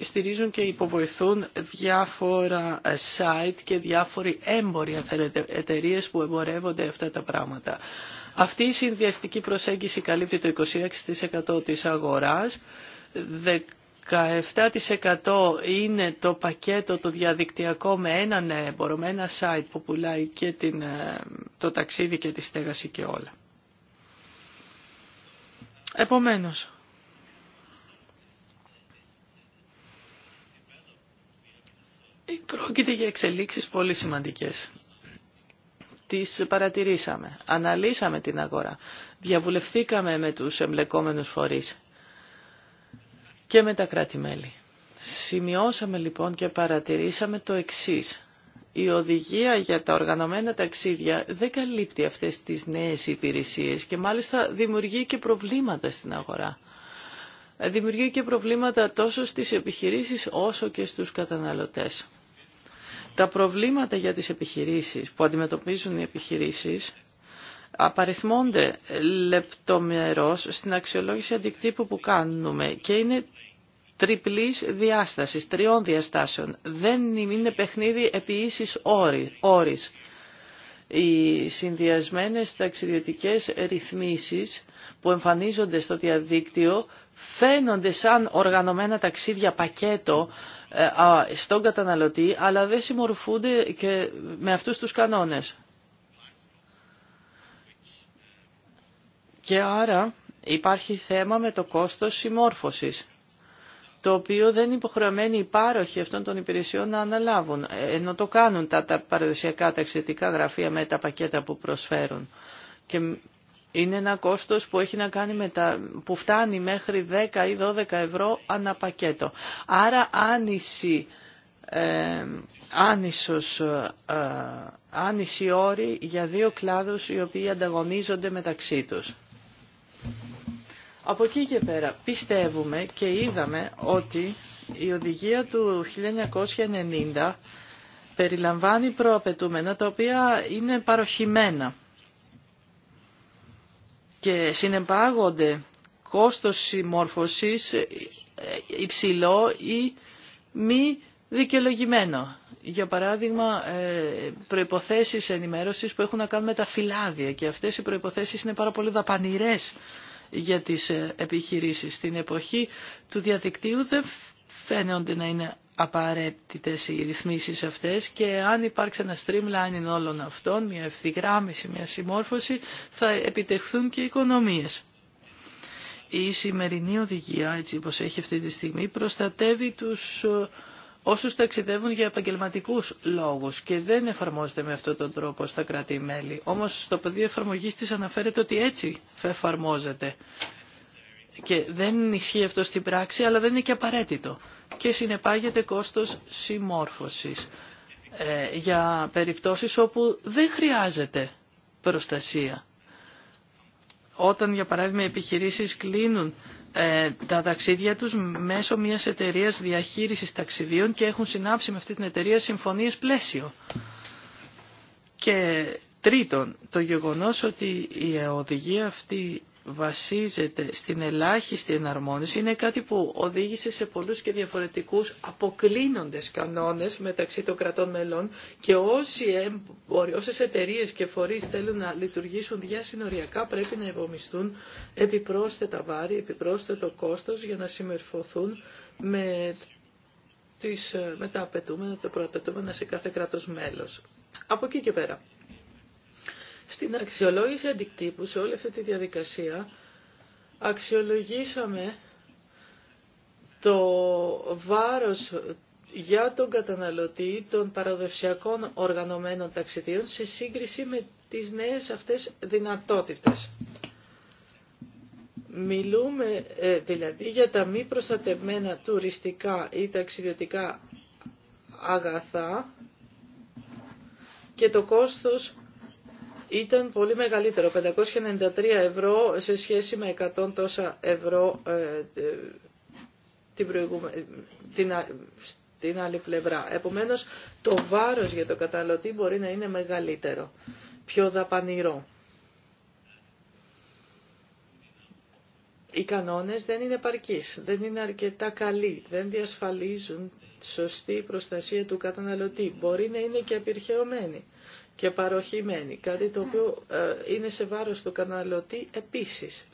στηρίζουν και υποβοηθούν διάφορα ε, site και διάφοροι έμποροι, εταιρείες που εμπορεύονται αυτά τα πράγματα. Αυτή η συνδυαστική προσέγγιση καλύπτει το 26% της αγοράς, 17% είναι το πακέτο το διαδικτυακό με έναν έμπορο, με ένα site που πουλάει και την, ε, το ταξίδι και τη στέγαση και όλα. Επομένως, Ε, πρόκειται για εξελίξεις πολύ σημαντικές. Τις παρατηρήσαμε, αναλύσαμε την αγορά, διαβουλευθήκαμε με τους εμπλεκόμενους φορείς και με τα κράτη-μέλη. Σημειώσαμε λοιπόν και παρατηρήσαμε το εξής. Η οδηγία για τα οργανωμένα ταξίδια δεν καλύπτει αυτές τις νέες υπηρεσίες και μάλιστα δημιουργεί και προβλήματα στην αγορά. Ε, δημιουργεί και προβλήματα τόσο στις επιχειρήσεις όσο και στους καταναλωτές. Τα προβλήματα για τις επιχειρήσεις που αντιμετωπίζουν οι επιχειρήσεις απαριθμώνται λεπτομερώς στην αξιολόγηση αντικτύπου που κάνουμε και είναι τριπλής διάστασης, τριών διαστάσεων. Δεν είναι παιχνίδι επί ίσης όρης. Οι συνδυασμένες ταξιδιωτικές ρυθμίσεις που εμφανίζονται στο διαδίκτυο φαίνονται σαν οργανωμένα ταξίδια πακέτο ε, στον καταναλωτή, αλλά δεν συμμορφούνται και με αυτούς τους κανόνες. Και άρα υπάρχει θέμα με το κόστος συμμόρφωσης το οποίο δεν υποχρεωμένοι οι πάροχοι αυτών των υπηρεσιών να αναλάβουν, ενώ το κάνουν τα, τα παραδοσιακά ταξιδιωτικά γραφεία με τα πακέτα που προσφέρουν. Και είναι ένα κόστος που, έχει να κάνει με τα, που φτάνει μέχρι 10 ή 12 ευρώ ανά πακέτο. Άρα άνηση, ε, άνισος, ε, άνιση όρη για δύο κλάδους οι οποίοι ανταγωνίζονται μεταξύ τους. Από εκεί και πέρα πιστεύουμε και είδαμε ότι η 12 ευρω ανα πακετο αρα ανηση ανισος ορη για δυο κλαδους οι οποιοι ανταγωνιζονται μεταξυ τους απο εκει και περα πιστευουμε και ειδαμε οτι η οδηγια του 1990 περιλαμβάνει προαπαιτούμενα τα οποία είναι παροχημένα και συνεπάγονται κόστος συμμόρφωσης ε, υψηλό ή μη δικαιολογημένο. Για παράδειγμα, ε, προϋποθέσεις ενημέρωσης που έχουν να κάνουν με τα φυλάδια και αυτές οι προϋποθέσεις είναι πάρα πολύ δαπανηρές για τις ε, επιχειρήσεις. Στην εποχή του διαδικτύου δεν φαίνονται να είναι απαραίτητες οι ρυθμίσεις αυτές και αν υπάρξει ένα streamlining όλων αυτών, μια ευθυγράμμιση, μια συμμόρφωση, θα επιτευχθούν και οι οικονομίες. Η σημερινή οδηγία, έτσι όπως έχει αυτή τη στιγμή, προστατεύει τους ε, όσους ταξιδεύουν για επαγγελματικούς λόγους και δεν εφαρμόζεται με αυτόν τον τρόπο στα κράτη-μέλη. Όμως στο πεδίο εφαρμογής της αναφέρεται ότι έτσι εφαρμόζεται και δεν ισχύει αυτό στην πράξη, αλλά δεν είναι και απαραίτητο. Και συνεπάγεται κόστος συμμόρφωσης ε, για περιπτώσεις όπου δεν χρειάζεται προστασία. Όταν, για παράδειγμα, οι επιχειρήσεις κλείνουν ε, τα ταξίδια τους μέσω μιας εταιρείας διαχείρισης ταξιδίων και έχουν συνάψει με αυτή την εταιρεία συμφωνίες πλαίσιο. Και τρίτον, το γεγονός ότι η οδηγία αυτή βασίζεται στην ελάχιστη εναρμόνιση είναι κάτι που οδήγησε σε πολλούς και διαφορετικούς αποκλίνοντες κανόνες μεταξύ των κρατών μελών και όσοι, όσες εταιρείες και φορείς θέλουν να λειτουργήσουν διασυνοριακά πρέπει να ευομιστούν επιπρόσθετα βάρη, επιπρόσθετο κόστος για να συμμερφωθούν με, τις, με τα απαιτούμενα, τα προαπαιτούμενα σε κάθε κράτος μέλος. Από εκεί και πέρα. Στην αξιολόγηση αντικτύπου σε όλη αυτή τη διαδικασία αξιολογήσαμε το βάρος για τον καταναλωτή των παραδοσιακών οργανωμένων ταξιδίων σε σύγκριση με τις νέες αυτές δυνατότητες. Μιλούμε ε, δηλαδή για τα μη προστατευμένα τουριστικά ή ταξιδιωτικά αγαθά και το κόστος ήταν πολύ μεγαλύτερο, 593 ευρώ σε σχέση με 100 τόσα ευρώ ε, ε, την, την, την άλλη πλευρά. Επομένως, το βάρος για το καταναλωτή μπορεί να είναι μεγαλύτερο, πιο δαπανηρό. Οι κανόνες δεν είναι παρκείς, δεν είναι αρκετά καλοί, δεν διασφαλίζουν σωστή προστασία του καταναλωτή. Μπορεί να είναι και απειρχαιωμένοι και παροχημένη, κάτι το οποίο ε, είναι σε βάρος του καναλωτή επίσης.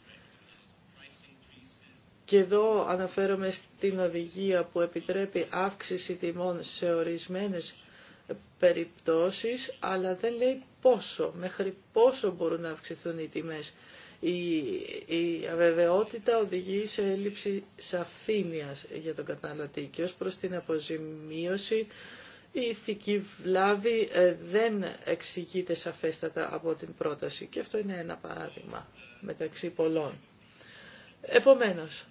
Και εδώ αναφέρομαι στην οδηγία που επιτρέπει αύξηση τιμών σε ορισμένες περιπτώσεις, αλλά δεν λέει πόσο, μέχρι πόσο μπορούν να αυξηθούν οι τιμές. Η, η αβεβαιότητα οδηγεί σε έλλειψη σαφήνειας για τον καταναλωτή και ως προς την αποζημίωση η ηθική βλάβη ε, δεν εξηγείται σαφέστατα από την πρόταση και αυτό είναι ένα παράδειγμα μεταξύ πολλών. Επομένως,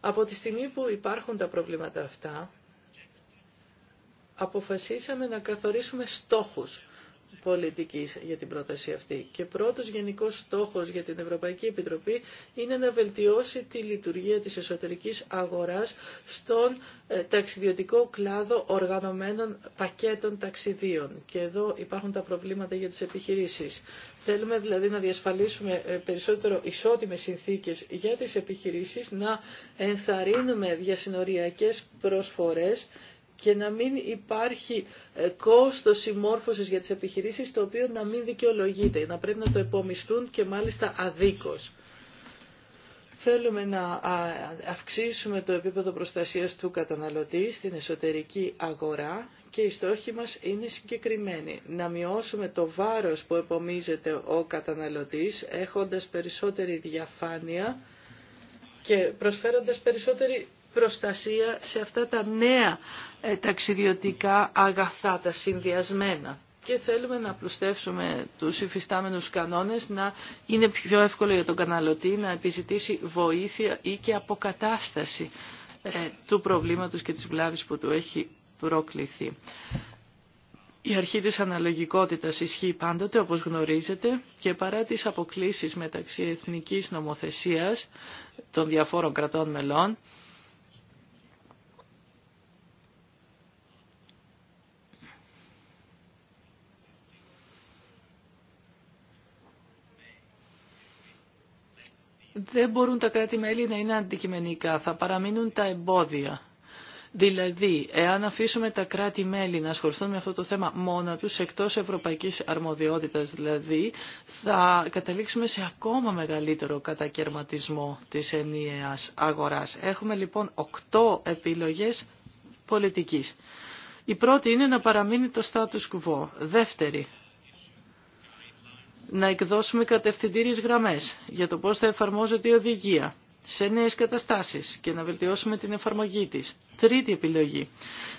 από τη στιγμή που υπάρχουν τα προβλήματα αυτά, αποφασίσαμε να καθορίσουμε στόχους πολιτικής για την πρόταση αυτή. Και πρώτος γενικός στόχος για την Ευρωπαϊκή Επιτροπή είναι να βελτιώσει τη λειτουργία της εσωτερικής αγοράς στον ε, ταξιδιωτικό κλάδο οργανωμένων πακέτων ταξιδίων. Και εδώ υπάρχουν τα προβλήματα για τις επιχειρήσεις. Θέλουμε δηλαδή να διασφαλίσουμε ε, περισσότερο ισότιμες συνθήκες για τις επιχειρήσεις, να ενθαρρύνουμε διασυνοριακές προσφορές και να μην υπάρχει ε, κόστος συμμόρφωσης για τις επιχειρήσεις το οποίο να μην δικαιολογείται, να πρέπει να το επομιστούν και μάλιστα αδίκως. Θέλουμε να αυξήσουμε το επίπεδο προστασίας του καταναλωτή στην εσωτερική αγορά και οι στόχοι μας είναι συγκεκριμένοι. Να μειώσουμε το βάρος που επομίζεται ο καταναλωτής έχοντας περισσότερη διαφάνεια και προσφέροντας περισσότερη προστασία σε αυτά τα νέα ε, ταξιδιωτικά αγαθά, τα συνδυασμένα. Και θέλουμε να πλουστεύσουμε τους υφιστάμενους κανόνες, να είναι πιο εύκολο για τον καναλωτή να επιζητήσει βοήθεια ή και αποκατάσταση ε, του προβλήματος και της βλάβης που του έχει προκληθεί. Η αρχή της αναλογικότητας ισχύει πάντοτε, όπως γνωρίζετε, και παρά τις αποκλήσεις μεταξύ εθνικής νομοθεσίας των διαφόρων κρατών μελών, δεν μπορούν τα κράτη-μέλη να είναι αντικειμενικά, θα παραμείνουν τα εμπόδια. Δηλαδή, εάν αφήσουμε τα κράτη-μέλη να ασχοληθούν με αυτό το θέμα μόνα τους, εκτός ευρωπαϊκής αρμοδιότητας δηλαδή, θα καταλήξουμε σε ακόμα μεγαλύτερο κατακαιρματισμό της ενιαίας αγοράς. Έχουμε λοιπόν οκτώ επιλογές πολιτικής. Η πρώτη είναι να παραμείνει το status quo. Δεύτερη, να εκδώσουμε κατευθυντήριες γραμμές για το πώς θα εφαρμόζεται η οδηγία σε νέες καταστάσεις και να βελτιώσουμε την εφαρμογή της. Τρίτη επιλογή,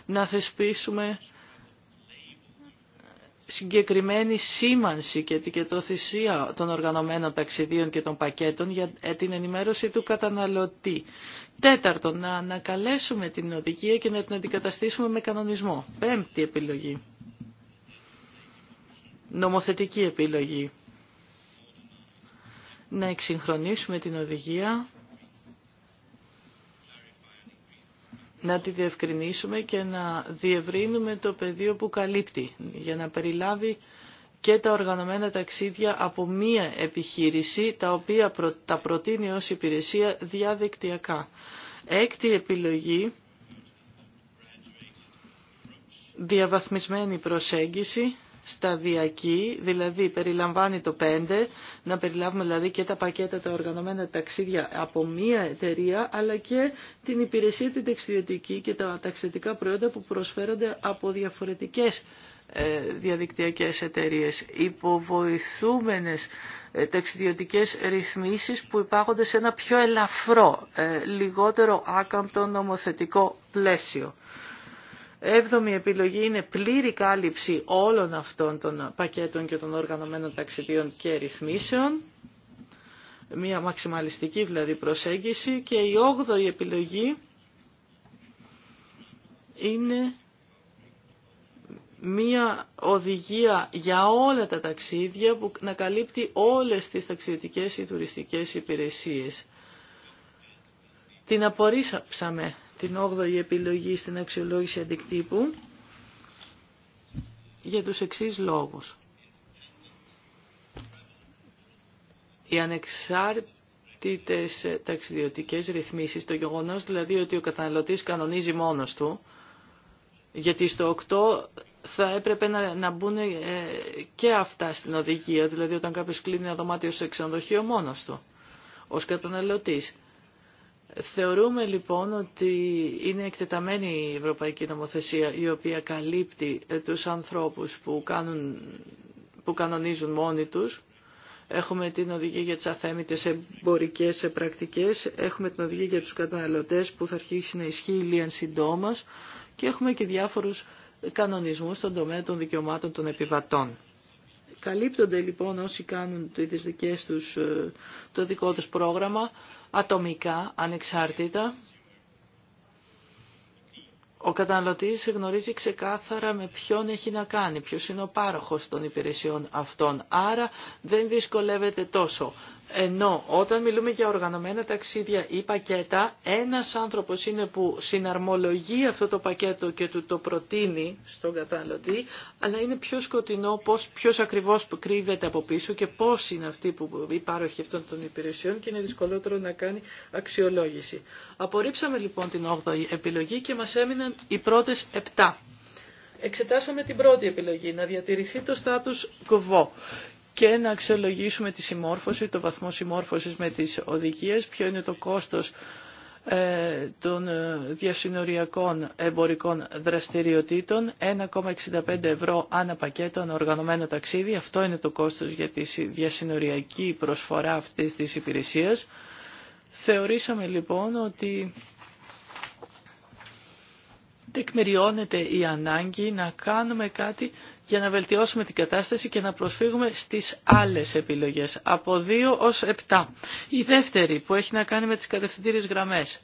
να θεσπίσουμε συγκεκριμένη σήμανση και ετικετοθυσία των οργανωμένων ταξιδίων και των πακέτων για την ενημέρωση του καταναλωτή. Τέταρτον, να ανακαλέσουμε την οδηγία και να την αντικαταστήσουμε με κανονισμό. Πέμπτη επιλογή νομοθετική επιλογή. Να εξυγχρονίσουμε την οδηγία, να τη διευκρινίσουμε και να διευρύνουμε το πεδίο που καλύπτει για να περιλάβει και τα οργανωμένα ταξίδια από μία επιχείρηση τα οποία τα προτείνει ως υπηρεσία διαδικτυακά. Έκτη επιλογή, διαβαθμισμένη προσέγγιση σταδιακή, δηλαδή περιλαμβάνει το 5, να περιλάβουμε δηλαδή και τα πακέτα, τα οργανωμένα ταξίδια από μία εταιρεία, αλλά και την υπηρεσία την ταξιδιωτική και τα ταξιδιωτικά προϊόντα που προσφέρονται από διαφορετικές ε, διαδικτυακές εταιρείες, υποβοηθούμενες ε, ταξιδιωτικές ρυθμίσεις που υπάγονται σε ένα πιο ελαφρό, ε, λιγότερο άκαμπτο νομοθετικό πλαίσιο. Έβδομη επιλογή είναι πλήρη κάλυψη όλων αυτών των πακέτων και των οργανωμένων ταξιδίων και ρυθμίσεων. Μία μαξιμαλιστική δηλαδή προσέγγιση. Και η όγδοη επιλογή είναι μία οδηγία για όλα τα ταξίδια που να καλύπτει όλες τις ταξιδιωτικές ή τουριστικές υπηρεσίες. Την απορρίψαμε την 8η επιλογή στην αξιολόγηση αντικτύπου για τους εξής λόγους. Οι ανεξάρτητες ταξιδιωτικές ρυθμίσεις, το γεγονός δηλαδή ότι ο καταναλωτής κανονίζει μόνος του, γιατί στο 8 θα έπρεπε να, να μπουν ε, και αυτά στην οδηγία, δηλαδή όταν κάποιος κλείνει ένα δωμάτιο σε ξενοδοχείο μόνος του, ως καταναλωτής. Θεωρούμε λοιπόν ότι είναι εκτεταμένη η Ευρωπαϊκή Νομοθεσία η οποία καλύπτει ε, τους ανθρώπους που, κάνουν, που κανονίζουν μόνοι τους. Έχουμε την οδηγία για τις αθέμητες εμπορικές ε, πρακτικές, έχουμε την οδηγία για τους καταναλωτές που θα αρχίσει να ισχύει ΛΙΑΝ σύντομα και έχουμε και διάφορους κανονισμούς στον τομέα των δικαιωμάτων των επιβατών. Καλύπτονται λοιπόν όσοι κάνουν το ε, δικό τους πρόγραμμα ατομικά, ανεξάρτητα. Ο καταναλωτής γνωρίζει ξεκάθαρα με ποιον έχει να κάνει, ποιος είναι ο πάροχος των υπηρεσιών αυτών, άρα δεν δυσκολεύεται τόσο ενώ όταν μιλούμε για οργανωμένα ταξίδια ή πακέτα, ένας άνθρωπος είναι που συναρμολογεί αυτό το πακέτο και του το προτείνει στον καταναλωτή, αλλά είναι πιο σκοτεινό πώς, ποιος ακριβώς κρύβεται από πίσω και πώς είναι αυτή που υπάρχει αυτών των υπηρεσιών και είναι δυσκολότερο να κάνει αξιολόγηση. Απορρίψαμε λοιπόν την 8η επιλογή και μας έμειναν οι πρώτες 7. Εξετάσαμε την πρώτη επιλογή, να διατηρηθεί το status quo και να αξιολογήσουμε τη συμμόρφωση, το βαθμό συμμόρφωσης με τις οδηγίες, ποιο είναι το κόστος ε, των ε, διασυνοριακών εμπορικών δραστηριοτήτων 1,65 ευρώ ανά πακέτο οργανωμένο ταξίδι αυτό είναι το κόστος για τη διασυνοριακή προσφορά αυτής της υπηρεσίας θεωρήσαμε λοιπόν ότι τεκμηριώνεται η ανάγκη να κάνουμε κάτι για να βελτιώσουμε την κατάσταση και να προσφύγουμε στις άλλες επιλογές, από 2 ως 7. Η δεύτερη που έχει να κάνει με τις κατευθυντήριες γραμμές.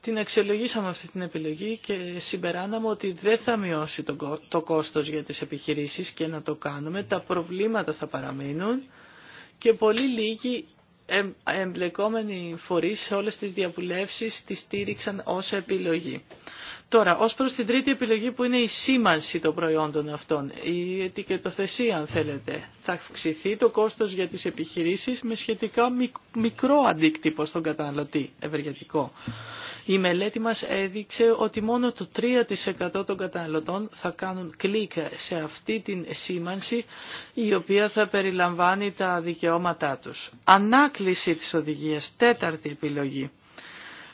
Την αξιολογήσαμε αυτή την επιλογή και συμπεράναμε ότι δεν θα μειώσει το κόστος για τις επιχειρήσεις και να το κάνουμε. Τα προβλήματα θα παραμείνουν και πολύ λίγοι εμπλεκόμενοι φορείς σε όλες τις διαβουλεύσεις τη στήριξαν ως επιλογή. Τώρα, ως προς την τρίτη επιλογή που είναι η σήμανση των προϊόντων αυτών, η ετικετοθεσία αν θέλετε, θα αυξηθεί το κόστος για τις επιχειρήσεις με σχετικά μικρό αντίκτυπο στον καταναλωτή ευεργετικό. Η μελέτη μας έδειξε ότι μόνο το 3% των καταναλωτών θα κάνουν κλικ σε αυτή την σήμανση η οποία θα περιλαμβάνει τα δικαιώματά τους. Ανάκληση της οδηγίας, τέταρτη επιλογή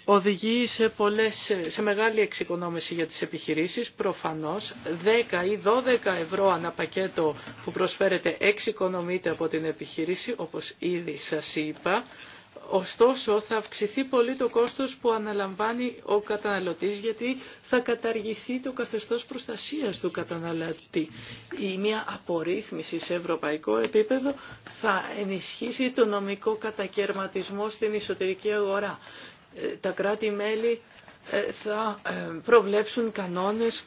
οδηγεί σε, πολλές, σε μεγάλη εξοικονόμηση για τις επιχειρήσεις, προφανώς 10 ή 12 ευρώ ανά πακέτο που προσφέρεται εξοικονομείται από την επιχείρηση, όπως ήδη σας είπα. Ωστόσο θα αυξηθεί πολύ το κόστος που αναλαμβάνει ο καταναλωτής γιατί θα καταργηθεί το καθεστώς προστασίας του καταναλωτή. Η μια απορρίθμιση σε ευρωπαϊκό επίπεδο θα ενισχύσει το νομικό κατακαιρματισμό στην εσωτερική αγορά. Ε, τα κράτη-μέλη ε, θα ε, προβλέψουν κανόνες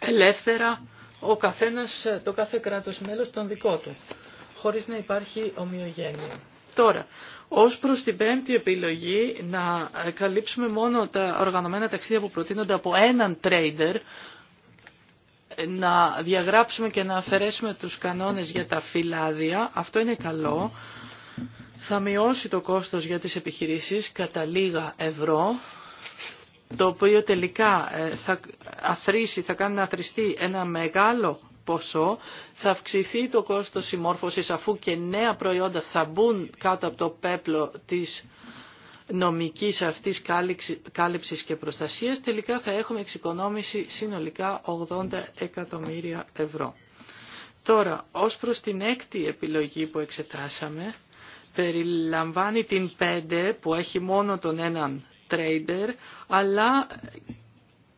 ελεύθερα ο καθένας, το κάθε κράτος μέλος τον δικό του, χωρίς να υπάρχει ομοιογένεια. Τώρα, ως προς την πέμπτη επιλογή να ε, καλύψουμε μόνο τα οργανωμένα ταξίδια που προτείνονται από έναν trader, να διαγράψουμε και να αφαιρέσουμε τους κανόνες για τα φυλάδια. Αυτό είναι καλό. Θα μειώσει το κόστος για τις επιχειρήσεις κατά λίγα ευρώ, το οποίο τελικά ε, θα αθρίσει, θα κάνει να αθρηστεί ένα μεγάλο ποσό, θα αυξηθεί το κόστος συμμόρφωσης αφού και νέα προϊόντα θα μπουν κάτω από το πέπλο της νομικής αυτής κάλυψης και προστασίας, τελικά θα έχουμε εξοικονόμηση συνολικά 80 εκατομμύρια ευρώ. Τώρα, ως προς την έκτη επιλογή που εξετάσαμε, περιλαμβάνει την 5 που έχει μόνο τον έναν trader, αλλά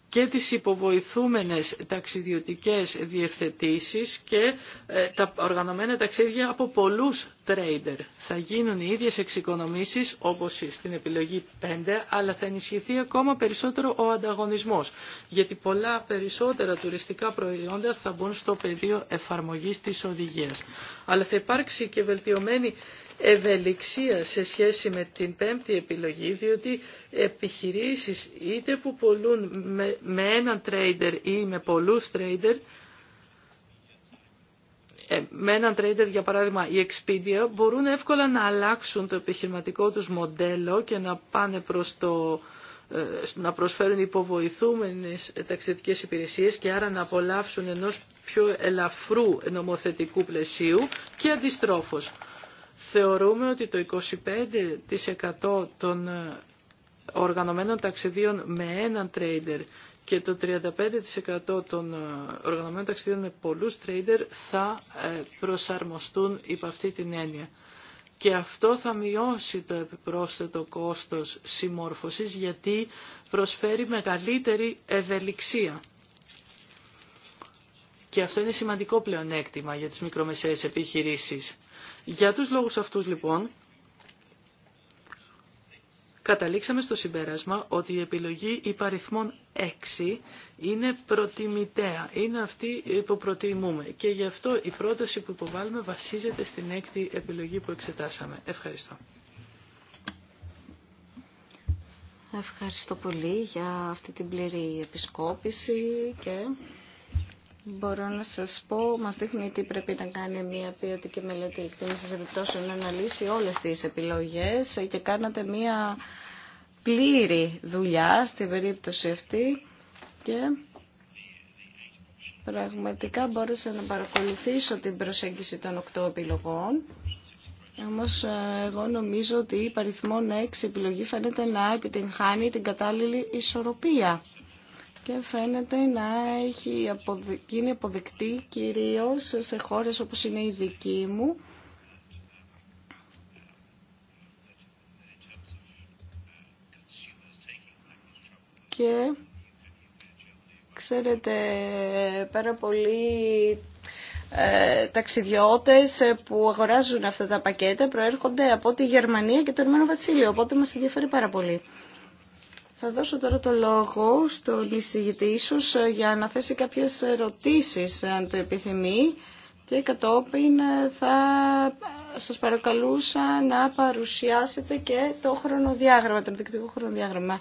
και τις υποβοηθούμενες ταξιδιωτικές διευθετήσεις και ε, τα οργανωμένα ταξίδια από πολλούς trader. Θα γίνουν οι ίδιες εξοικονομήσεις όπως στην επιλογή 5, αλλά θα ενισχυθεί ακόμα περισσότερο ο ανταγωνισμός, γιατί πολλά περισσότερα τουριστικά προϊόντα θα μπουν στο πεδίο εφαρμογής της οδηγίας. Αλλά θα υπάρξει και βελτιωμένη ευελιξία σε σχέση με την πέμπτη επιλογή, διότι επιχειρήσεις είτε που πολλούν με, έναν trader ή με πολλούς trader, ε, με έναν trader για παράδειγμα η Expedia μπορούν εύκολα να αλλάξουν το επιχειρηματικό τους μοντέλο και να πάνε προς το ε, να προσφέρουν υποβοηθούμενες ταξιδιωτικές υπηρεσίες και άρα να απολαύσουν ενός πιο ελαφρού νομοθετικού πλαισίου και αντιστρόφως. Θεωρούμε ότι το 25% των ε, οργανωμένων ταξιδίων με έναν trader και το 35% των ε, οργανωμένων ταξιδίων με πολλούς τρέιντερ θα ε, προσαρμοστούν υπ' αυτή την έννοια. Και αυτό θα μειώσει το επιπρόσθετο κόστος συμμόρφωσης γιατί προσφέρει μεγαλύτερη ευελιξία. Και αυτό είναι σημαντικό πλεονέκτημα για τις μικρομεσαίες επιχειρήσεις. Για τους λόγους αυτούς λοιπόν καταλήξαμε στο συμπέρασμα ότι η επιλογή υπαριθμών 6 είναι προτιμητέα, είναι αυτή που προτιμούμε και γι' αυτό η πρόταση που υποβάλλουμε βασίζεται στην έκτη επιλογή που εξετάσαμε. Ευχαριστώ. Ευχαριστώ πολύ για αυτή την πλήρη επισκόπηση και Μπορώ να σας πω, μας δείχνει τι πρέπει να κάνει μια ποιοτική μελέτη εκτίμηση επιπτώσεων να αναλύσει όλες τις επιλογές και κάνατε μια πλήρη δουλειά στην περίπτωση αυτή και πραγματικά μπόρεσα να παρακολουθήσω την προσέγγιση των οκτώ επιλογών. Όμω εγώ νομίζω ότι η παριθμόν 6 επιλογή φαίνεται να επιτυγχάνει την κατάλληλη ισορροπία και φαίνεται να έχει γίνει αποδεκτή κυρίως σε χώρες όπως είναι η δική μου. Και ξέρετε πάρα πολύ ε, ταξιδιώτες που αγοράζουν αυτά τα πακέτα προέρχονται από τη Γερμανία και το Ηνωμένο Βασίλειο, οπότε μας ενδιαφέρει πάρα πολύ. Θα δώσω τώρα το λόγο στον εισηγητή ίσως ε, για να θέσει κάποιες ερωτήσεις αν το επιθυμεί και κατόπιν ε, θα σας παρακαλούσα να παρουσιάσετε και το χρονοδιάγραμμα, το ενδεικτικό χρονοδιάγραμμα.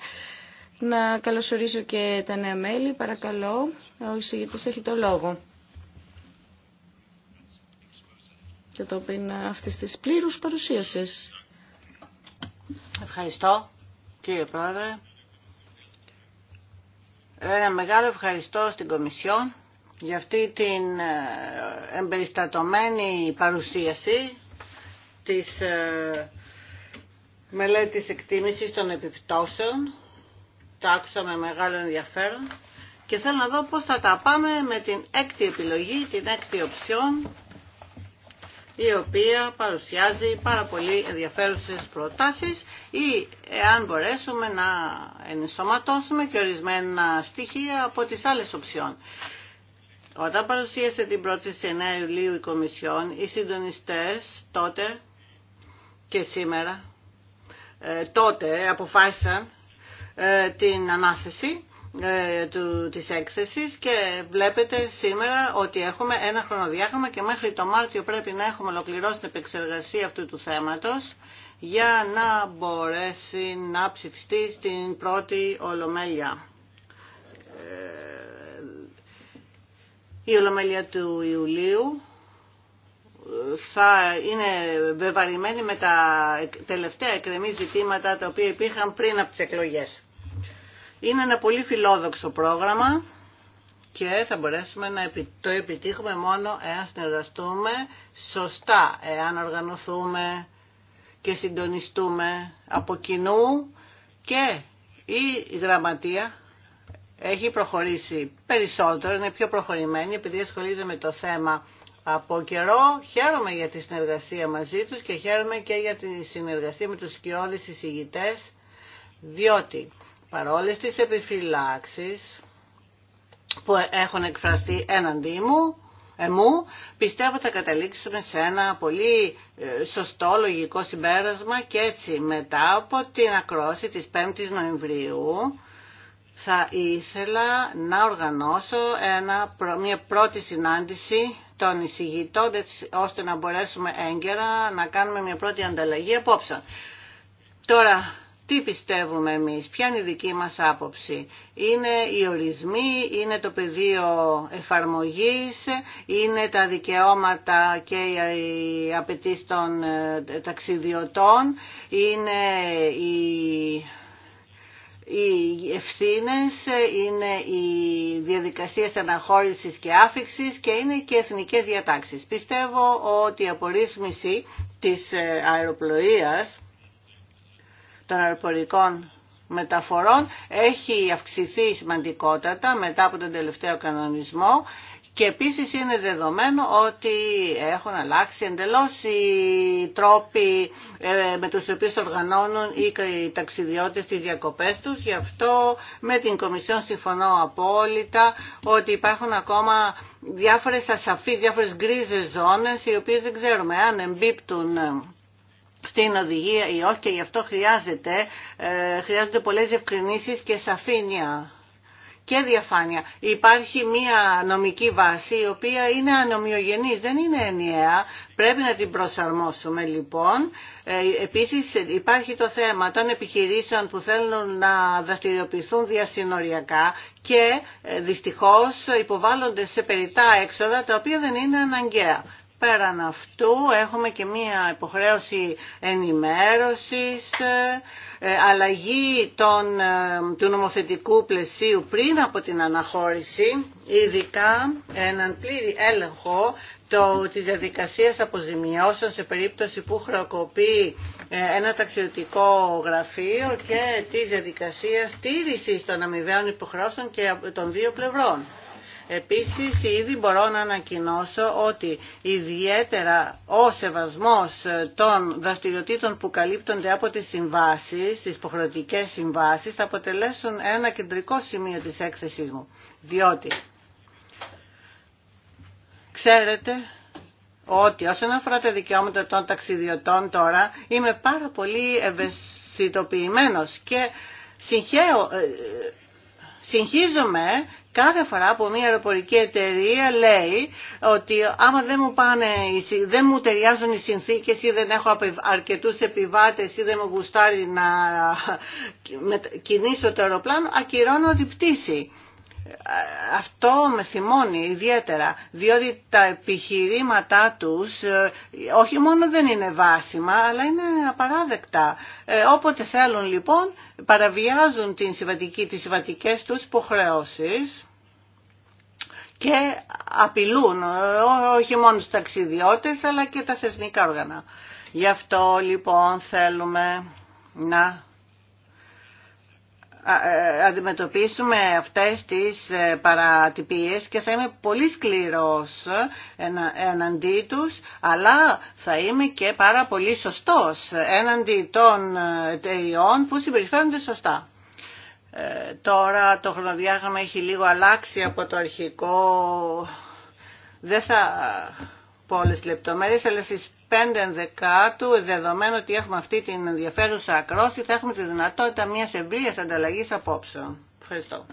Να καλωσορίσω και τα νέα μέλη. Παρακαλώ, ο εισηγητής έχει το λόγο. Και το ε, αυτής της πλήρους παρουσίασης. Ευχαριστώ, κύριε Πρόεδρε ένα μεγάλο ευχαριστώ στην Κομισιόν για αυτή την ε, εμπεριστατωμένη παρουσίαση της ε, μελέτης εκτίμησης των επιπτώσεων. Τα άκουσα με μεγάλο ενδιαφέρον και θέλω να δω πώς θα τα πάμε με την έκτη επιλογή, την έκτη οψιόν η οποία παρουσιάζει πάρα πολύ ενδιαφέρουσες προτάσεις ή εάν μπορέσουμε να ενσωματώσουμε και ορισμένα στοιχεία από τις άλλες οψιών. Όταν παρουσίασε την 1η Ιουλίου η Κομισιόν, οι συντονιστές τότε και σήμερα, ε, τότε αποφάσισαν ε, την ανάθεση ε, του, της έκθεσης και βλέπετε σήμερα ότι έχουμε ένα χρονοδιάγραμμα και μέχρι το Μάρτιο πρέπει να έχουμε ολοκληρώσει την επεξεργασία αυτού του θέματος για να μπορέσει να ψηφιστεί στην πρώτη Ολομέλεια. Ε, η Ολομέλεια του Ιουλίου ε, θα είναι βεβαρημένη με τα τελευταία εκκρεμή ζητήματα τα οποία υπήρχαν πριν από τις εκλογές. Είναι ένα πολύ φιλόδοξο πρόγραμμα και θα μπορέσουμε να το επιτύχουμε μόνο εάν συνεργαστούμε σωστά, εάν οργανωθούμε και συντονιστούμε από κοινού και η γραμματεία έχει προχωρήσει περισσότερο, είναι πιο προχωρημένη επειδή ασχολείται με το θέμα από καιρό. Χαίρομαι για τη συνεργασία μαζί τους και χαίρομαι και για τη συνεργασία με τους σκιώδεις εισηγητές διότι παρόλες τις επιφυλάξεις που έχουν εκφραστεί έναντί μου, εμού, πιστεύω ότι θα καταλήξουμε σε ένα πολύ ε, σωστό λογικό συμπέρασμα και έτσι μετά από την ακρόση της 5ης Νοεμβρίου θα ήθελα να οργανώσω ένα, μια πρώτη συνάντηση των εισηγητών ώστε να μπορέσουμε έγκαιρα να κάνουμε μια πρώτη ανταλλαγή απόψε. Τώρα, τι πιστεύουμε εμείς, ποια είναι η δική μας άποψη. Είναι οι ορισμοί, είναι το πεδίο εφαρμογής, είναι τα δικαιώματα και οι απαιτήσει των ε, ταξιδιωτών, είναι οι οι ευθύνες, είναι οι διαδικασίες αναχώρησης και άφηξης και είναι και εθνικές διατάξεις. Πιστεύω ότι η απορρίσμηση της ε, αεροπλοείας των αεροπορικών μεταφορών έχει αυξηθεί σημαντικότατα μετά από τον τελευταίο κανονισμό και επίσης είναι δεδομένο ότι έχουν αλλάξει εντελώς οι τρόποι ε, με τους οποίους οργανώνουν οι ταξιδιώτες τις διακοπές τους. Γι' αυτό με την Κομισιόν συμφωνώ απόλυτα ότι υπάρχουν ακόμα διάφορες ασαφείς, διάφορες γκρίζες ζώνες οι οποίες δεν ξέρουμε αν εμπίπτουν την οδηγία ή όχι και γι' αυτό χρειάζεται, ε, χρειάζονται πολλές ευκρινήσεις και σαφήνεια και διαφάνεια. Υπάρχει μία νομική βάση η οποία είναι ανομιογενής, δεν είναι ενιαία. Πρέπει να την προσαρμόσουμε λοιπόν. Ε, επίσης υπάρχει το θέμα των επιχειρήσεων που θέλουν να δραστηριοποιηθούν διασυνοριακά και ε, δυστυχώς υποβάλλονται σε περιτά έξοδα τα οποία δεν είναι αναγκαία. Πέραν αυτού έχουμε και μία υποχρέωση ενημέρωσης, ε, ε, αλλαγή των, ε, του νομοθετικού πλαισίου πριν από την αναχώρηση, ειδικά έναν πλήρη έλεγχο το, της διαδικασίας αποζημιώσεων σε περίπτωση που χρεοκοπεί ένα ταξιδιωτικό γραφείο και τη διαδικασίας στήρισης των αμοιβαίων υποχρεώσεων και των δύο πλευρών. Επίσης, ήδη μπορώ να ανακοινώσω ότι ιδιαίτερα ο σεβασμός των δραστηριοτήτων που καλύπτονται από τις συμβάσεις, τις υποχρεωτικές συμβάσεις, θα αποτελέσουν ένα κεντρικό σημείο της έξεσης μου. Διότι, ξέρετε ότι όσον αφορά τα δικαιώματα των ταξιδιωτών τώρα, είμαι πάρα πολύ ευαισθητοποιημένος και συγχαίω, ε, ε, συγχίζομαι Κάθε φορά που μια αεροπορική εταιρεία λέει ότι άμα δεν μου, πάνε, δεν μου ταιριάζουν οι συνθήκες ή δεν έχω αρκετούς επιβάτες ή δεν μου γουστάρει να κινήσω το αεροπλάνο, ακυρώνω την πτήση αυτό με θυμώνει ιδιαίτερα, διότι τα επιχειρήματά τους ε, όχι μόνο δεν είναι βάσιμα, αλλά είναι απαράδεκτα. Ε, όποτε θέλουν λοιπόν παραβιάζουν την συμβατική, τις συμβατικές τους υποχρεώσεις και απειλούν ε, όχι μόνο τους ταξιδιώτες αλλά και τα θεσμικά όργανα. Γι' αυτό λοιπόν θέλουμε να ε, αντιμετωπίσουμε αυτές τις ε, παρατυπίες και θα είμαι πολύ σκληρός ε, εναντί τους, αλλά θα είμαι και πάρα πολύ σωστός εναντί των εταιριών που συμπεριφέρονται σωστά. Τώρα το χρονοδιάγραμμα έχει λίγο αλλάξει από το αρχικό. Δεν θα πω όλες τις λεπτομέρειες, αλλά στις 5 δεκάτου, δεδομένου ότι έχουμε αυτή την ενδιαφέρουσα ακρόση, θα έχουμε τη δυνατότητα μια εμπειρία ανταλλαγή απόψεων. Ευχαριστώ.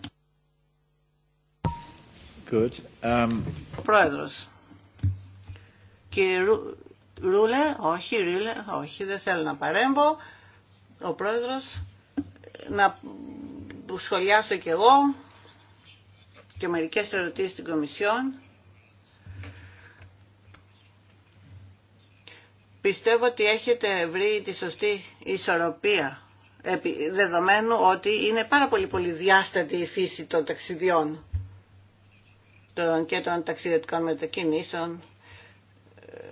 Good. Um... Πρόεδρος. Κύριε Ρου... Ρούλε, όχι, Ρούλε, όχι, δεν θέλω να παρέμβω. Ο πρόεδρος, να σχολιάσω κι εγώ και μερικές ερωτήσεις στην Κομισιόν. Πιστεύω ότι έχετε βρει τη σωστή ισορροπία, δεδομένου ότι είναι πάρα πολύ πολύ διάστατη η φύση των ταξιδιών και των ταξιδιωτικών μετακινήσεων. Ε,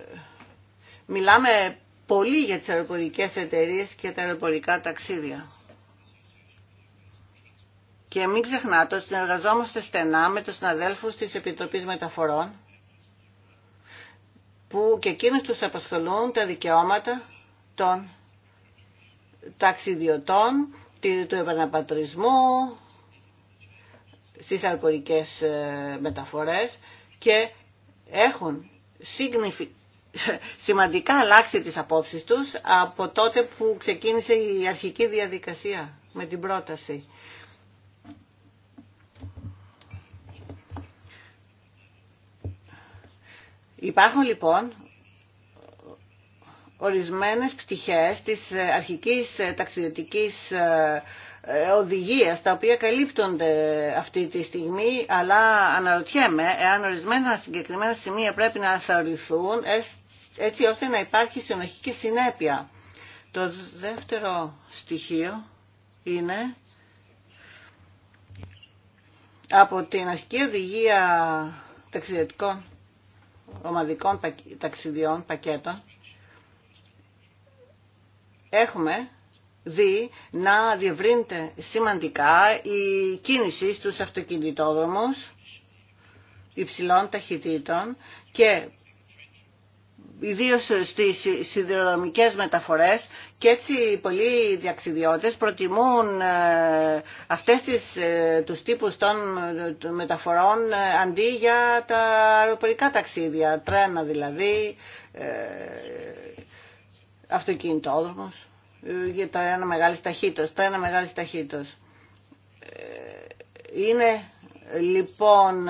μιλάμε πολύ για τις αεροπορικές εταιρείες και τα αεροπορικά ταξίδια. Και μην ξεχνάτε ότι συνεργαζόμαστε στενά με τους συναδέλφους της Επιτροπής Μεταφορών που και τους απασχολούν τα δικαιώματα των ταξιδιωτών, του επαναπατρισμού, στις αλκοολικές ε, μεταφορές και έχουν σημαντικά αλλάξει τις απόψεις τους από τότε που ξεκίνησε η αρχική διαδικασία με την πρόταση. Υπάρχουν λοιπόν ορισμένες πτυχές της αρχικής ταξιδιωτικής ε, οδηγίας τα οποία καλύπτονται αυτή τη στιγμή αλλά αναρωτιέμαι εάν ορισμένα συγκεκριμένα σημεία πρέπει να θεωρηθούν έτσι ώστε να υπάρχει συνοχή και συνέπεια. Το δεύτερο στοιχείο είναι από την αρχική οδηγία ταξιδιωτικών ομαδικών ταξιδιών, πακέτων, έχουμε δει να διευρύνεται σημαντικά η κίνηση στους αυτοκινητόδρομους υψηλών ταχυτήτων και ιδίω στις σιδηροδρομικέ μεταφορές και έτσι πολλοί διαξιδιώτε προτιμούν ε, αυτές του ε, τους των ε, μεταφορών αντί για τα αεροπορικά ταξίδια, τρένα δηλαδή, αυτοκινητόδρομος, για τα ένα μεγάλη τα τρένα μεγάλης ταχύτητας. Είναι λοιπόν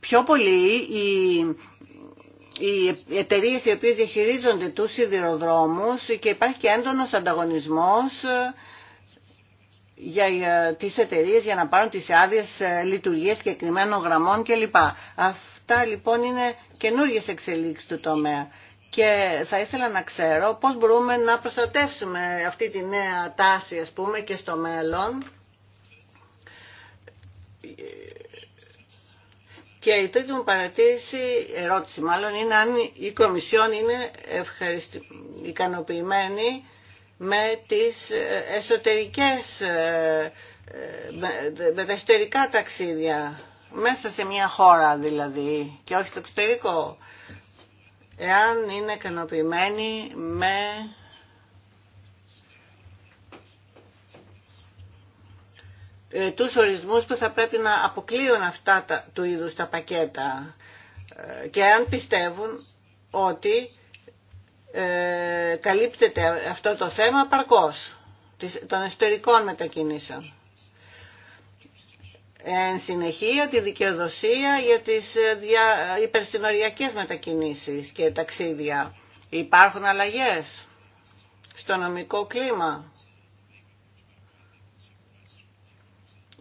πιο πολύ οι, οι εταιρείε οι οποίες διαχειρίζονται τους σιδηροδρόμους και υπάρχει και έντονος ανταγωνισμός για τις εταιρείε για να πάρουν τις άδειε ε, λειτουργίες και εκκριμένων γραμμών κλπ. Αυτά λοιπόν είναι καινούργιες εξελίξεις του τομέα. Και θα ήθελα να ξέρω πώς μπορούμε να προστατεύσουμε αυτή τη νέα τάση, ας πούμε, και στο μέλλον και η τρίτη μου παρατήρηση, ερώτηση μάλλον, είναι αν η Κομισιόν είναι ευχαριστη... ικανοποιημένη με τις ε, εσωτερικές, ε, ε, με τα εσωτερικά ταξίδια, μέσα σε μια χώρα δηλαδή και όχι στο εξωτερικό. Εάν είναι ικανοποιημένη με Ε, τους ορισμούς που θα πρέπει να αποκλείουν αυτά τα, του είδους τα πακέτα ε, και αν πιστεύουν ότι ε, καλύπτεται αυτό το θέμα παρκώς των εσωτερικών μετακινήσεων. Εν συνεχεία τη δικαιοδοσία για τις ε, δια, υπερσυνοριακές μετακινήσεις και ταξίδια. Υπάρχουν αλλαγές στο νομικό κλίμα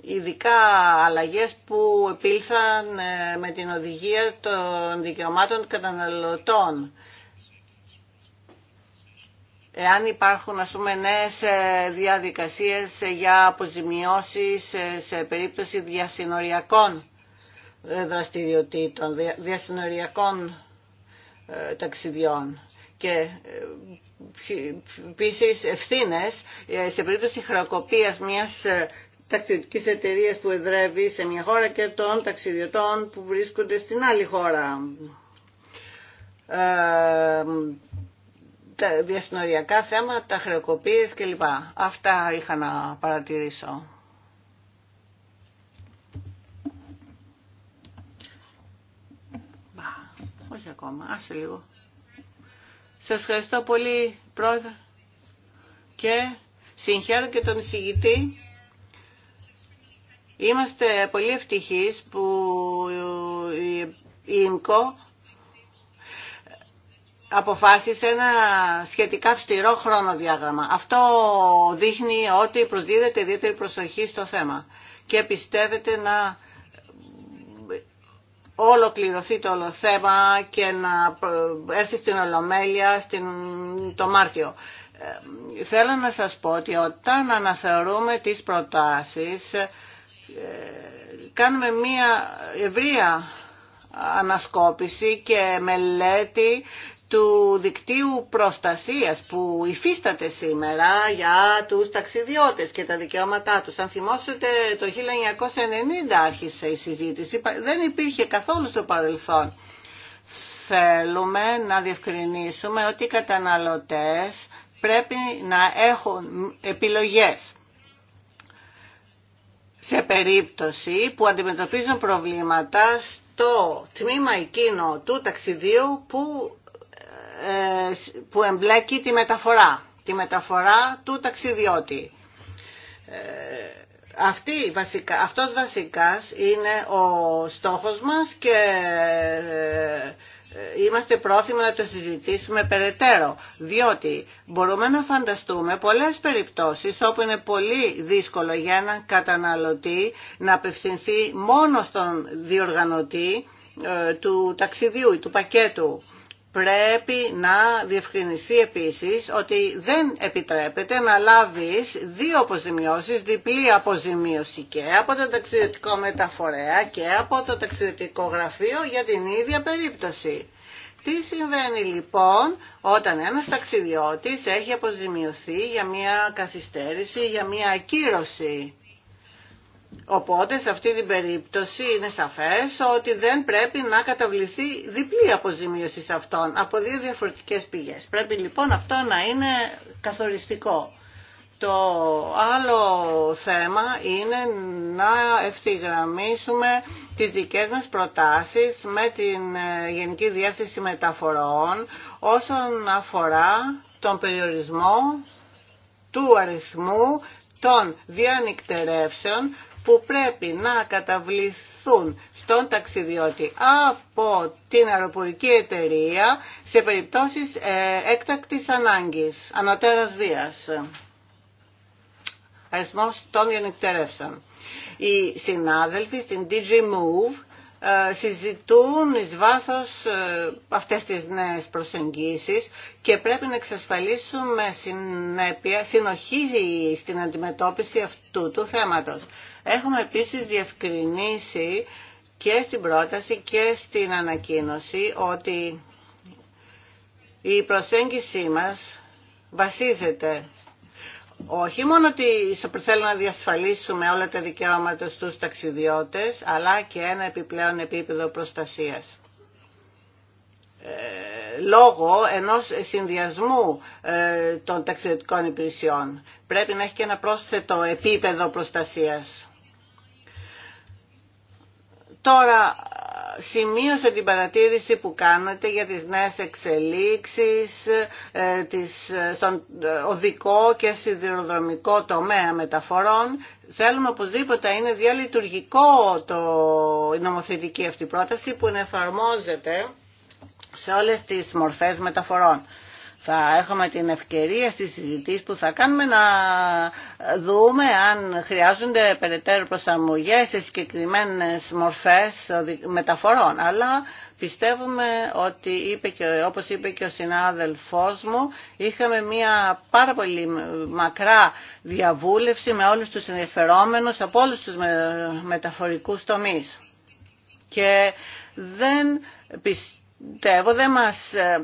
ειδικά αλλαγές που επήλθαν ε, με την οδηγία των δικαιωμάτων καταναλωτών. Εάν υπάρχουν ας πούμε νέες ε, διαδικασίες για αποζημιώσεις ε, σε περίπτωση διασυνοριακών δραστηριοτήτων, διασυνοριακών ταξιδιών και επίση ευθύνε σε περίπτωση χρεοκοπίας μιας ταξιδιωτικής εταιρείας που εδρεύει σε μια χώρα και των ταξιδιωτών που βρίσκονται στην άλλη χώρα. Ε, τα διασυνοριακά θέματα, χρεοκοπίες κλπ. Αυτά είχα να παρατηρήσω. Όχι ακόμα, άσε λίγο. Σας ευχαριστώ πολύ πρόεδρε και συγχαίρω και τον εισηγητή Είμαστε πολύ ευτυχείς που η ΙΜΚΟ αποφάσισε ένα σχετικά αυστηρό διάγραμμα. Αυτό δείχνει ότι προσδίδεται ιδιαίτερη προσοχή στο θέμα και πιστεύετε να ολοκληρωθεί το όλο θέμα και να έρθει στην Ολομέλεια στην, το Μάρτιο. Ε, θέλω να σας πω ότι όταν αναθεωρούμε τις προτάσεις ε, κάνουμε μία ευρεία ανασκόπηση και μελέτη του δικτύου προστασίας που υφίσταται σήμερα για τους ταξιδιώτες και τα δικαιώματά τους. Αν θυμόσετε το 1990 άρχισε η συζήτηση, δεν υπήρχε καθόλου στο παρελθόν. Θέλουμε να διευκρινίσουμε ότι οι καταναλωτές πρέπει να έχουν επιλογές σε περίπτωση που αντιμετωπίζουν προβλήματα στο τμήμα εκείνο του ταξιδίου που, ε, που εμπλέκει τη μεταφορά, τη μεταφορά του ταξιδιώτη. Ε, αυτή, βασικά, αυτός βασικάς είναι ο στόχος μας και ε, ε, είμαστε πρόθυμοι να το συζητήσουμε περαιτέρω, διότι μπορούμε να φανταστούμε πολλές περιπτώσεις όπου είναι πολύ δύσκολο για έναν καταναλωτή να απευθυνθεί μόνο στον διοργανωτή ε, του ταξιδιού ή του πακέτου πρέπει να διευκρινιστεί επίσης ότι δεν επιτρέπεται να λάβεις δύο αποζημιώσεις, διπλή αποζημίωση και από το ταξιδιωτικό μεταφορέα και από το ταξιδιωτικό γραφείο για την ίδια περίπτωση. Τι συμβαίνει λοιπόν όταν ένας ταξιδιώτης έχει αποζημιωθεί για μια καθυστέρηση, για μια ακύρωση. Οπότε σε αυτή την περίπτωση είναι σαφές ότι δεν πρέπει να καταβληθεί διπλή αποζημίωση σε αυτόν από δύο διαφορετικές πηγές. Πρέπει λοιπόν αυτό να είναι καθοριστικό. Το άλλο θέμα είναι να ευθυγραμμίσουμε τις δικές μας προτάσεις με την ε, Γενική Διεύθυνση Μεταφορών όσον αφορά τον περιορισμό του αριθμού των διανυκτερεύσεων που πρέπει να καταβληθούν στον ταξιδιώτη από την αεροπορική εταιρεία σε περιπτώσεις ε, έκτακτης ανάγκης, ανατέρας βίας. Αριθμός των γενικτερεύσεων. Οι συνάδελφοι στην DG Move ε, συζητούν εις βάθος ε, αυτές τις νέες προσεγγίσεις και πρέπει να εξασφαλίσουμε συνέπεια, συνοχή στην αντιμετώπιση αυτού του θέματος. Έχουμε επίσης διευκρινίσει και στην πρόταση και στην ανακοίνωση ότι η προσέγγιση μας βασίζεται όχι μόνο ότι θέλουμε να διασφαλίσουμε όλα τα δικαιώματα στους ταξιδιώτες, αλλά και ένα επιπλέον επίπεδο προστασίας. Ε, λόγω ενός συνδυασμού ε, των ταξιδιωτικών υπηρεσιών πρέπει να έχει και ένα πρόσθετο επίπεδο προστασίας. Τώρα σημείωσε την παρατήρηση που κάνετε για τις νέες εξελίξεις ε, τις, ε, στον ε, οδικό και σιδηροδρομικό τομέα μεταφορών. Θέλουμε οπωσδήποτε είναι διαλειτουργικό το, η νομοθετική αυτή πρόταση που εφαρμόζεται σε όλες τις μορφές μεταφορών θα έχουμε την ευκαιρία στις συζητήσεις που θα κάνουμε να δούμε αν χρειάζονται περαιτέρω προσαρμογές σε συγκεκριμένες μορφές μεταφορών. Αλλά πιστεύουμε ότι, είπε όπως είπε και ο συνάδελφός μου, είχαμε μια πάρα πολύ μακρά διαβούλευση με όλους τους ενδιαφερόμενους από όλους τους μεταφορικούς τομείς. Και δεν πιστεύω δεν μας ε,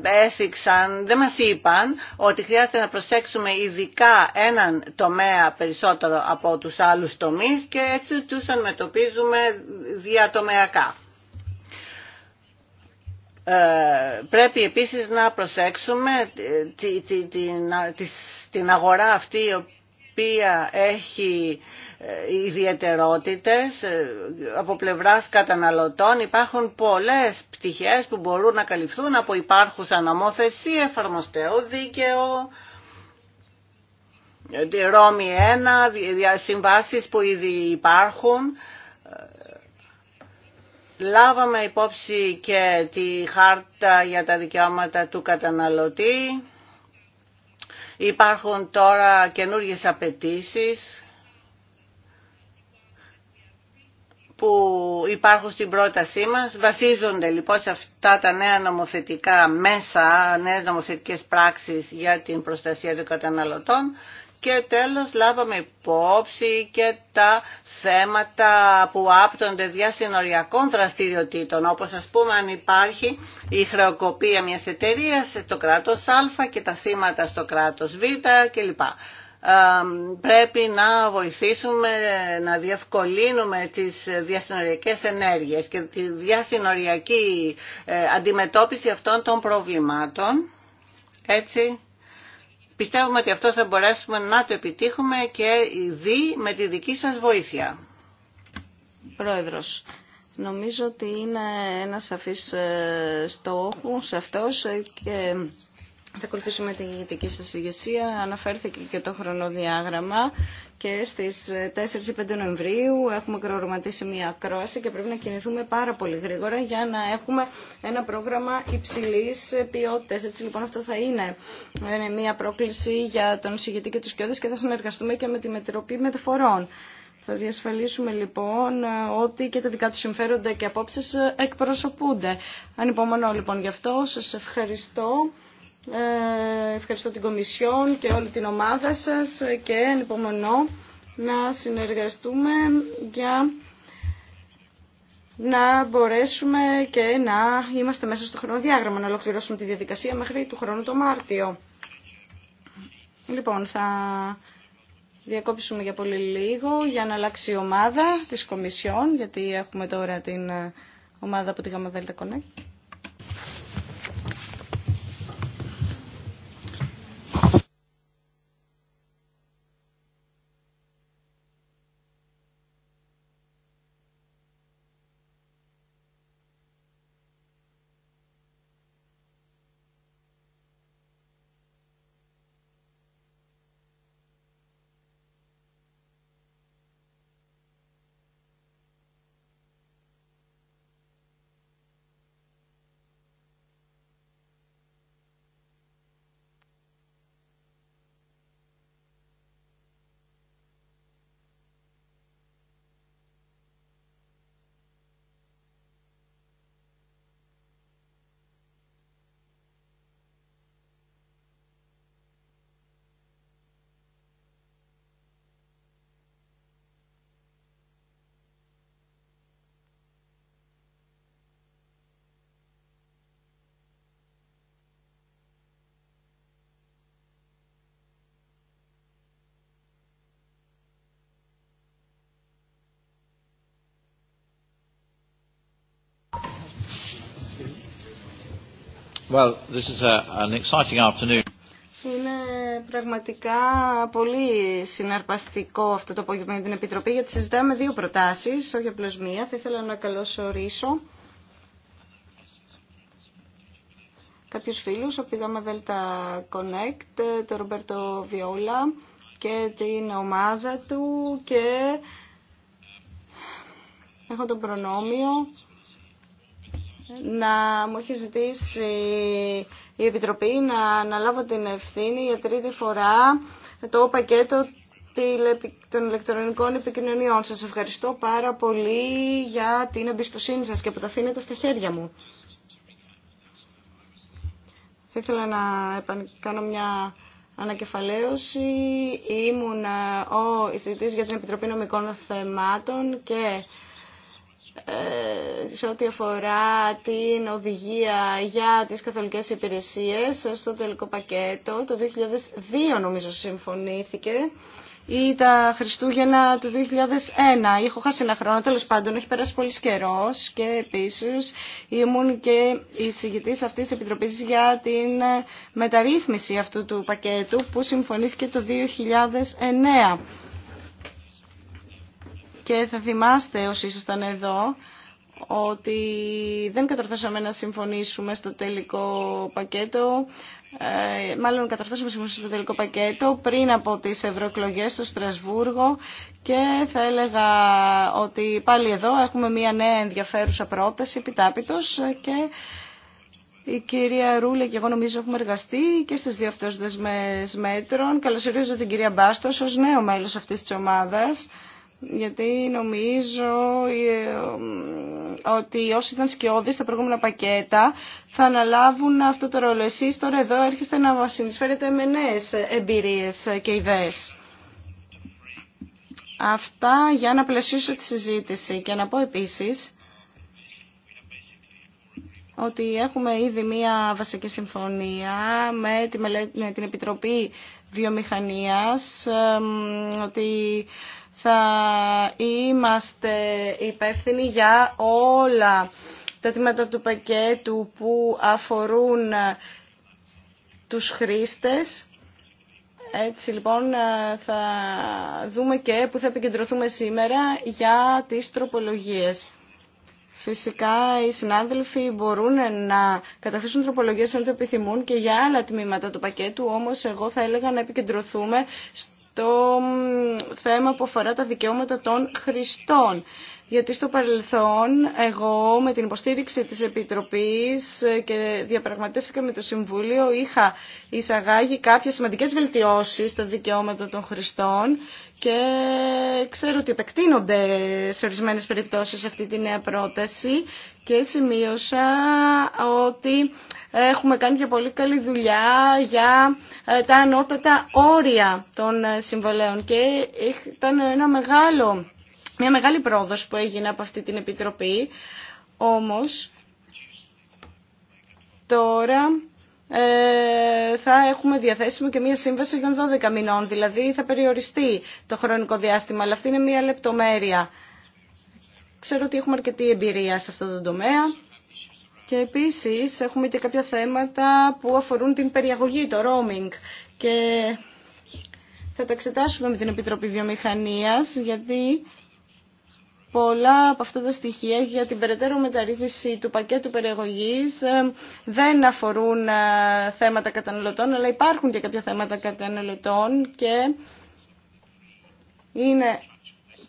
δεν μας είπαν ότι χρειάζεται να προσέξουμε ειδικά έναν τομέα περισσότερο από τους άλλους τομείς και έτσι τους αντιμετωπίζουμε διατομεακά. Ε, πρέπει επίσης να προσέξουμε ε, την αγορά αυτή οποία έχει ε, ιδιαιτερότητες ε, από πλευράς καταναλωτών. Υπάρχουν πολλές πτυχές που μπορούν να καλυφθούν από υπάρχουσα νομοθεσία, εφαρμοστέο δίκαιο, Ρώμη 1, συμβάσεις που ήδη υπάρχουν. Λάβαμε υπόψη και τη χάρτα για τα δικαιώματα του καταναλωτή Υπάρχουν τώρα καινούργιες απαιτήσει που υπάρχουν στην πρότασή μας βασίζονται λοιπόν σε αυτά τα νέα νομοθετικά μέσα, νέες νομοθετικές πράξεις για την προστασία των καταναλωτών και τέλος λάβαμε υπόψη και τα θέματα που άπτονται διασυνοριακών δραστηριοτήτων, όπως ας πούμε αν υπάρχει η χρεοκοπία μιας εταιρεία στο κράτος Α και τα σήματα στο κράτος Β κλπ πρέπει να βοηθήσουμε να διευκολύνουμε τις διασυνοριακές ενέργειες και τη διασυνοριακή ε, αντιμετώπιση αυτών των προβλημάτων έτσι Πιστεύουμε ότι αυτό θα μπορέσουμε να το επιτύχουμε και δι με τη δική σας βοήθεια. Πρόεδρος, νομίζω ότι είναι ένας σαφής ε, στόχος αυτός και θα ακολουθήσουμε τη δική σας ηγεσία. Αναφέρθηκε και το χρονοδιάγραμμα και στις 4 ή 5 Νοεμβρίου έχουμε προγραμματίσει μια ακρόαση και πρέπει να κινηθούμε πάρα πολύ γρήγορα για να έχουμε ένα πρόγραμμα υψηλής ποιότητας. Έτσι λοιπόν αυτό θα είναι μια πρόκληση για τον συγγετή και τους κοιόδες και θα συνεργαστούμε και με τη Μετροπή Μεταφορών. Θα διασφαλίσουμε λοιπόν ότι και τα δικά του συμφέροντα και απόψεις εκπροσωπούνται. Ανυπομονώ λοιπόν γι' αυτό. Σας ευχαριστώ. Ε, ευχαριστώ την Κομισιόν και όλη την ομάδα σας και ανυπομονώ να συνεργαστούμε για να μπορέσουμε και να είμαστε μέσα στο χρονοδιάγραμμα, να ολοκληρώσουμε τη διαδικασία μέχρι του χρόνου το Μάρτιο. Λοιπόν, θα διακόψουμε για πολύ λίγο για να αλλάξει η ομάδα της Κομισιόν, γιατί έχουμε τώρα την ε, ομάδα από τη ΓΑΜΑ Είναι πραγματικά πολύ συναρπαστικό αυτό το απόγευμα για την Επιτροπή, γιατί συζητάμε δύο προτάσεις, όχι απλώς μία. Θα ήθελα να καλωσορίσω κάποιους φίλους από τη ΓΑΜΑ ΔΕΛΤΑ Connect, τον Ρομπέρτο Βιόλα και την ομάδα του και έχω τον προνόμιο να μου έχει ζητήσει η Επιτροπή να αναλάβω την ευθύνη για τρίτη φορά το πακέτο των ηλεκτρονικών επικοινωνιών. Σας ευχαριστώ πάρα πολύ για την εμπιστοσύνη σας και που τα αφήνετε στα χέρια μου. Θα ήθελα να κάνω μια ανακεφαλαίωση. Ήμουν ε, ο εισηγητής για την Επιτροπή Νομικών Θεμάτων και ε, σε ό,τι αφορά την οδηγία για τις καθολικές υπηρεσίες στο τελικό πακέτο. Το 2002 νομίζω συμφωνήθηκε ή τα Χριστούγεννα του 2001. Είχα χάσει ένα χρόνο, τέλο πάντων, έχει περάσει πολύ καιρό και επίσης ήμουν και εισηγητή αυτή τη επιτροπής για την μεταρρύθμιση αυτού του πακέτου που συμφωνήθηκε το 2009 και θα θυμάστε όσοι ήσασταν εδώ ότι δεν καταρθώσαμε να συμφωνήσουμε στο τελικό πακέτο, ε, μάλλον καταρθώσαμε να συμφωνήσουμε στο τελικό πακέτο πριν από τις ευρωεκλογές στο Στρασβούργο και θα έλεγα ότι πάλι εδώ έχουμε μια νέα ενδιαφέρουσα πρόταση επιτάπητος και η κυρία Ρούλε και εγώ νομίζω έχουμε εργαστεί και στις δύο αυτές δεσμές μέτρων. Καλωσορίζω την κυρία Μπάστος ως νέο μέλος αυτής της ομάδας γιατί νομίζω ε, ε, ότι όσοι ήταν σκιώδεις στα προηγούμενα πακέτα θα αναλάβουν αυτό το ρόλο. Εσείς τώρα εδώ έρχεστε να συνεισφέρετε με νέες εμπειρίες και ιδέες. Αυτά για να πλαισίσω τη συζήτηση και να πω επίσης ότι έχουμε ήδη μία βασική συμφωνία με, με την Επιτροπή Βιομηχανίας ότι θα είμαστε υπεύθυνοι για όλα τα τμήματα του πακέτου που αφορούν ε, τους χρήστες. Έτσι λοιπόν ε, θα δούμε και που θα επικεντρωθούμε σήμερα για τις τροπολογίες. Φυσικά οι συνάδελφοι μπορούν να καταθέσουν τροπολογίες αν το επιθυμούν και για άλλα τμήματα του πακέτου, όμως εγώ θα έλεγα να επικεντρωθούμε το θέμα που αφορά τα δικαιώματα των χρηστών. Γιατί στο παρελθόν εγώ με την υποστήριξη της Επιτροπής ε, και διαπραγματεύτηκα με το Συμβούλιο είχα εισαγάγει κάποιες σημαντικές βελτιώσεις στα δικαιώματα των χρηστών και ξέρω ότι επεκτείνονται σε ορισμένες περιπτώσεις αυτή τη νέα πρόταση και σημείωσα ότι έχουμε κάνει και πολύ καλή δουλειά για ε, τα ανώτατα όρια των ε, συμβολέων και ήταν ένα μεγάλο, μια μεγάλη πρόοδος που έγινε από αυτή την Επιτροπή. Όμως, τώρα ε, θα έχουμε διαθέσιμο και μία σύμβαση για 12 μηνών, δηλαδή θα περιοριστεί το χρονικό διάστημα, αλλά αυτή είναι μία λεπτομέρεια. Ξέρω ότι έχουμε αρκετή εμπειρία σε αυτό το τομέα και επίσης έχουμε και κάποια θέματα που αφορούν την περιαγωγή, το roaming. Και θα τα εξετάσουμε με την Επιτροπή Βιομηχανίας, γιατί πολλά από αυτά τα στοιχεία για την περαιτέρω μεταρρύθμιση του πακέτου περιεγωγής ε, δεν αφορούν ε, θέματα καταναλωτών, αλλά υπάρχουν και κάποια θέματα καταναλωτών και είναι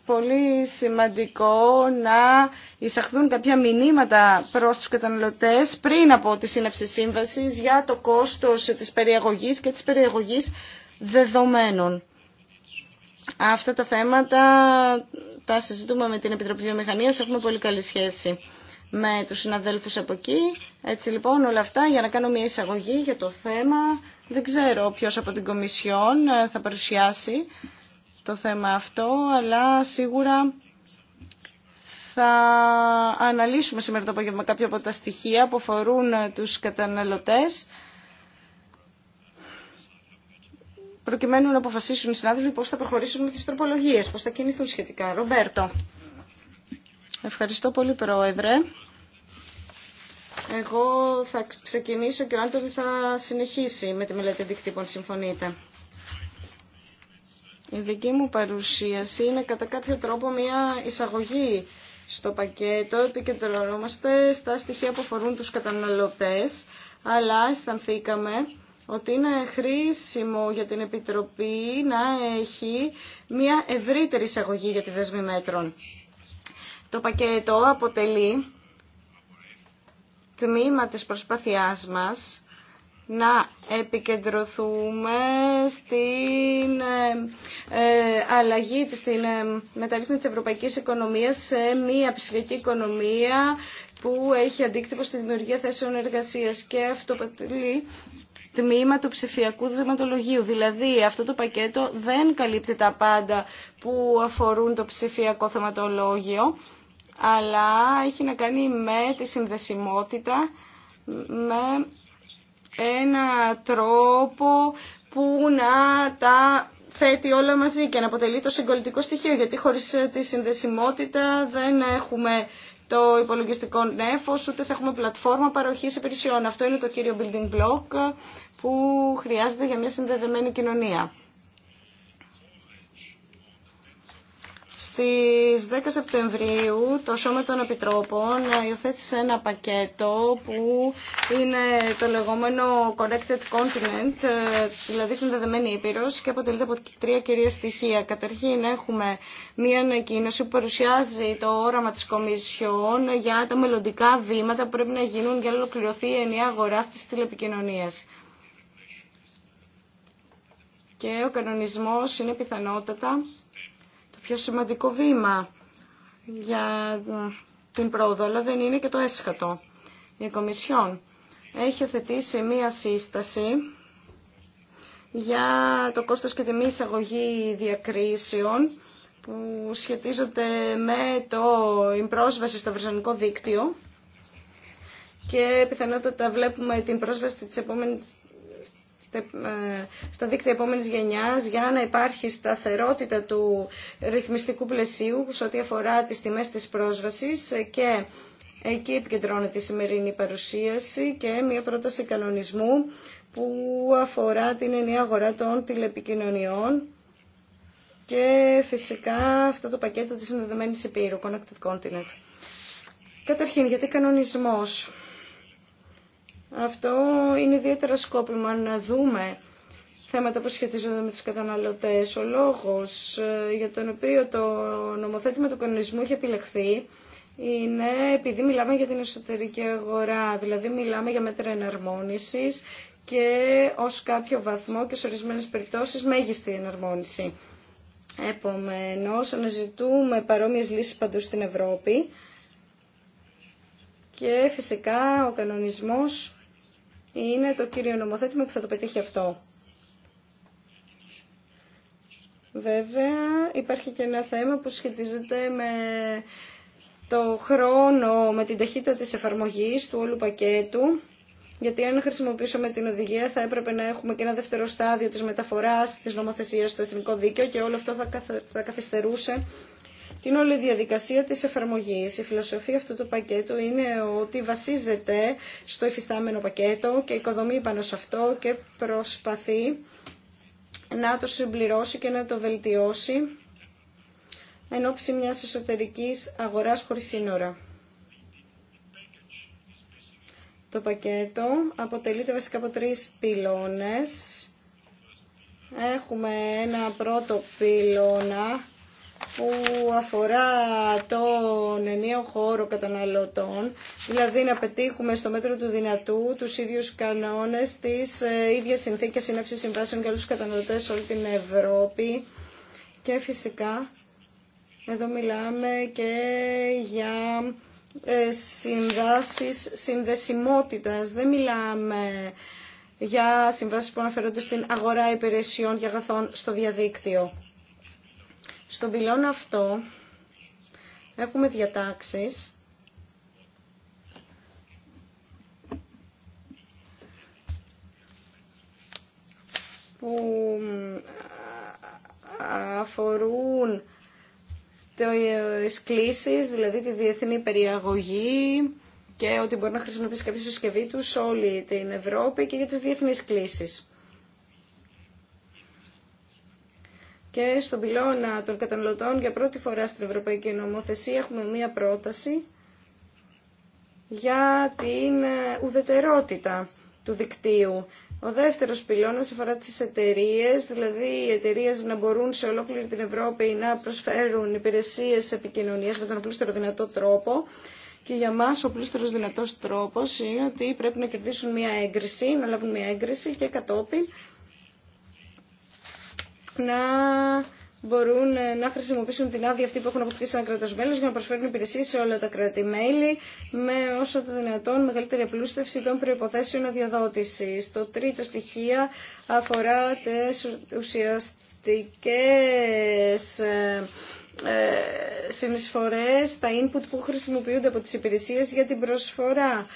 πολύ σημαντικό να εισαχθούν κάποια μηνύματα προς τους καταναλωτές πριν από τη σύναψη σύμβασης για το κόστος της περιαγωγής και της περιαγωγής δεδομένων. Αυτά τα θέματα τα συζητούμε με την Επιτροπή Βιομηχανίας, έχουμε πολύ καλή σχέση με τους συναδέλφους από εκεί. Έτσι λοιπόν όλα αυτά για να κάνω μια εισαγωγή για το θέμα. Δεν ξέρω ποιος από την Κομισιόν ε, θα παρουσιάσει το θέμα αυτό, αλλά σίγουρα θα αναλύσουμε σήμερα το απόγευμα κάποια από τα στοιχεία που αφορούν ε, τους καταναλωτές προκειμένου να αποφασίσουν οι συνάδελφοι πώς θα προχωρήσουν με τις τροπολογίες, πώς θα κινηθούν σχετικά. Ρομπέρτο. Ευχαριστώ πολύ, Πρόεδρε. Εγώ θα ξεκινήσω και ο Άντων θα συνεχίσει με τη μελέτη αντικτύπων, συμφωνείτε. Η δική μου παρουσίαση είναι κατά κάποιο τρόπο μια εισαγωγή στο πακέτο. Επικεντρωνόμαστε στα στοιχεία που αφορούν τους καταναλωτές, αλλά αισθανθήκαμε ότι είναι χρήσιμο για την Επιτροπή να έχει μια ευρύτερη εισαγωγή για τη δέσμη μέτρων. Το πακέτο αποτελεί τμήμα της προσπάθειάς μας να επικεντρωθούμε στην ε, ε, αλλαγή, στην ε, μεταρρύθμιση της ευρωπαϊκής οικονομίας σε μια ψηφιακή οικονομία που έχει αντίκτυπο στη δημιουργία θέσεων εργασίας και αυτό αποτελεί τμήμα του ψηφιακού θεματολογίου. Δηλαδή αυτό το πακέτο δεν καλύπτει τα πάντα που αφορούν το ψηφιακό θεματολόγιο, αλλά έχει να κάνει με τη συνδεσιμότητα, με ένα τρόπο που να τα θέτει όλα μαζί και να αποτελεί το συγκολητικό στοιχείο, γιατί χωρίς ε, τη συνδεσιμότητα δεν έχουμε το υπολογιστικό νέφος, ούτε θα έχουμε πλατφόρμα παροχής υπηρεσιών. Αυτό είναι το κύριο building block που χρειάζεται για μια συνδεδεμένη κοινωνία. Στις 10 Σεπτεμβρίου το Σώμα των Επιτρόπων υιοθέτησε ένα πακέτο που είναι το λεγόμενο Connected Continent, δηλαδή συνδεδεμένη ήπειρος και αποτελείται από τρία κυρία στοιχεία. Καταρχήν έχουμε μία ανακοίνωση που παρουσιάζει το όραμα της Κομισιόν για τα μελλοντικά βήματα που πρέπει να γίνουν για να ολοκληρωθεί η ενιαία αγορά στις τηλεπικοινωνίες. Και ο κανονισμός είναι πιθανότατα πιο σημαντικό βήμα για την πρόοδο, αλλά δεν είναι και το έσχατο. Η Κομισιόν έχει οθετήσει μία σύσταση για το κόστος και τιμή εισαγωγή διακρίσεων που σχετίζονται με το πρόσβαση στο βρυζανικό δίκτυο και πιθανότατα βλέπουμε την πρόσβαση της επόμενης ε, στα δίκτυα επόμενης γενιάς για να υπάρχει σταθερότητα του ρυθμιστικού πλαισίου σε ό,τι αφορά τις τιμές της πρόσβασης και εκεί επικεντρώνεται η σημερινή παρουσίαση και μια πρόταση κανονισμού που αφορά την ενιαία αγορά των τηλεπικοινωνιών και φυσικά αυτό το πακέτο της συνδεδεμένης επίρου Connected Continent. Καταρχήν, γιατί κανονισμός. Αυτό είναι ιδιαίτερα σκόπιμο να δούμε θέματα που σχετίζονται με τις καταναλωτές. Ο λόγος ε, για τον οποίο το νομοθέτημα του κανονισμού έχει επιλεχθεί είναι επειδή μιλάμε για την εσωτερική αγορά, δηλαδή μιλάμε για μέτρα εναρμόνισης και ως κάποιο βαθμό και σε ορισμένες περιπτώσεις μέγιστη εναρμόνιση. Επομένως, αναζητούμε παρόμοιες λύσεις παντού στην Ευρώπη και φυσικά ο κανονισμός είναι το κύριο νομοθέτημα που θα το πετύχει αυτό. Βέβαια, υπάρχει και ένα θέμα που σχετίζεται με το χρόνο, με την ταχύτητα της εφαρμογής του όλου πακέτου. Γιατί αν χρησιμοποιήσουμε την οδηγία θα έπρεπε να έχουμε και ένα δεύτερο στάδιο της μεταφοράς της νομοθεσίας στο εθνικό δίκαιο και όλο αυτό θα καθυστερούσε την όλη διαδικασία της εφαρμογής. Η φιλοσοφία αυτού του πακέτου είναι ότι βασίζεται στο εφιστάμενο πακέτο και οικοδομεί πάνω σε αυτό και προσπαθεί να το συμπληρώσει και να το βελτιώσει εν ώψη μιας εσωτερικής αγοράς χωρίς σύνορα. Το πακέτο αποτελείται βασικά από τρεις πυλώνες. Έχουμε ένα πρώτο πυλώνα που αφορά τον ενίο χώρο καταναλωτών, δηλαδή να πετύχουμε στο μέτρο του δυνατού τους ίδιους κανόνες, τις ε, ίδιες συνθήκες σύναψης συμβάσεων για τους καταναλωτές σε όλη την Ευρώπη και φυσικά εδώ μιλάμε και για ε, συμβάσεις συνδεσιμότητας. Δεν μιλάμε για συμβάσεις που αναφέρονται στην αγορά υπηρεσιών και αγαθών στο διαδίκτυο. Στον πυλώνα αυτό έχουμε διατάξεις που αφορούν το ε, κλήσεις, δηλαδή τη διεθνή περιαγωγή και ότι μπορεί να χρησιμοποιήσει κάποιο συσκευή του σε όλη την Ευρώπη και για τις διεθνείς κλήσεις. και στον πυλώνα των καταναλωτών για πρώτη φορά στην Ευρωπαϊκή Νομοθεσία έχουμε μία πρόταση για την ε, ουδετερότητα του δικτύου. Ο δεύτερος πυλώνας αφορά τις εταιρείε, δηλαδή οι εταιρείε να μπορούν σε ολόκληρη την Ευρώπη να προσφέρουν υπηρεσίες επικοινωνίας με τον πλούστερο δυνατό τρόπο. Και για μας ο πλούστερος δυνατός τρόπος είναι ότι πρέπει να κερδίσουν μια έγκριση, να λάβουν μια έγκριση και κατόπιν να μπορούν να χρησιμοποιήσουν την άδεια αυτή που έχουν αποκτήσει ένα κράτο μέλο για να προσφέρουν υπηρεσίε σε όλα τα κράτη-μέλη με όσο το δυνατόν μεγαλύτερη απλούστευση των προποθέσεων αδειοδότηση. Το τρίτο στοιχείο αφορά τι ουσιαστικέ ε, ε, συνεισφορές, τα input που χρησιμοποιούνται από τις υπηρεσίες για την προσφορά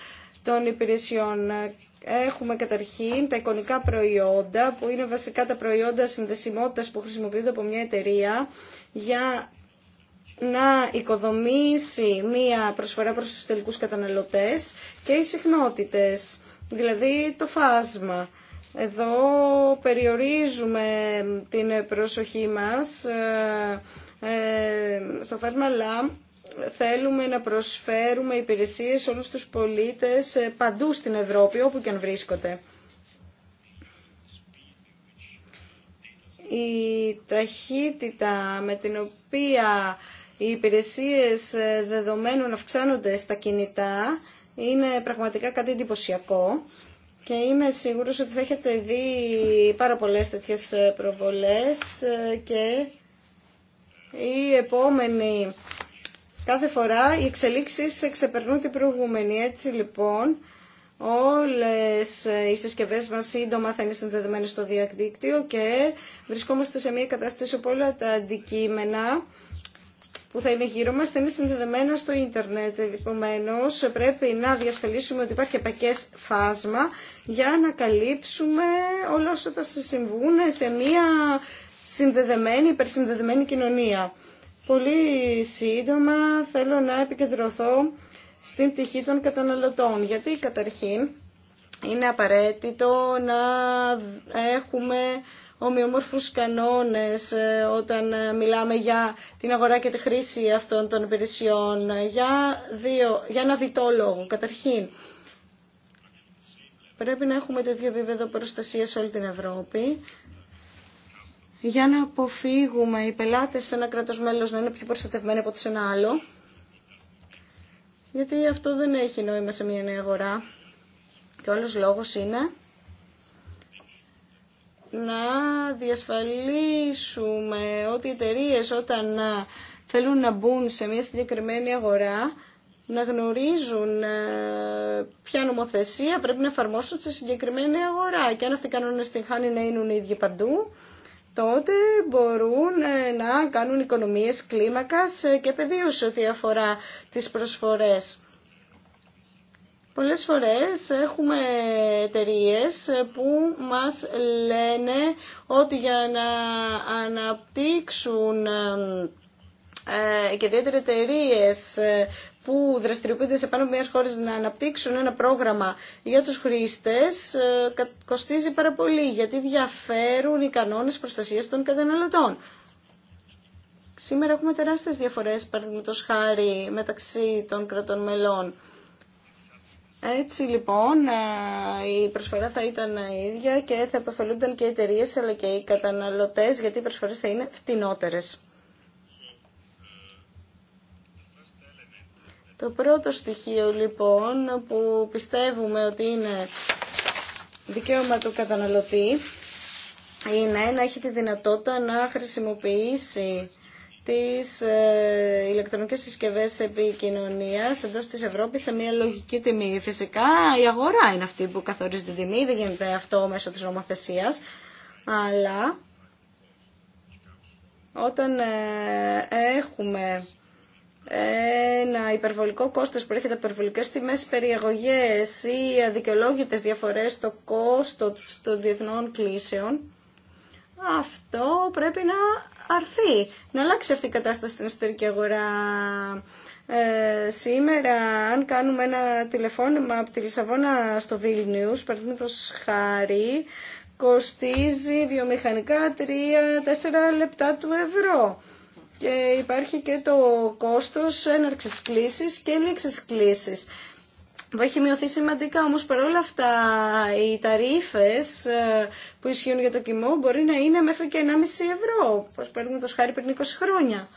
των υπηρεσιών. Έχουμε καταρχήν τα εικονικά προϊόντα, που είναι βασικά τα προϊόντα συνδεσιμότητας που χρησιμοποιούνται από μια εταιρεία για να οικοδομήσει μία προσφορά προς τους τελικούς καταναλωτές και οι συχνότητες, δηλαδή το φάσμα. Εδώ περιορίζουμε την προσοχή μας ε, ε, στο φάσμα, αλλά θέλουμε να προσφέρουμε υπηρεσίες όλους τους πολίτες ε, παντού στην Ευρώπη, όπου και αν βρίσκονται. Η ταχύτητα με την οποία οι υπηρεσίες ε, δεδομένων αυξάνονται στα κινητά είναι πραγματικά κάτι εντυπωσιακό και είμαι σίγουρος ότι θα έχετε δει πάρα πολλές τέτοιες ε, προβολές και η επόμενη Κάθε φορά οι εξελίξεις ξεπερνούν την προηγούμενη. Έτσι λοιπόν όλες οι συσκευέ μας σύντομα θα είναι συνδεδεμένες στο διαδίκτυο και βρισκόμαστε σε μια κατάσταση όπου όλα τα αντικείμενα που θα είναι γύρω μας θα είναι συνδεδεμένα στο ίντερνετ. Επομένω, πρέπει να διασφαλίσουμε ότι υπάρχει επακές φάσμα για να καλύψουμε όλα όσα θα συμβούν σε μια συνδεδεμένη, υπερσυνδεδεμένη κοινωνία. Πολύ σύντομα θέλω να επικεντρωθώ στην πτυχή των καταναλωτών, γιατί καταρχήν είναι απαραίτητο να έχουμε ομοιομόρφους κανόνες ε, όταν ε, μιλάμε για την αγορά και τη χρήση αυτών των υπηρεσιών. Για, δύο, για ένα διτό λόγο. Καταρχήν, πρέπει να έχουμε το ίδιο επίπεδο προστασία σε όλη την Ευρώπη για να αποφύγουμε οι πελάτες σε ένα κράτος μέλος να είναι πιο προστατευμένοι από σε ένα άλλο. Γιατί αυτό δεν έχει νόημα σε μια νέα αγορά. Και όλος λόγος είναι να διασφαλίσουμε ότι οι εταιρείε όταν ε, θέλουν να μπουν σε μια συγκεκριμένη αγορά να γνωρίζουν ε, ποια νομοθεσία πρέπει να εφαρμόσουν σε συγκεκριμένη αγορά και αν αυτοί οι κανόνες την χάνει να είναι οι ίδιοι παντού τότε μπορούν ε, να κάνουν οικονομίες κλίμακας ε, και πεδίου ό,τι αφορά τις προσφορές. Πολλές φορές έχουμε εταιρείε ε, που μας λένε ότι για να αναπτύξουν και ιδιαίτερα εταιρείε που δραστηριοποιούνται σε πάνω μιας χώρας να αναπτύξουν ένα πρόγραμμα για τους χρήστες ε, κοστίζει πάρα πολύ γιατί διαφέρουν οι κανόνες προστασίας των καταναλωτών. Σήμερα έχουμε τεράστιες διαφορές παραδείγματος χάρη μεταξύ των κρατών μελών. Έτσι λοιπόν ε, η προσφορά θα ήταν ίδια και θα επωφελούνταν και οι εταιρείε αλλά και οι καταναλωτές γιατί οι προσφορές θα είναι φτηνότερες. Το πρώτο στοιχείο λοιπόν που πιστεύουμε ότι είναι δικαίωμα του καταναλωτή είναι να έχει τη δυνατότητα να χρησιμοποιήσει τις ε, ηλεκτρονικές συσκευές επικοινωνίας εντός της Ευρώπης σε μια λογική τιμή. Φυσικά η αγορά είναι αυτή που καθορίζει την τιμή, δεν γίνεται αυτό μέσω της νομοθεσίας, αλλά όταν ε, έχουμε ένα υπερβολικό κόστος που έρχεται από υπερβολικές τιμές περιεγωγές ή αδικαιολόγητες διαφορές στο κόστος των διεθνών κλήσεων, αυτό πρέπει να αρθεί, να αλλάξει αυτή η κατάσταση στην εσωτερική αγορά. Ε, σήμερα, αν κάνουμε ένα τηλεφώνημα από τη Λισαβόνα στο Βίλνιους, παραδείγματος χάρη, αγορα σημερα αν κανουμε βιομηχανικά 3-4 λεπτά του ευρώ και υπάρχει και το κόστος έναρξης κλήσης και λήξης κλήσης που έχει μειωθεί σημαντικά, όμως παρόλα αυτά οι ταρίφες ε, που ισχύουν για το κοιμό μπορεί να είναι μέχρι και 1,5 ευρώ, όπως παίρνουμε το σχάρι πριν 20 χρόνια.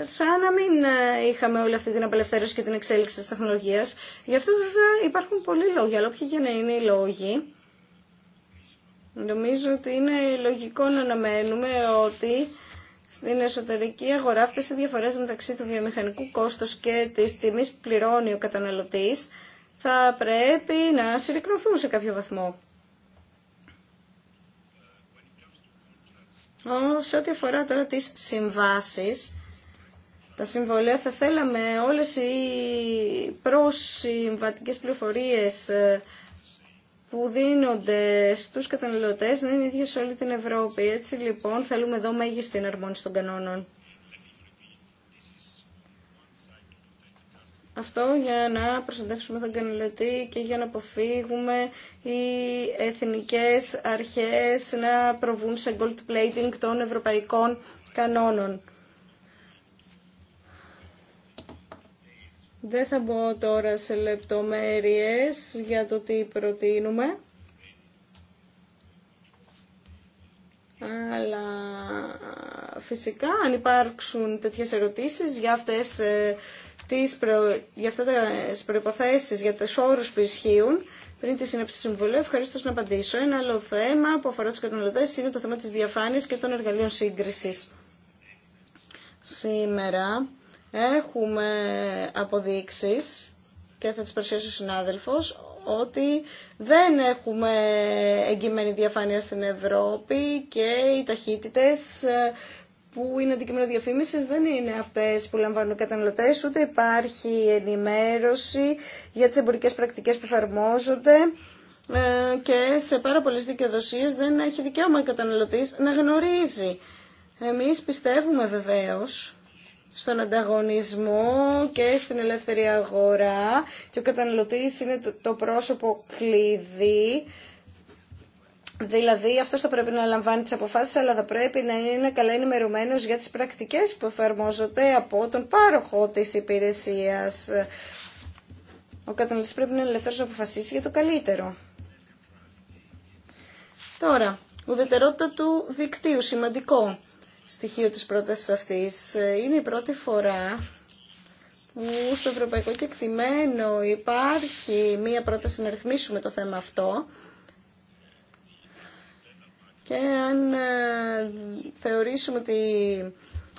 σαν να μην ε, είχαμε όλη αυτή την απελευθέρωση και την εξέλιξη της τεχνολογίας. Γι' αυτό βέβαια υπάρχουν πολλοί λόγοι, αλλά όποιοι και να είναι οι λόγοι, Νομίζω ότι είναι λογικό να αναμένουμε ότι στην εσωτερική αγορά αυτές οι διαφορέ μεταξύ του βιομηχανικού κόστους και της τιμής που πληρώνει ο καταναλωτή θα πρέπει να συρρυκνωθούν σε κάποιο βαθμό. Σε ό,τι αφορά τώρα τις συμβάσεις, τα συμβολέα θα θέλαμε όλες οι προσυμβατικές πληροφορίες ε, που δίνονται στους καταναλωτές να είναι ίδια σε όλη την Ευρώπη. Έτσι λοιπόν θέλουμε εδώ μέγιστη εναρμόνιση των κανόνων. Αυτό για να προστατεύσουμε τον καταναλωτή και για να αποφύγουμε οι εθνικές αρχές να προβούν σε gold plating των ευρωπαϊκών κανόνων. Δεν θα μπω τώρα σε λεπτομέρειες για το τι προτείνουμε. Αλλά φυσικά αν υπάρξουν τέτοιες ερωτήσεις για αυτές ε, τις προ... για αυτά ε, τις προϋποθέσεις, για τους όρους που ισχύουν, πριν τη σύναψη του Συμβουλίου, ευχαρίστω να απαντήσω. Ένα άλλο θέμα που αφορά τους καταναλωτέ είναι το θέμα της διαφάνειας και των εργαλείων σύγκριση. Σήμερα Έχουμε αποδείξεις και θα τις παρουσιάσει ο συνάδελφος ότι δεν έχουμε εγκυμένη διαφάνεια στην Ευρώπη και οι ταχύτητες ε, που είναι αντικείμενο διαφήμισης δεν είναι αυτές που λαμβάνουν οι καταναλωτές, ούτε υπάρχει ενημέρωση για τις εμπορικές πρακτικές που εφαρμόζονται ε, και σε πάρα πολλές δικαιοδοσίες δεν έχει δικαίωμα ο καταναλωτής να γνωρίζει. Εμείς πιστεύουμε βεβαίως στον ανταγωνισμό και στην ελεύθερη αγορά και ο καταναλωτής είναι το πρόσωπο κλειδί Δηλαδή αυτός θα πρέπει να λαμβάνει τις αποφάσεις αλλά θα πρέπει να είναι καλά ενημερωμένος για τις πρακτικές που εφαρμόζονται από τον πάροχο της υπηρεσίας. Ο καταναλωτής πρέπει να είναι ελεύθερος να αποφασίσει για το καλύτερο. Τώρα, ουδετερότητα του δικτύου, σημαντικό στοιχείο της πρότασης αυτής. Είναι η πρώτη φορά που στο ευρωπαϊκό κεκτημένο υπάρχει μία πρόταση να ρυθμίσουμε το θέμα αυτό. Και αν ε, θεωρήσουμε ότι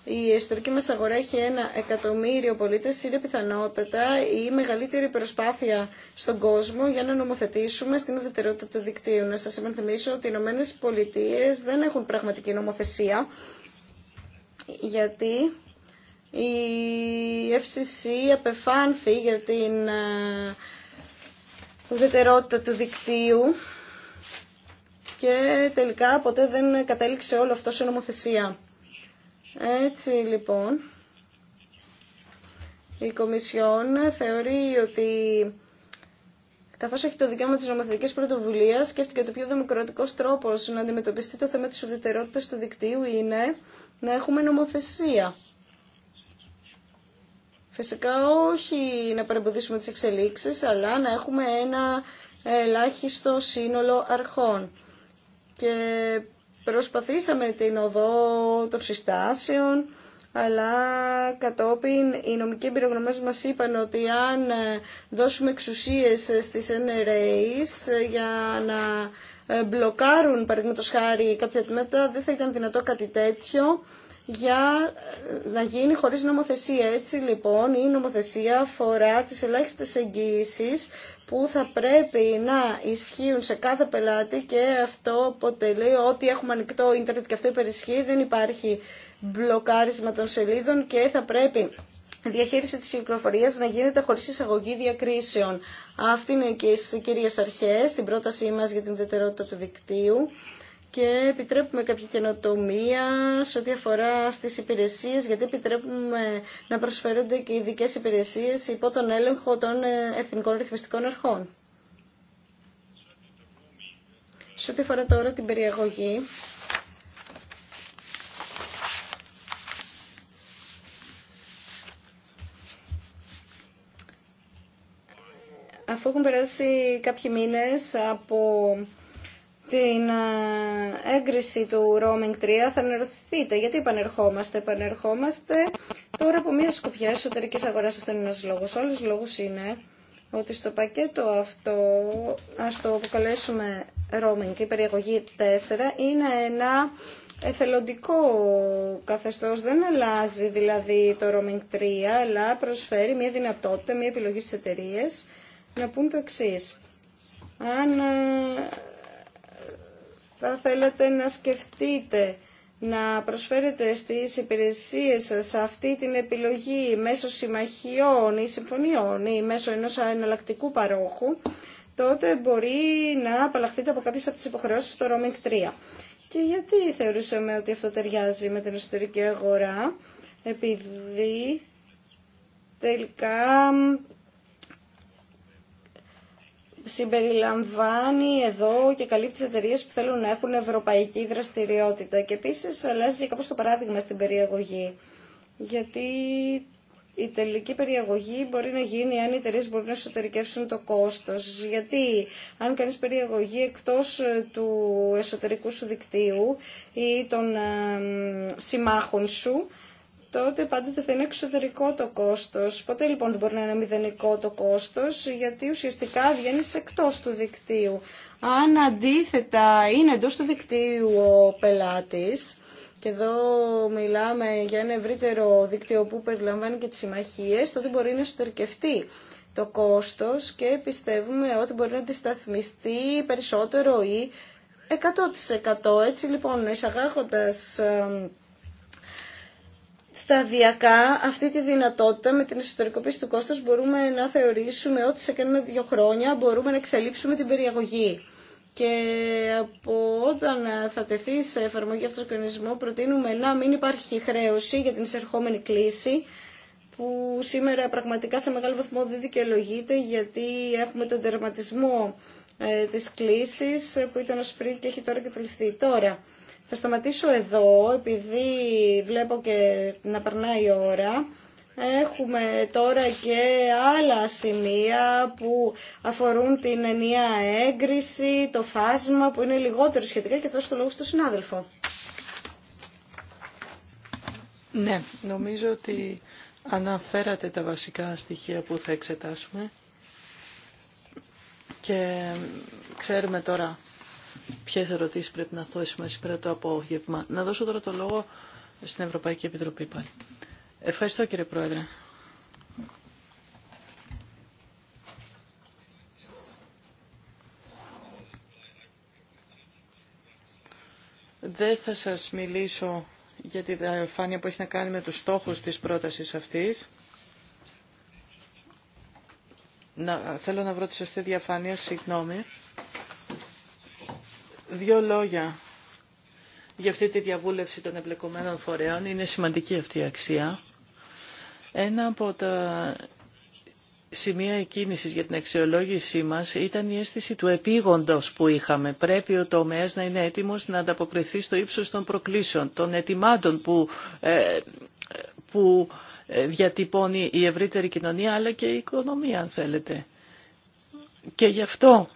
η ιστορική μας αγορά έχει ένα εκατομμύριο πολίτες, είναι πιθανότατα η μεγαλύτερη προσπάθεια στον κόσμο για να νομοθετήσουμε στην ουδετερότητα του δικτύου. Να σας υπενθυμίσω ότι οι Ηνωμένε Πολιτείε δεν έχουν πραγματική νομοθεσία γιατί η FCC απεφάνθη για την ε, ουδετερότητα του δικτύου και τελικά ποτέ δεν κατέληξε όλο αυτό σε νομοθεσία. Έτσι λοιπόν, η Κομισιόν θεωρεί ότι καθώς έχει το δικαίωμα της νομοθετικής πρωτοβουλίας, σκέφτηκε ότι ο πιο δημοκρατικός τρόπος να αντιμετωπιστεί το θέμα της ουδετερότητας του δικτύου είναι να έχουμε νομοθεσία. Φυσικά όχι να παρεμποδίσουμε τις εξελίξεις, αλλά να έχουμε ένα ελάχιστο σύνολο αρχών. Και προσπαθήσαμε την οδό των συστάσεων, αλλά κατόπιν οι νομικοί εμπειρογνωμές μας είπαν ότι αν δώσουμε εξουσίες στις NRAs για να ε, μπλοκάρουν παραδείγματο χάρη κάποια τμήματα, δεν θα ήταν δυνατό κάτι τέτοιο για ε, να γίνει χωρίς νομοθεσία. Έτσι λοιπόν η νομοθεσία αφορά τις ελάχιστες εγγύησεις που θα πρέπει να ισχύουν σε κάθε πελάτη και αυτό αποτελεί ότι έχουμε ανοιχτό ίντερνετ και αυτό υπερισχύει, δεν υπάρχει μπλοκάρισμα των σελίδων και θα πρέπει διαχείριση της κυκλοφορίας να γίνεται χωρίς εισαγωγή διακρίσεων. Αυτή είναι και οι κυρίες αρχές, την πρότασή μας για την ιδιαιτερότητα του δικτύου και επιτρέπουμε κάποια καινοτομία σε ό,τι αφορά στις υπηρεσίες, γιατί επιτρέπουμε να προσφέρονται και ειδικέ υπηρεσίες υπό τον έλεγχο των ε, εθνικών ρυθμιστικών αρχών. Σε ό,τι αφορά τώρα την περιαγωγή, αφού έχουν περάσει κάποιοι μήνες από την ε, έγκριση του Roaming 3 θα αναρωτηθείτε γιατί επανερχόμαστε. Επανερχόμαστε τώρα από μια σκοπιά εσωτερικής αγοράς. Αυτό είναι ένας λόγος. Ο λόγος είναι ότι στο πακέτο αυτό, ας το αποκαλέσουμε roaming, η περιεγωγή 4, είναι ένα εθελοντικό καθεστώς. Δεν αλλάζει δηλαδή το roaming 3, αλλά προσφέρει μια δυνατότητα, μια επιλογή στις εταιρείες να πούν το εξή. Αν ε, θα θέλετε να σκεφτείτε να προσφέρετε στις υπηρεσίες σας αυτή την επιλογή μέσω συμμαχιών ή συμφωνιών ή μέσω ενός εναλλακτικού παρόχου, τότε μπορεί να απαλλαχθείτε από κάποιες από τις υποχρεώσεις στο roaming 3. Και γιατί θεωρούσαμε ότι αυτό ταιριάζει με την εσωτερική αγορά, επειδή τελικά συμπεριλαμβάνει εδώ και καλύπτει τι εταιρείε που θέλουν να έχουν ευρωπαϊκή δραστηριότητα και επίσης αλλάζει και κάπως το παράδειγμα στην περιαγωγή. Γιατί η τελική περιαγωγή μπορεί να γίνει αν οι εταιρείε μπορούν να εσωτερικεύσουν το κόστος. Γιατί αν κάνεις περιαγωγή εκτός ε, του εσωτερικού σου δικτύου ή των ε, συμμάχων σου, τότε πάντοτε θα είναι εξωτερικό το κόστος. Ποτέ λοιπόν δεν μπορεί να είναι μηδενικό το κόστος, γιατί ουσιαστικά βγαίνει εκτός του δικτύου. Αν αντίθετα είναι εντός του δικτύου ο πελάτης, και εδώ μιλάμε για ένα ευρύτερο δίκτυο που περιλαμβάνει και τις συμμαχίες, τότε μπορεί να εσωτερικευτεί το κόστος και πιστεύουμε ότι μπορεί να αντισταθμιστεί περισσότερο ή 100%. Έτσι λοιπόν εισαγάγοντας σταδιακά αυτή τη δυνατότητα με την εσωτερικοποίηση του κόστος μπορούμε να θεωρήσουμε ότι σε κανένα δύο χρόνια μπορούμε να εξελίψουμε την περιαγωγή. Και από όταν θα τεθεί σε εφαρμογή αυτό ο κανονισμό προτείνουμε να μην υπάρχει χρέωση για την εισερχόμενη κλίση που σήμερα πραγματικά σε μεγάλο βαθμό δεν δικαιολογείται γιατί έχουμε τον τερματισμό ε, της κλίσης που ήταν ως πριν και έχει τώρα καταληφθεί. Τώρα, θα σταματήσω εδώ, επειδή βλέπω και να περνάει η ώρα. Έχουμε τώρα και άλλα σημεία που αφορούν την ενιαία έγκριση, το φάσμα που είναι λιγότερο σχετικά και θα δώσω το λόγο στον συνάδελφο. Ναι, νομίζω ότι αναφέρατε τα βασικά στοιχεία που θα εξετάσουμε και ξέρουμε τώρα ποιε ερωτήσει πρέπει να θέσουμε σήμερα το απόγευμα. Να δώσω τώρα το λόγο στην Ευρωπαϊκή Επιτροπή πάλι. Ευχαριστώ κύριε Πρόεδρε. Δεν θα σας μιλήσω για τη διαφάνεια που έχει να κάνει με τους στόχους της πρότασης αυτής. Να, θέλω να βρω τη σωστή διαφάνεια, συγγνώμη δύο λόγια για αυτή τη διαβούλευση των εμπλεκομένων φορέων. Είναι σημαντική αυτή η αξία. Ένα από τα σημεία εκκίνησης για την αξιολόγησή μας ήταν η αίσθηση του επίγοντος που είχαμε. Πρέπει ο τομέας να είναι έτοιμος να ανταποκριθεί στο ύψος των προκλήσεων, των ετοιμάτων που, ε, που ε, διατυπώνει η ευρύτερη κοινωνία αλλά και η οικονομία αν θέλετε. Και γι' αυτό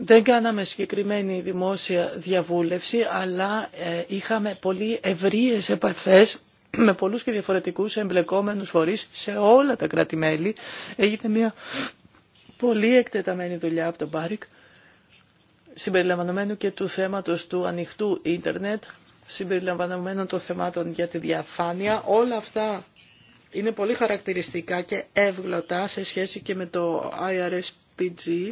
δεν κάναμε συγκεκριμένη δημόσια διαβούλευση, αλλά ε, είχαμε πολύ ευρείες επαφές με πολλούς και διαφορετικούς εμπλεκόμενους φορείς σε όλα τα κράτη-μέλη. Έγινε μια πολύ εκτεταμένη δουλειά από τον Πάρικ συμπεριλαμβανομένου και του θέματος του ανοιχτού ίντερνετ, συμπεριλαμβανομένου των θεμάτων για τη διαφάνεια. Όλα αυτά είναι πολύ χαρακτηριστικά και εύγλωτα σε σχέση και με το IRSPG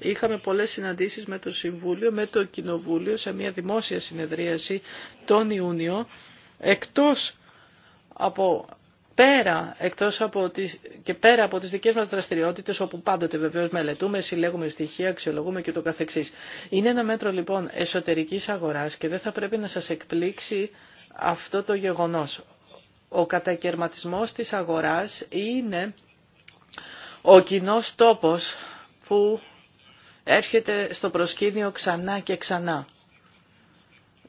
Είχαμε πολλές συναντήσεις με το Συμβούλιο, με το Κοινοβούλιο σε μια δημόσια συνεδρίαση τον Ιούνιο, εκτός από πέρα, εκτός από τις, και πέρα από τις δικές μας δραστηριότητες, όπου πάντοτε βεβαίως μελετούμε, συλλέγουμε στοιχεία, αξιολογούμε και το καθεξής. Είναι ένα μέτρο λοιπόν εσωτερικής αγοράς και δεν θα πρέπει να σας εκπλήξει αυτό το γεγονός. Ο κατακαιρματισμός της αγοράς είναι ο κοινός τόπος που έρχεται στο προσκήνιο ξανά και ξανά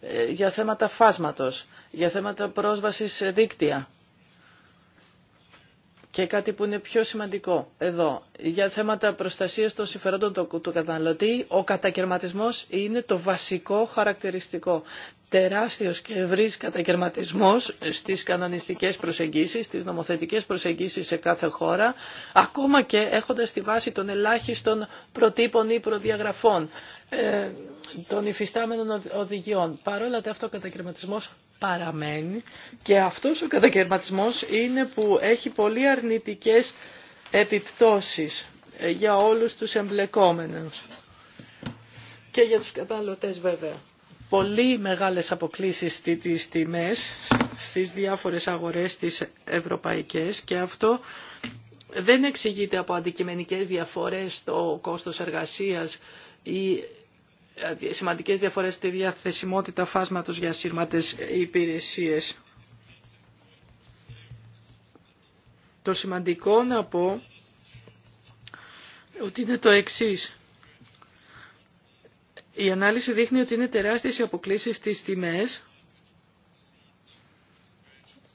ε, για θέματα φάσματος, για θέματα πρόσβασης σε δίκτυα. Και κάτι που είναι πιο σημαντικό εδώ, για θέματα προστασίας των συμφερόντων του καταναλωτή, ο κατακαιρματισμός είναι το βασικό χαρακτηριστικό τεράστιος και ευρύς κατακαιρματισμός στις κανονιστικές προσεγγίσεις, στις νομοθετικές προσεγγίσεις σε κάθε χώρα, ακόμα και έχοντας τη βάση των ελάχιστων προτύπων ή προδιαγραφών ε, των υφιστάμενων οδηγιών. Παρόλα τα αυτό ο κατακαιρματισμός παραμένει και αυτός ο κατακαιρματισμός είναι που έχει πολύ αρνητικές επιπτώσεις ε, για όλους τους εμπλεκόμενους και για τους καταναλωτές βέβαια πολύ μεγάλες αποκλήσεις στις τιμές στις διάφορες αγορές τις ευρωπαϊκές και αυτό δεν εξηγείται από αντικειμενικές διαφορές στο κόστος εργασίας ή ε, σημαντικές διαφορές στη διαθεσιμότητα φάσματος για σύρματες υπηρεσίες. Το σημαντικό να πω ότι είναι το εξής. Η ανάλυση δείχνει ότι είναι τεράστιες οι αποκλήσεις στις τιμές.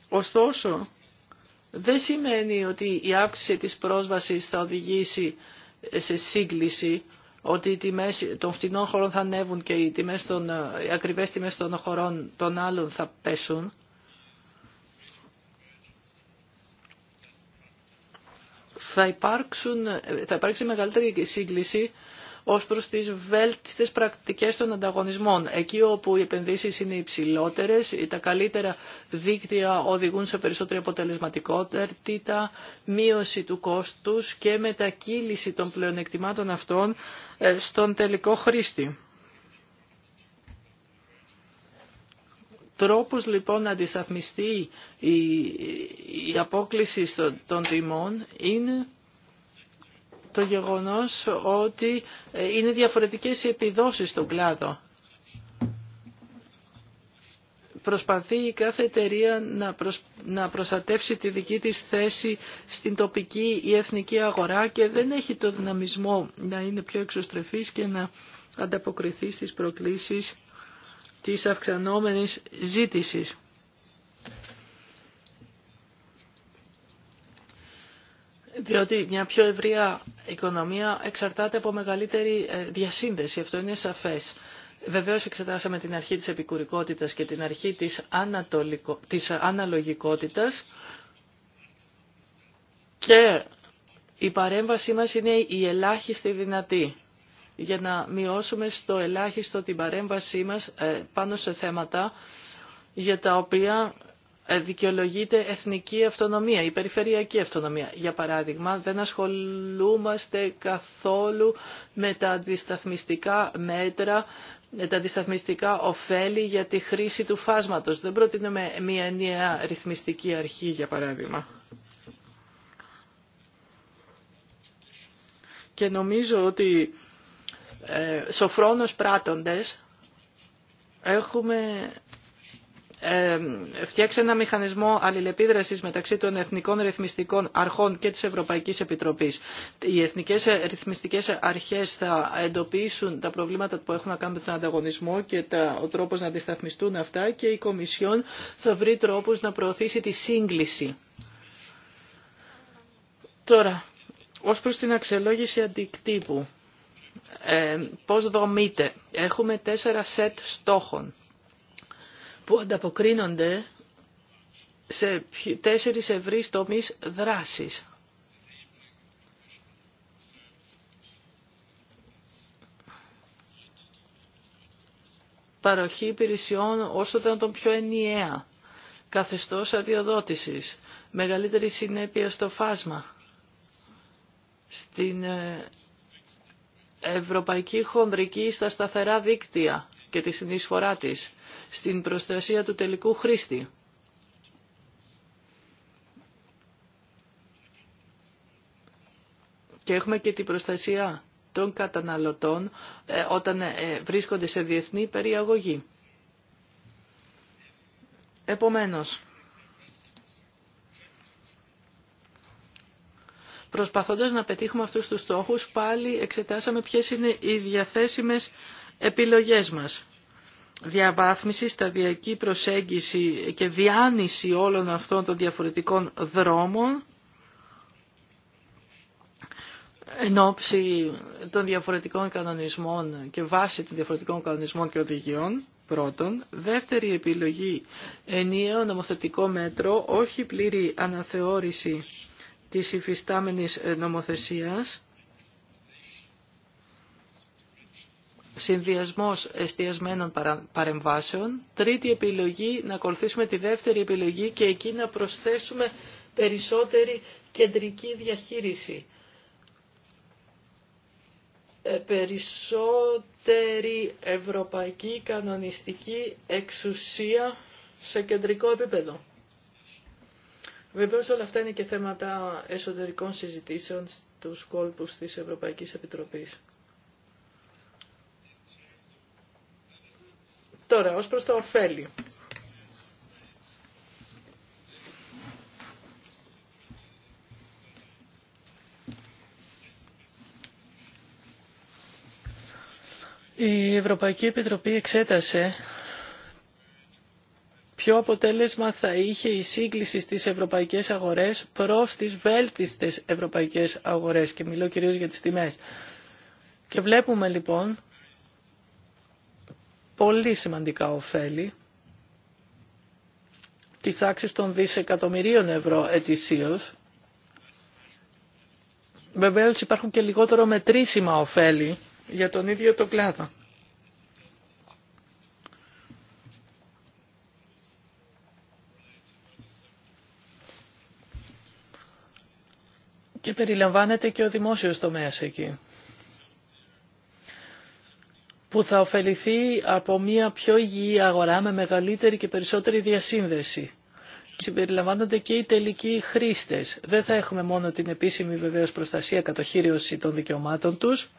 Ωστόσο, δεν σημαίνει ότι η αύξηση της πρόσβασης θα οδηγήσει σε σύγκληση, ότι οι τιμές των φτηνών χωρών θα ανέβουν και οι, τιμές των, ε, οι ακριβές τιμές των χωρών των άλλων θα πέσουν. Θα, υπάρξουν, ε, θα υπάρξει μεγαλύτερη σύγκληση ως προς τις βέλτιστες πρακτικές των ανταγωνισμών. Εκεί όπου οι επενδύσεις είναι υψηλότερες, τα καλύτερα δίκτυα οδηγούν σε περισσότερη αποτελεσματικότητα, μείωση του κόστους και μετακύληση των πλεονεκτημάτων αυτών ε, στον τελικό χρήστη. Τρόπους λοιπόν να αντισταθμιστεί η, η απόκληση των τιμών είναι το γεγονός ότι ε, είναι διαφορετικές οι επιδόσεις στον κλάδο. Προσπαθεί η κάθε εταιρεία να, να προστατεύσει τη δική της θέση στην τοπική ή εθνική αγορά και δεν έχει το δυναμισμό να είναι πιο εξωστρεφής και να ανταποκριθεί στις προκλήσεις της αυξανόμενης ζήτησης. διότι μια πιο ευρεία οικονομία εξαρτάται από μεγαλύτερη ε, διασύνδεση. Αυτό είναι σαφές. Βεβαίως εξετάσαμε την αρχή της επικουρικότητας και την αρχή της, ανατολικο... της αναλογικότητας και η παρέμβασή μας είναι η ελάχιστη δυνατή για να μειώσουμε στο ελάχιστο την παρέμβασή μας ε, πάνω σε θέματα για τα οποία δικαιολογείται εθνική αυτονομία ή περιφερειακή αυτονομία. Για παράδειγμα, δεν ασχολούμαστε καθόλου με τα αντισταθμιστικά μέτρα τα αντισταθμιστικά ωφέλη για τη χρήση του φάσματος. Δεν προτείνουμε μια νέα ρυθμιστική αρχή, για παράδειγμα. Και νομίζω ότι ε, σοφρόνος πράττοντες έχουμε φτιάξει ένα μηχανισμό αλληλεπίδρασης μεταξύ των εθνικών ρυθμιστικών αρχών και της Ευρωπαϊκής Επιτροπής. Οι εθνικές ε, ρυθμιστικές αρχές θα εντοπίσουν τα προβλήματα που έχουν να κάνουν με τον ανταγωνισμό και τα, ο τρόπος να αντισταθμιστούν αυτά και η Κομισιόν θα βρει τρόπους να προωθήσει τη σύγκληση. Τώρα, ως προς την αξιολόγηση αντικτύπου, ε, πώς δομείται. Έχουμε τέσσερα σετ στόχων που ανταποκρίνονται σε τέσσερις ευρύς τομείς δράσης. Παροχή υπηρεσιών όσο ήταν τον πιο ενιαία, καθεστώς αδειοδότησης, μεγαλύτερη συνέπεια στο φάσμα, στην ε, ευρωπαϊκή χονδρική στα σταθερά δίκτυα και τη συνεισφορά της, στην προστασία του τελικού χρήστη. Και έχουμε και την προστασία των καταναλωτών ε, όταν ε, βρίσκονται σε διεθνή περιαγωγή. Επομένως, προσπαθώντας να πετύχουμε αυτούς τους στόχους, πάλι εξετάσαμε ποιες είναι οι διαθέσιμες επιλογές μας διαβάθμιση, σταδιακή προσέγγιση και διάνυση όλων αυτών των διαφορετικών δρόμων εν ώψη των διαφορετικών κανονισμών και βάση των διαφορετικών κανονισμών και οδηγιών, πρώτον. Δεύτερη επιλογή, ενιαίο νομοθετικό μέτρο, όχι πλήρη αναθεώρηση της υφιστάμενης νομοθεσίας, συνδυασμός εστιασμένων παρεμβάσεων. Τρίτη επιλογή, να ακολουθήσουμε τη δεύτερη επιλογή και εκεί να προσθέσουμε περισσότερη κεντρική διαχείριση. Ε, περισσότερη ευρωπαϊκή κανονιστική εξουσία σε κεντρικό επίπεδο. Βεβαίως όλα αυτά είναι και θέματα εσωτερικών συζητήσεων στους κόλπους της Ευρωπαϊκής Επιτροπής. Τώρα, ως προς το ωφέλη. Η Ευρωπαϊκή Επιτροπή εξέτασε ποιο αποτέλεσμα θα είχε η σύγκληση στις ευρωπαϊκές αγορές προς τις βέλτιστες ευρωπαϊκές αγορές και μιλώ κυρίως για τις τιμές. Και βλέπουμε λοιπόν πολύ σημαντικά ωφέλη της άξης των δισεκατομμυρίων ευρώ ετησίως. Βεβαίως υπάρχουν και λιγότερο μετρήσιμα ωφέλη για τον ίδιο το κλάδο. Και περιλαμβάνεται και ο δημόσιος τομέας εκεί που θα ωφεληθεί από μια πιο υγιή αγορά με μεγαλύτερη και περισσότερη διασύνδεση. Συμπεριλαμβάνονται και οι τελικοί χρήστε. Δεν θα έχουμε μόνο την επίσημη βεβαίως προστασία κατοχήριωση των δικαιωμάτων τους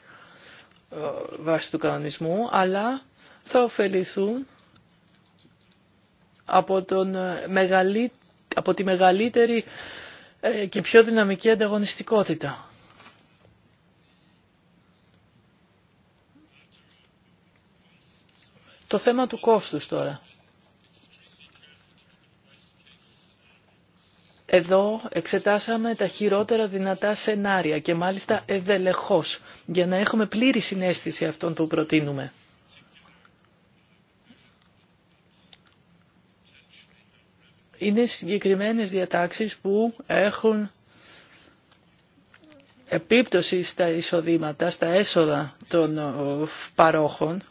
ε, βάσει του κανονισμού, αλλά θα ωφεληθούν από, τον ε, από τη μεγαλύτερη ε, και πιο δυναμική ανταγωνιστικότητα. Το θέμα του κόστους τώρα. Εδώ εξετάσαμε τα χειρότερα δυνατά σενάρια και μάλιστα ευελεχώς για να έχουμε πλήρη συνέστηση αυτών που προτείνουμε. Είναι συγκεκριμένες διατάξεις που έχουν επίπτωση στα εισοδήματα, στα έσοδα των παρόχων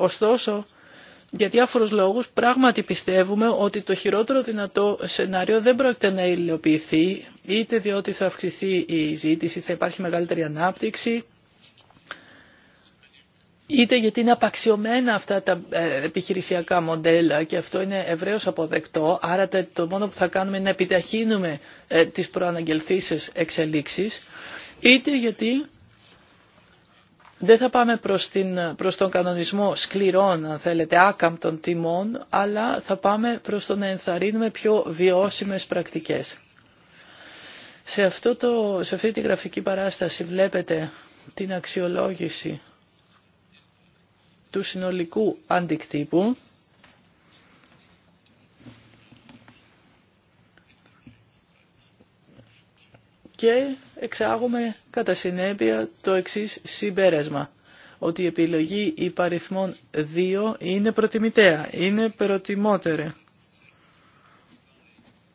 Ωστόσο, για διάφορους λόγους πράγματι πιστεύουμε ότι το χειρότερο δυνατό σενάριο δεν πρόκειται να υλοποιηθεί, είτε διότι θα αυξηθεί η ζήτηση, θα υπάρχει μεγαλύτερη ανάπτυξη, είτε γιατί είναι απαξιωμένα αυτά τα ε, επιχειρησιακά μοντέλα και αυτό είναι ευρέως αποδεκτό, άρα το μόνο που θα κάνουμε είναι να επιταχύνουμε ε, τις προαναγγελθήσεις εξελίξεις, είτε γιατί δεν θα πάμε προς, την, προς τον κανονισμό σκληρών, αν θέλετε, άκαμπτων τιμών, αλλά θα πάμε προς το να ενθαρρύνουμε πιο βιώσιμες πρακτικές. Σε, αυτό το, σε αυτή τη γραφική παράσταση βλέπετε την αξιολόγηση του συνολικού αντικτύπου και εξάγουμε κατά συνέπεια το εξής συμπέρασμα ότι η επιλογή υπαριθμών 2 είναι προτιμητέα, είναι προτιμότερη.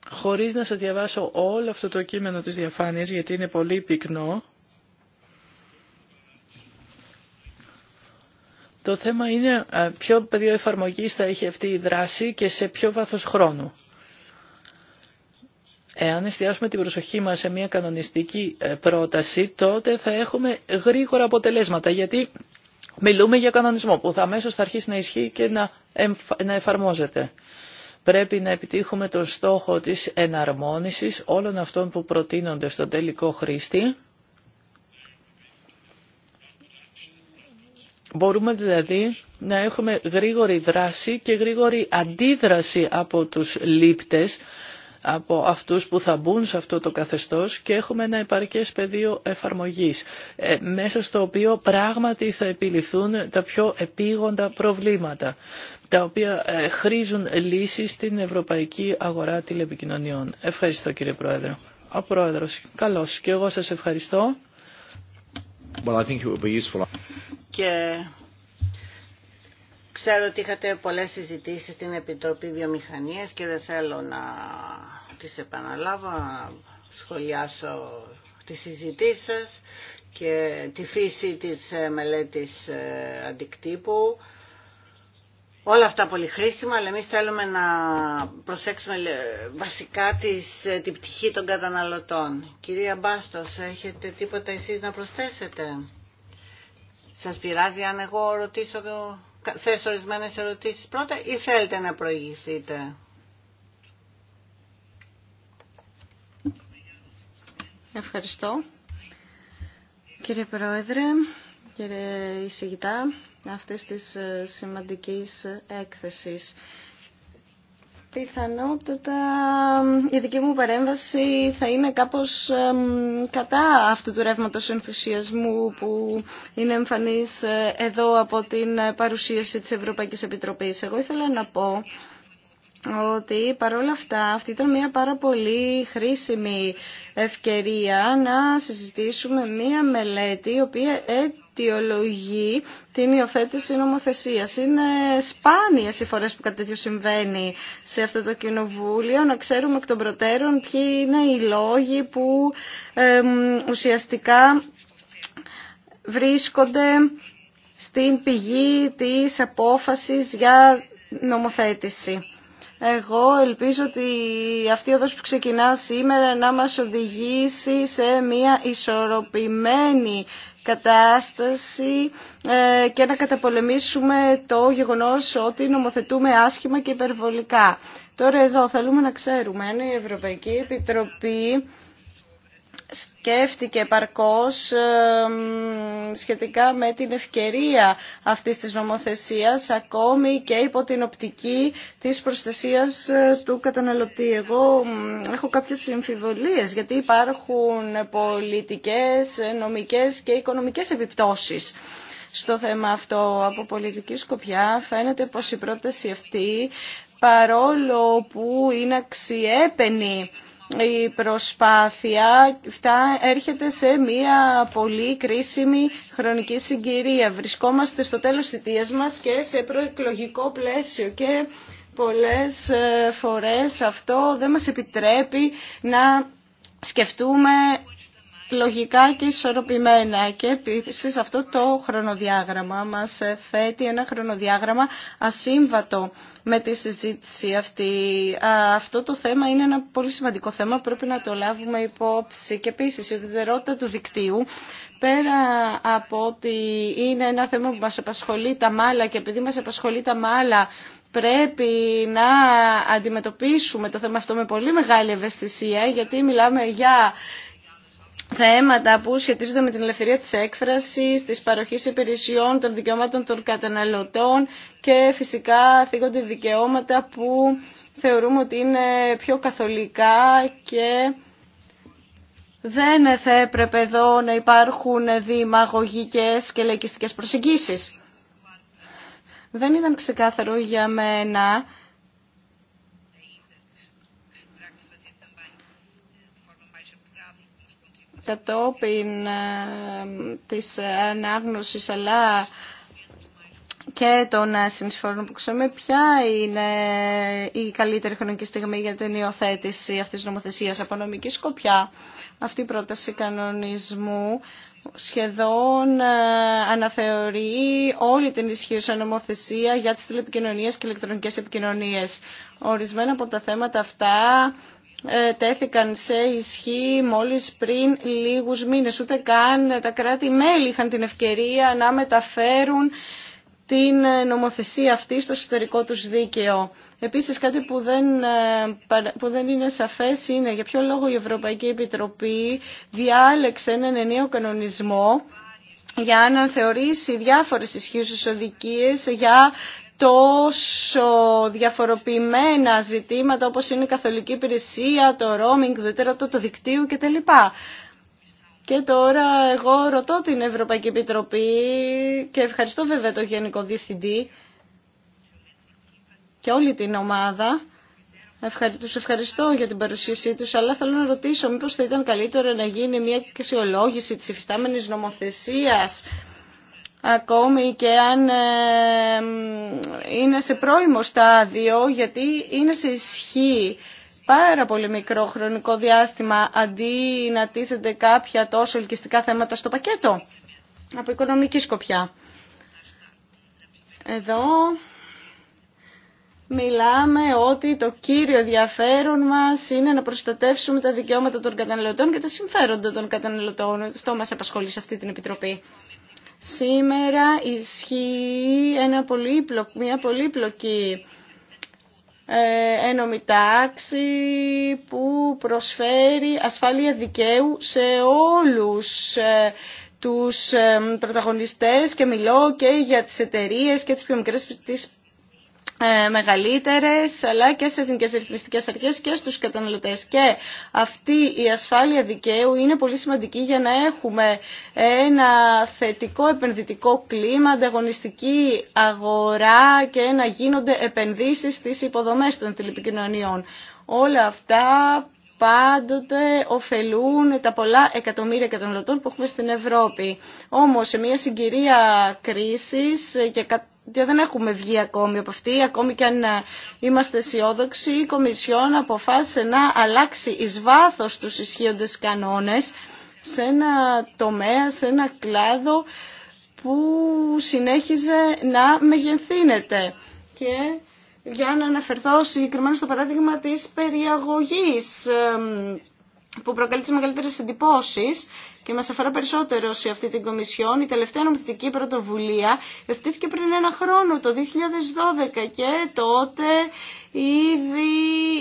Χωρίς να σας διαβάσω όλο αυτό το κείμενο της διαφάνειας, γιατί είναι πολύ πυκνό, το θέμα είναι ποιο πεδίο εφαρμογής θα έχει αυτή η δράση και σε ποιο βάθος χρόνου. Εάν εστιάσουμε την προσοχή μας σε μια κανονιστική ε, πρόταση, τότε θα έχουμε γρήγορα αποτελέσματα, γιατί μιλούμε για κανονισμό που θα αμέσως θα αρχίσει να ισχύει και να, να εφαρμόζεται. Πρέπει να επιτύχουμε τον στόχο της εναρμόνισης όλων αυτών που προτείνονται στον τελικό χρήστη. Μπορούμε δηλαδή να έχουμε γρήγορη δράση και γρήγορη αντίδραση από τους λήπτες, από αυτούς που θα μπουν σε αυτό το καθεστώς και έχουμε ένα επαρκές πεδίο εφαρμογής ε, μέσα στο οποίο πράγματι θα επιληθούν τα πιο επίγοντα προβλήματα τα οποία ε, χρήζουν λύσεις στην ευρωπαϊκή αγορά τηλεπικοινωνιών. Ευχαριστώ κύριε Πρόεδρο. Ο Πρόεδρος, καλώς. Και εγώ σας ευχαριστώ. Well, I think it be useful. Ξέρω ότι είχατε πολλές συζητήσεις στην Επιτροπή Βιομηχανίας και δεν θέλω να τις επαναλάβω, να σχολιάσω τις συζητήσεις σας και τη φύση της ε, μελέτης ε, αντικτύπου. Όλα αυτά πολύ χρήσιμα, αλλά εμείς θέλουμε να προσέξουμε βασικά τις, ε, την πτυχή των καταναλωτών. Κυρία Μπάστος, έχετε τίποτα εσείς να προσθέσετε. Σας πειράζει αν εγώ ρωτήσω θέσω ορισμένε ερωτήσεις πρώτα ή θέλετε να προηγηθείτε. Ευχαριστώ. Κύριε Πρόεδρε, κύριε Ισηγητά, αυτής της ε, σημαντικής έκθεσης. Πιθανότατα η δική μου παρέμβαση θα είναι κάπως κατά αυτού του ρεύματο ενθουσιασμού που είναι εμφανής ε, εδώ από την παρουσίαση της Ευρωπαϊκής Επιτροπής. Εγώ ήθελα να πω ότι παρόλα αυτά αυτή ήταν μια πάρα πολύ χρήσιμη ευκαιρία να συζητήσουμε μια μελέτη η οποία αιτιολογεί την υιοθέτηση νομοθεσία. Είναι σπάνιε οι φορέ που κάτι τέτοιο συμβαίνει σε αυτό το κοινοβούλιο, να ξέρουμε εκ των προτέρων ποιοι είναι οι λόγοι που ουσιαστικά βρίσκονται στην πηγή της απόφασης για νομοθέτηση. Εγώ ελπίζω ότι αυτή η οδός που ξεκινά σήμερα να μας οδηγήσει σε μια ισορροπημένη κατάσταση ε, και να καταπολεμήσουμε το γεγονός ότι νομοθετούμε άσχημα και υπερβολικά. Τώρα εδώ θέλουμε να ξέρουμε αν η Ευρωπαϊκή Επιτροπή σκέφτηκε παρκώς σχετικά με την ευκαιρία αυτής της νομοθεσίας ακόμη και υπό την οπτική της προστασίας ε, του καταναλωτή. Εγώ έχω κάποιες συμφιβολίες γιατί υπάρχουν πολιτικές, νομικές και οικονομικές επιπτώσεις στο θέμα αυτό. Από πολιτική σκοπιά φαίνεται πως η πρόταση αυτή παρόλο που είναι αξιέπαινη η προσπάθεια αυτά έρχεται σε μια πολύ κρίσιμη χρονική συγκυρία. Βρισκόμαστε στο τέλος θητείας μας και σε προεκλογικό πλαίσιο και πολλές ε, φορές αυτό δεν μας επιτρέπει να σκεφτούμε λογικά και ισορροπημένα και επίση αυτό το χρονοδιάγραμμα μας θέτει ένα χρονοδιάγραμμα ασύμβατο με τη συζήτηση αυτή. Αυτό το θέμα είναι ένα πολύ σημαντικό θέμα, πρέπει να το λάβουμε υπόψη και επίση, η ουδετερότητα του δικτύου πέρα από ότι είναι ένα θέμα που μας απασχολεί τα μάλα και επειδή μας απασχολεί τα μάλα πρέπει να αντιμετωπίσουμε το θέμα αυτό με πολύ μεγάλη ευαισθησία γιατί μιλάμε για θέματα που σχετίζονται με την ελευθερία της έκφρασης, της παροχής υπηρεσιών, των δικαιωμάτων των καταναλωτών και φυσικά θίγονται δικαιώματα που θεωρούμε ότι είναι πιο καθολικά και δεν θα έπρεπε εδώ να υπάρχουν δημαγωγικές και λαϊκιστικές προσεγγίσεις. Δεν ήταν ξεκάθαρο για μένα κατόπιν ε, της ανάγνωσης αλλά και των συνεισφορών που ξέρουμε, ποια είναι η καλύτερη χρονική στιγμή για την υιοθέτηση αυτής της νομοθεσίας από νομική σκοπιά. Αυτή η πρόταση κανονισμού σχεδόν ε, αναθεωρεί όλη την ισχύουσα νομοθεσία για τις τηλεπικοινωνίες και ηλεκτρονικές επικοινωνίες. Ορισμένα από τα θέματα αυτά ε, τέθηκαν σε ισχύ μόλις πριν λίγους μήνες. Ούτε καν τα κράτη-μέλη είχαν την ευκαιρία να μεταφέρουν την ε, νομοθεσία αυτή στο εσωτερικό τους δίκαιο. Επίσης κάτι που δεν, ε, που δεν είναι σαφές είναι για ποιο λόγο η Ευρωπαϊκή Επιτροπή διάλεξε έναν νέο κανονισμό για να θεωρήσει διάφορες ισχύουσες οδικίες για τόσο διαφοροποιημένα ζητήματα όπως είναι η καθολική υπηρεσία, το roaming, δεύτερο το, το δικτύου κτλ. Και τώρα εγώ ρωτώ την Ευρωπαϊκή Επιτροπή και ευχαριστώ βέβαια το Γενικό Διευθυντή και όλη την ομάδα. Τους ευχαριστώ για την παρουσίασή τους, αλλά θέλω να ρωτήσω μήπως θα ήταν καλύτερο να γίνει μια αξιολόγηση της υφιστάμενης νομοθεσίας ακόμη και αν ε, είναι σε πρώιμο στάδιο, γιατί είναι σε ισχύ πάρα πολύ μικρό χρονικό διάστημα αντί να τίθενται κάποια τόσο ελκυστικά θέματα στο πακέτο από οικονομική σκοπιά. Εδώ μιλάμε ότι το κύριο ενδιαφέρον μας είναι να προστατεύσουμε τα δικαιώματα των καταναλωτών και τα συμφέροντα των καταναλωτών. Αυτό μας απασχολεί σε αυτή την Επιτροπή. Σήμερα ισχύει ένα μια πολύπλοκη ε, τάξη που προσφέρει ασφάλεια δικαίου σε όλους ε, τους ε, πρωταγωνιστές και μιλώ και για τις εταιρείες και τις πιο μικρές τις ε, μεγαλύτερες αλλά και σε εθνικέ ρυθμιστικέ αρχέ και στους καταναλωτές. Και αυτή η ασφάλεια δικαίου είναι πολύ σημαντική για να έχουμε ένα θετικό επενδυτικό κλίμα, ανταγωνιστική αγορά και να γίνονται επενδύσεις στις υποδομές των τηλεπικοινωνιών. Όλα αυτά πάντοτε ωφελούν τα πολλά εκατομμύρια καταναλωτών που έχουμε στην Ευρώπη. Όμως σε μια συγκυρία κρίσης και δεν έχουμε βγει ακόμη από αυτή, ακόμη και αν ε, είμαστε αισιόδοξοι, η Κομισιόν αποφάσισε να αλλάξει εις βάθος τους ισχύοντες κανόνες σε ένα τομέα, σε ένα κλάδο που συνέχιζε να μεγενθύνεται. Και για να αναφερθώ συγκεκριμένα στο παράδειγμα της περιαγωγής που προκαλεί τι μεγαλύτερε εντυπωσει και μας αφορά περισσότερο σε αυτή την Κομισιόν. Η τελευταία νομοθετική πρωτοβουλία ευθύθηκε πριν ένα χρόνο, το 2012 και τότε ήδη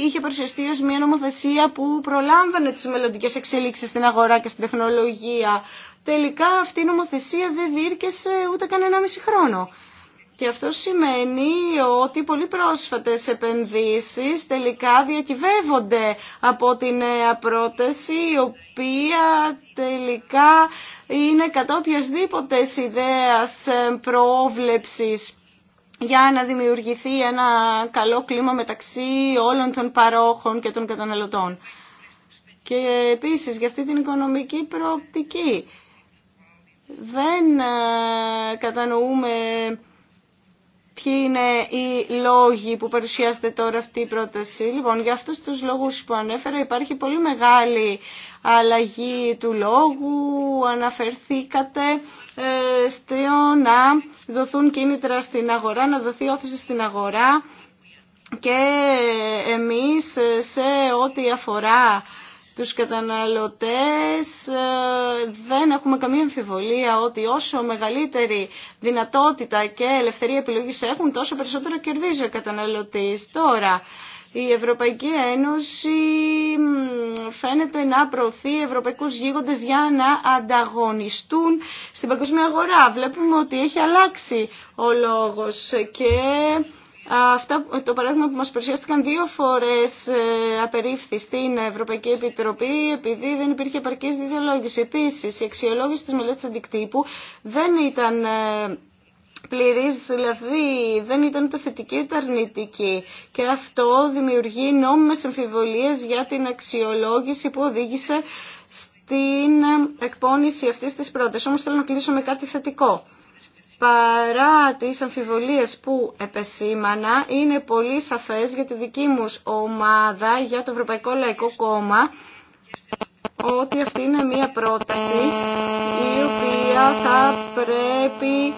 είχε παρουσιαστεί ω μια νομοθεσία που προλάμβανε τις μελλοντικέ εξελίξεις στην αγορά και στην τεχνολογία. Τελικά αυτή η νομοθεσία δεν διήρκεσε ούτε κανένα μισή χρόνο. Και αυτό σημαίνει ότι πολύ πρόσφατες επενδύσεις τελικά διακυβεύονται από τη νέα πρόταση, η οποία τελικά είναι κατά οποιασδήποτε ιδέας προόβλεψης για να δημιουργηθεί ένα καλό κλίμα μεταξύ όλων των παρόχων και των καταναλωτών. Και επίσης για αυτή την οικονομική προοπτική δεν ε, κατανοούμε ποιοι είναι οι λόγοι που παρουσιάζεται τώρα αυτή η πρόταση. Λοιπόν, για αυτούς τους λόγους που ανέφερα υπάρχει πολύ μεγάλη αλλαγή του λόγου. Αναφερθήκατε ε, στο να δοθούν κίνητρα στην αγορά, να δοθεί όθηση στην αγορά και εμείς ε, σε ό,τι αφορά τους καταναλωτές ε, δεν έχουμε καμία αμφιβολία ότι όσο μεγαλύτερη δυνατότητα και ελευθερία επιλογής έχουν τόσο περισσότερο κερδίζει ο καταναλωτής. Τώρα, η Ευρωπαϊκή Ένωση φαίνεται να προωθεί ευρωπαϊκούς γίγοντες για να ανταγωνιστούν στην παγκοσμία αγορά. Βλέπουμε ότι έχει αλλάξει ο λόγος και Αυτά, το παράδειγμα που μας παρουσιάστηκαν δύο φορές ε, απερίφθη στην Ευρωπαϊκή Επιτροπή επειδή δεν υπήρχε επαρκής διδιολόγηση. Επίσης, η αξιολόγηση της μελέτης αντικτύπου δεν ήταν ε, πληρής, δηλαδή δεν ήταν το θετική το αρνητική. Και αυτό δημιουργεί νόμιμες εμφιβολίες για την αξιολόγηση που οδήγησε στην εκπόνηση αυτής της πρότασης. Όμως θέλω να κλείσω με κάτι θετικό παρά τις αμφιβολίες που επεσήμανα, είναι πολύ σαφές για τη δική μου ομάδα, για το Ευρωπαϊκό Λαϊκό Κόμμα, ότι αυτή είναι μία πρόταση η οποία θα πρέπει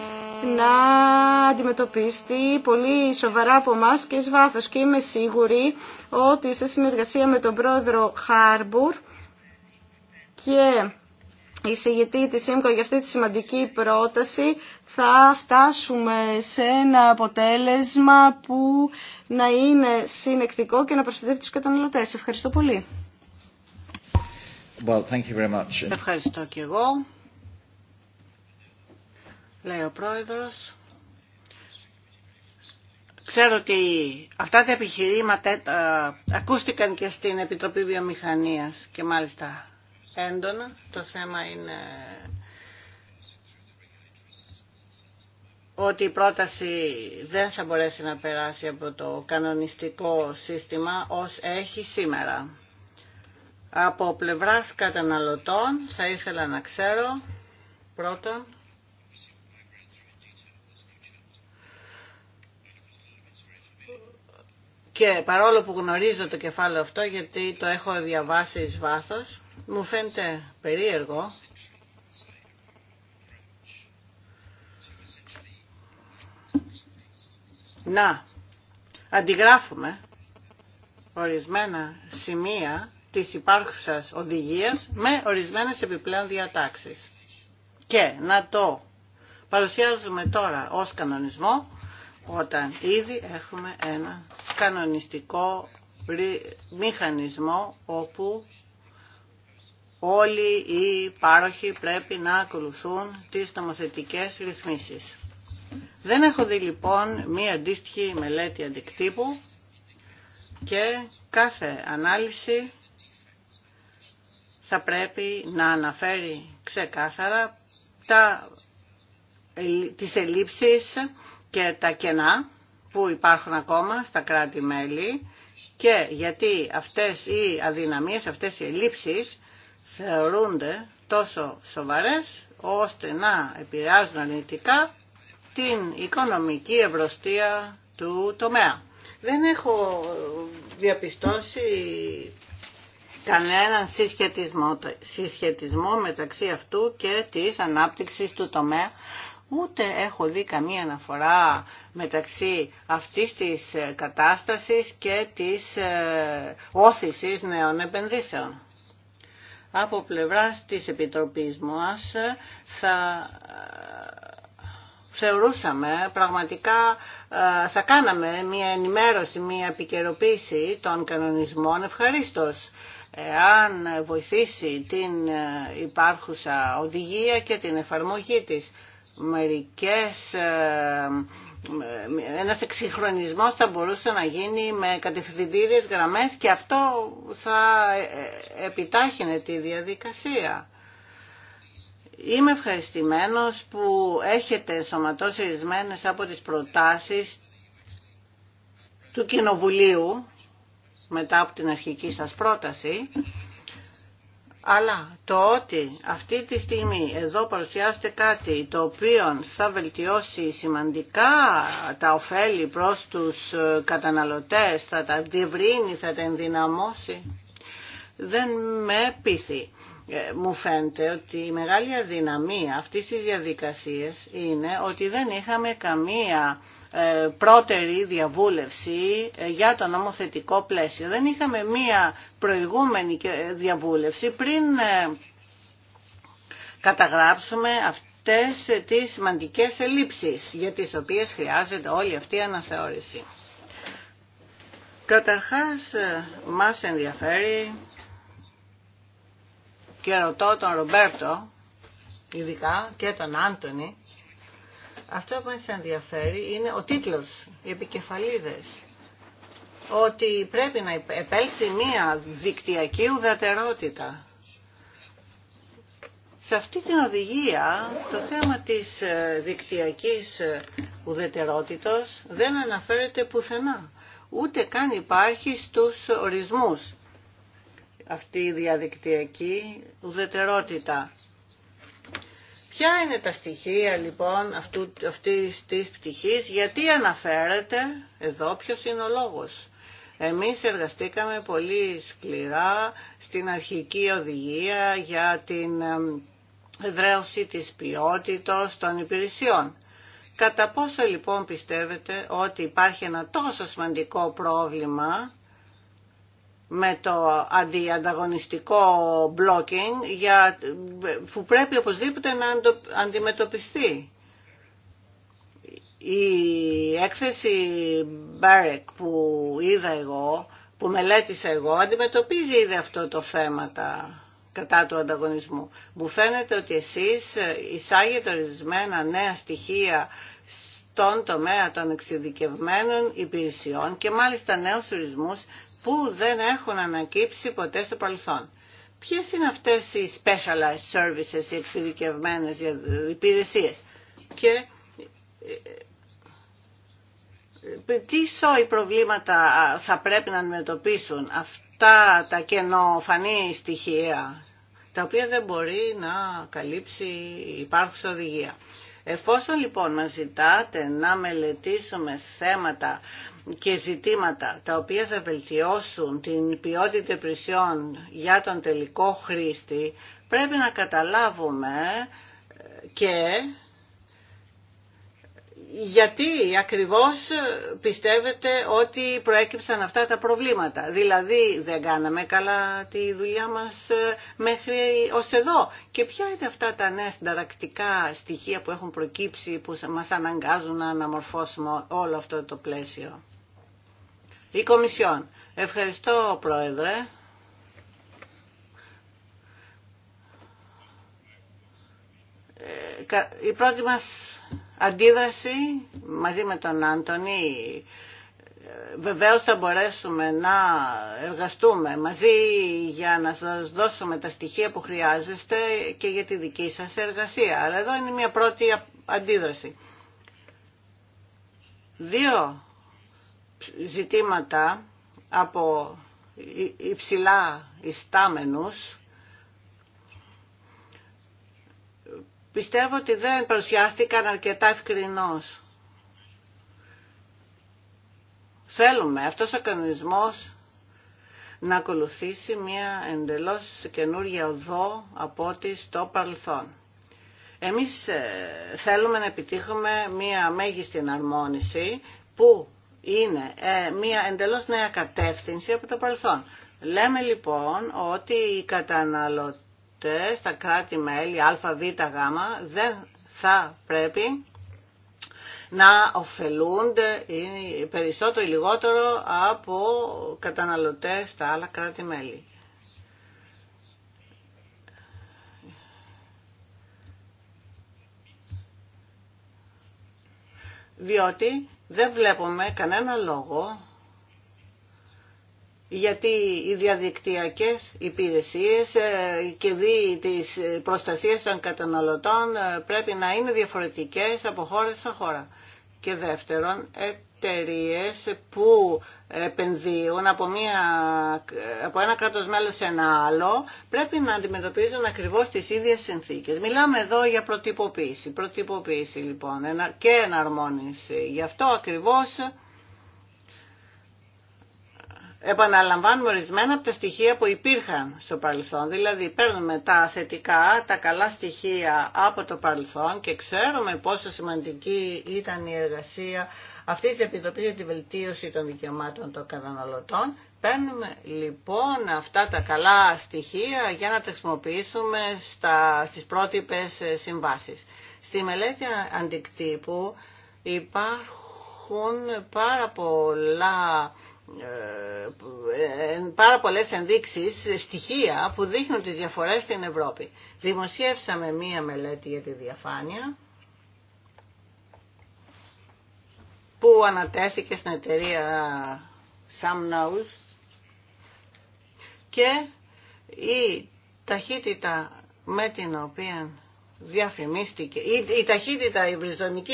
να αντιμετωπιστεί πολύ σοβαρά από εμά και εις βάθος. Και είμαι σίγουρη ότι σε συνεργασία με τον πρόεδρο Χάρμπουρ και εισηγητή της ΣΥΜΚΟ για αυτή τη σημαντική πρόταση θα φτάσουμε σε ένα αποτέλεσμα που να είναι συνεκτικό και να προστατεύει τους καταναλωτές. Ευχαριστώ πολύ. Well, thank you very much. Ευχαριστώ και εγώ. Λέει ο Πρόεδρος. Ξέρω ότι αυτά τα επιχειρήματα ε, ακούστηκαν και στην Επιτροπή Βιομηχανίας και μάλιστα έντονα. Το θέμα είναι ότι η πρόταση δεν θα μπορέσει να περάσει από το κανονιστικό σύστημα ως έχει σήμερα. Από πλευράς καταναλωτών θα ήθελα να ξέρω πρώτον και παρόλο που γνωρίζω το κεφάλαιο αυτό γιατί το έχω διαβάσει εις βάθος μου φαίνεται περίεργο να αντιγράφουμε ορισμένα σημεία της υπάρχουσας οδηγίας με ορισμένες επιπλέον διατάξεις. Και να το παρουσιάζουμε τώρα ως κανονισμό όταν ήδη έχουμε ένα κανονιστικό μηχανισμό όπου όλοι οι πάροχοι πρέπει να ακολουθούν τις νομοθετικές ρυθμίσεις. Δεν έχω δει λοιπόν μία αντίστοιχη μελέτη αντικτύπου και κάθε ανάλυση θα πρέπει να αναφέρει ξεκάθαρα τα, τις ελλείψεις και τα κενά που υπάρχουν ακόμα στα κράτη-μέλη και γιατί αυτές οι αδυναμίες, αυτές οι ελλείψεις θεωρούνται τόσο σοβαρές ώστε να επηρεάζουν αρνητικά την οικονομική ευρωστία του τομέα. Δεν έχω διαπιστώσει κανέναν συσχετισμό, μεταξύ αυτού και της ανάπτυξης του τομέα ούτε έχω δει καμία αναφορά μεταξύ αυτής της ε, κατάστασης και της ε, όθησης νέων επενδύσεων από πλευράς της Επιτροπής μας θα ε, θεωρούσαμε πραγματικά ε, θα κάναμε μια ενημέρωση, μια επικαιροποίηση των κανονισμών ευχαρίστως εάν βοηθήσει την ε, υπάρχουσα οδηγία και την εφαρμογή της. Μερικές ένας εξυγχρονισμός θα μπορούσε να γίνει με κατευθυντήριες γραμμές και αυτό θα επιτάχυνε τη διαδικασία. Είμαι ευχαριστημένος που έχετε ενσωματώσει ορισμένε από τις προτάσεις του Κοινοβουλίου μετά από την αρχική σας πρόταση αλλά το ότι αυτή τη στιγμή εδώ παρουσιάζεται κάτι το οποίο θα βελτιώσει σημαντικά τα ωφέλη προς τους ε, καταναλωτές, θα τα διευρύνει, θα τα ενδυναμώσει, δεν με πείθει. Ε, μου φαίνεται ότι η μεγάλη αδυναμία αυτής της διαδικασίας είναι ότι δεν είχαμε καμία ε, πρώτερη διαβούλευση ε, για το νομοθετικό πλαίσιο. Δεν είχαμε μία προηγούμενη ε, διαβούλευση πριν καταγράψουμε αυτές τις σημαντικές ελλείψεις για τις οποίες χρειάζεται όλη αυτή η αναθεώρηση. Καταρχάς μας ενδιαφέρει και ρωτώ τον Ρομπέρτο ειδικά και τον Άντωνη αυτό που μας ενδιαφέρει είναι ο τίτλος, οι επικεφαλίδες. Ότι πρέπει να επέλθει μία δικτυακή ουδατερότητα. Σε αυτή την οδηγία το θέμα της ε, δικτυακής ε, ουδετερότητος δεν αναφέρεται πουθενά. Ούτε καν υπάρχει στους ορισμούς αυτή η διαδικτυακή ουδετερότητα. Ποια είναι τα στοιχεία λοιπόν αυτού, αυτής της πτυχής, γιατί αναφέρεται εδώ ποιος είναι ο λόγος. Εμείς εργαστήκαμε πολύ σκληρά στην αρχική οδηγία για την δρέωση της ποιότητας των υπηρεσιών. Κατά πόσο λοιπόν πιστεύετε ότι υπάρχει ένα τόσο σημαντικό πρόβλημα με το αντιανταγωνιστικό blocking για, που πρέπει οπωσδήποτε να αντιμετωπιστεί. Η έκθεση Μπέρεκ που είδα εγώ, που μελέτησα εγώ, αντιμετωπίζει ήδη αυτό το θέμα τα κατά του ανταγωνισμού. Μου φαίνεται ότι εσείς εισάγετε ορισμένα νέα στοιχεία στον τομέα των εξειδικευμένων υπηρεσιών και μάλιστα νέους ορισμούς που δεν έχουν ανακύψει ποτέ στο παρελθόν. Ποιες είναι αυτές οι specialized services, οι εξειδικευμένες υπηρεσίες και ε, ε, τι σώοι προβλήματα θα πρέπει να αντιμετωπίσουν αυτά τα κενοφανή στοιχεία τα οποία δεν μπορεί να καλύψει η υπάρχουσα οδηγία. Εφόσον λοιπόν μας ζητάτε να μελετήσουμε θέματα και ζητήματα τα οποία θα βελτιώσουν την ποιότητα υπηρεσιών για τον τελικό χρήστη, πρέπει να καταλάβουμε ε, και γιατί ακριβώς πιστεύετε ότι προέκυψαν αυτά τα προβλήματα. Δηλαδή δεν κάναμε καλά τη δουλειά μας ε, μέχρι ως εδώ. Και ποια είναι αυτά τα νέα συνταρακτικά στοιχεία που έχουν προκύψει που μας αναγκάζουν να αναμορφώσουμε όλο αυτό το πλαίσιο. Η Κομισιόν. Ευχαριστώ, Πρόεδρε. Ε, η πρώτη μας αντίδραση μαζί με τον Άντωνη ε, βεβαίως θα μπορέσουμε να εργαστούμε μαζί για να σας δώσουμε τα στοιχεία που χρειάζεστε και για τη δική σας εργασία. Αλλά εδώ είναι μια πρώτη αντίδραση. Δύο ζητήματα από υψηλά ιστάμενους πιστεύω ότι δεν παρουσιάστηκαν αρκετά ευκρινώς. Θέλουμε αυτός ο κανονισμός να ακολουθήσει μια εντελώς καινούργια οδό από ό,τι στο παρελθόν. Εμείς ε, θέλουμε να επιτύχουμε μια μέγιστη εναρμόνιση που είναι ε, μια εντελώς νέα κατεύθυνση από το παρελθόν. Λέμε λοιπόν ότι οι καταναλωτές, στα κράτη-μέλη α, β, γ δεν θα πρέπει να ωφελούνται περισσότερο ή λιγότερο από καταναλωτές στα άλλα κράτη-μέλη. Διότι δεν βλέπουμε κανένα λόγο γιατί οι διαδικτυακές υπηρεσίες ε, και δι της προστασίας των καταναλωτών ε, πρέπει να είναι διαφορετικές από χώρα σε χώρα και δεύτερον εταιρείε που επενδύουν από, μια, από ένα κράτος μέλος σε ένα άλλο πρέπει να αντιμετωπίζουν ακριβώς τις ίδιες συνθήκες. Μιλάμε εδώ για προτυποποίηση. Προτυποποίηση λοιπόν και εναρμόνιση. Γι' αυτό ακριβώς επαναλαμβάνουμε ορισμένα από τα στοιχεία που υπήρχαν στο παρελθόν. Δηλαδή παίρνουμε τα θετικά, τα καλά στοιχεία από το παρελθόν και ξέρουμε πόσο σημαντική ήταν η εργασία αυτή τη επιτροπή για τη βελτίωση των δικαιωμάτων των καταναλωτών. Παίρνουμε λοιπόν αυτά τα καλά στοιχεία για να τα χρησιμοποιήσουμε στα, στις πρότυπες συμβάσεις. Στη μελέτη αντικτύπου υπάρχουν πάρα πολλά ε, πάρα πολλές ενδείξεις, στοιχεία που δείχνουν τις διαφορές στην Ευρώπη. Δημοσιεύσαμε μία μελέτη για τη διαφάνεια που ανατέθηκε στην εταιρεία Samnows και η ταχύτητα με την οποία διαφημίστηκε, η, η ταχύτητα η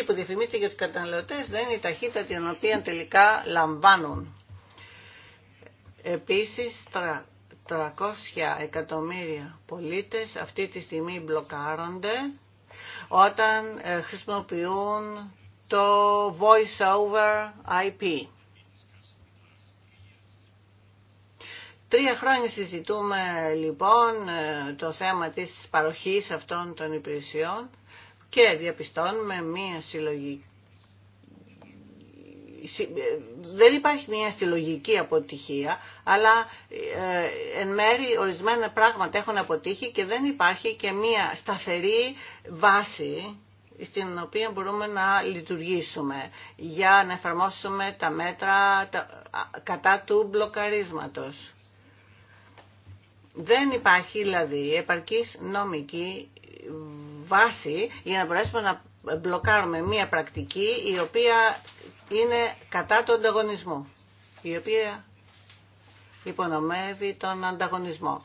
που διαφημίστηκε για τους καταναλωτές δεν είναι η ταχύτητα την οποία τελικά λαμβάνουν Επίσης, 300 εκατομμύρια πολίτες αυτή τη στιγμή μπλοκάρονται όταν ε, χρησιμοποιούν το Voice over IP. Τρία χρόνια συζητούμε λοιπόν ε, το θέμα της παροχής αυτών των υπηρεσιών και διαπιστώνουμε μία συλλογική ε, δεν υπάρχει μια συλλογική αποτυχία, αλλά ε, εν μέρη ορισμένα πράγματα έχουν αποτύχει και δεν υπάρχει και μια σταθερή βάση στην οποία μπορούμε να λειτουργήσουμε για να εφαρμόσουμε τα μέτρα κατά του μπλοκαρίσματος. Δεν υπάρχει δηλαδή επαρκής νομική βάση για να μπορέσουμε να μπλοκάρουμε μία πρακτική η οποία είναι κατά του ανταγωνισμού, η οποία υπονομεύει τον ανταγωνισμό.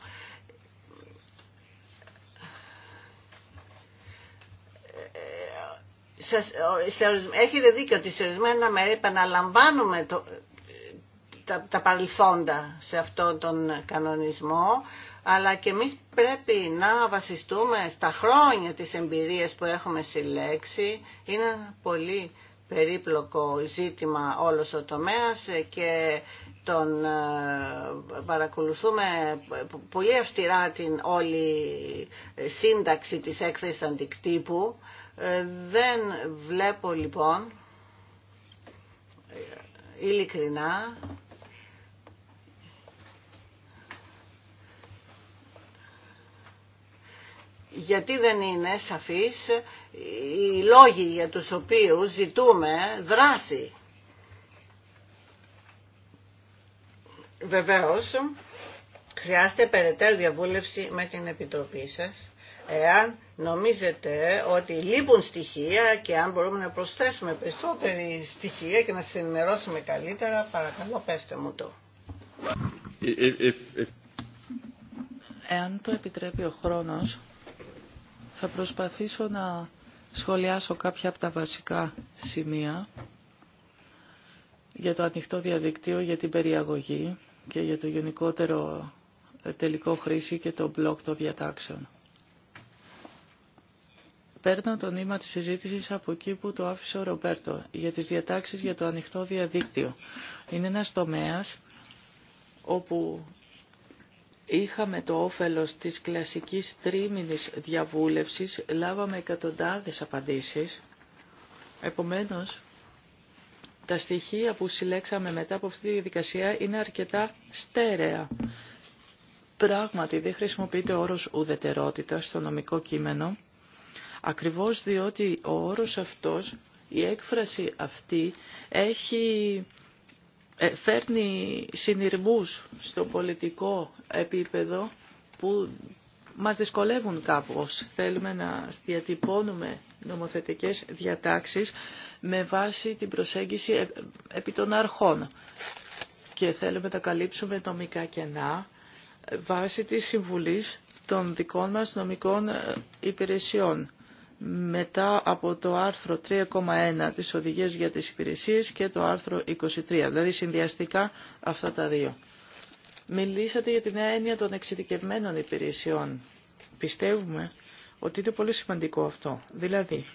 έχετε δίκιο ότι σε ορισμένα μέρη επαναλαμβάνουμε τα, τα παρελθόντα σε αυτόν τον κανονισμό, αλλά και εμείς πρέπει να βασιστούμε στα χρόνια της εμπειρίας που έχουμε συλλέξει. Είναι πολύ περίπλοκο ζήτημα όλος ο τομέας και τον ε, παρακολουθούμε πολύ αυστηρά την όλη σύνταξη της έκθεσης αντικτύπου. Ε, δεν βλέπω λοιπόν ε, ειλικρινά γιατί δεν είναι σαφείς οι λόγοι για τους οποίους ζητούμε δράση. Βεβαίως, χρειάζεται περαιτέρω διαβούλευση με την Επιτροπή σας, εάν νομίζετε ότι λείπουν στοιχεία και αν μπορούμε να προσθέσουμε περισσότερη στοιχεία και να σας καλύτερα, παρακαλώ πέστε μου το. Ε, ε, ε, εάν το επιτρέπει ο χρόνος, θα προσπαθήσω να σχολιάσω κάποια από τα βασικά σημεία για το ανοιχτό διαδικτύο, για την περιαγωγή και για το γενικότερο ε, τελικό χρήση και το μπλοκ των διατάξεων. Παίρνω το νήμα της συζήτησης από εκεί που το άφησε ο Ρομπέρτο για τις διατάξεις για το ανοιχτό διαδίκτυο. Είναι ένας τομέας όπου Είχαμε το όφελος της κλασικής τρίμηνης διαβούλευσης, λάβαμε εκατοντάδες απαντήσεις. Επομένως, τα στοιχεία που συλλέξαμε μετά από αυτή τη διαδικασία είναι αρκετά στέρεα. Πράγματι, δεν χρησιμοποιείται ο όρος ουδετερότητα στο νομικό κείμενο, ακριβώς διότι ο όρος αυτός, η έκφραση αυτή, έχει ε, φέρνει συνειρμούς στο πολιτικό επίπεδο που μας δυσκολεύουν κάπως. Θέλουμε να διατυπώνουμε νομοθετικές διατάξεις με βάση την προσέγγιση ε, επί των αρχών και θέλουμε να καλύψουμε νομικά κενά ε, βάσει της συμβουλής των δικών μας νομικών υπηρεσιών μετά από το άρθρο 3,1 της Οδηγίας για τις Υπηρεσίες και το άρθρο 23, δηλαδή συνδυαστικά αυτά τα δύο. Μιλήσατε για την έννοια των εξειδικευμένων υπηρεσιών. Πιστεύουμε ότι είναι πολύ σημαντικό αυτό. Δηλαδή,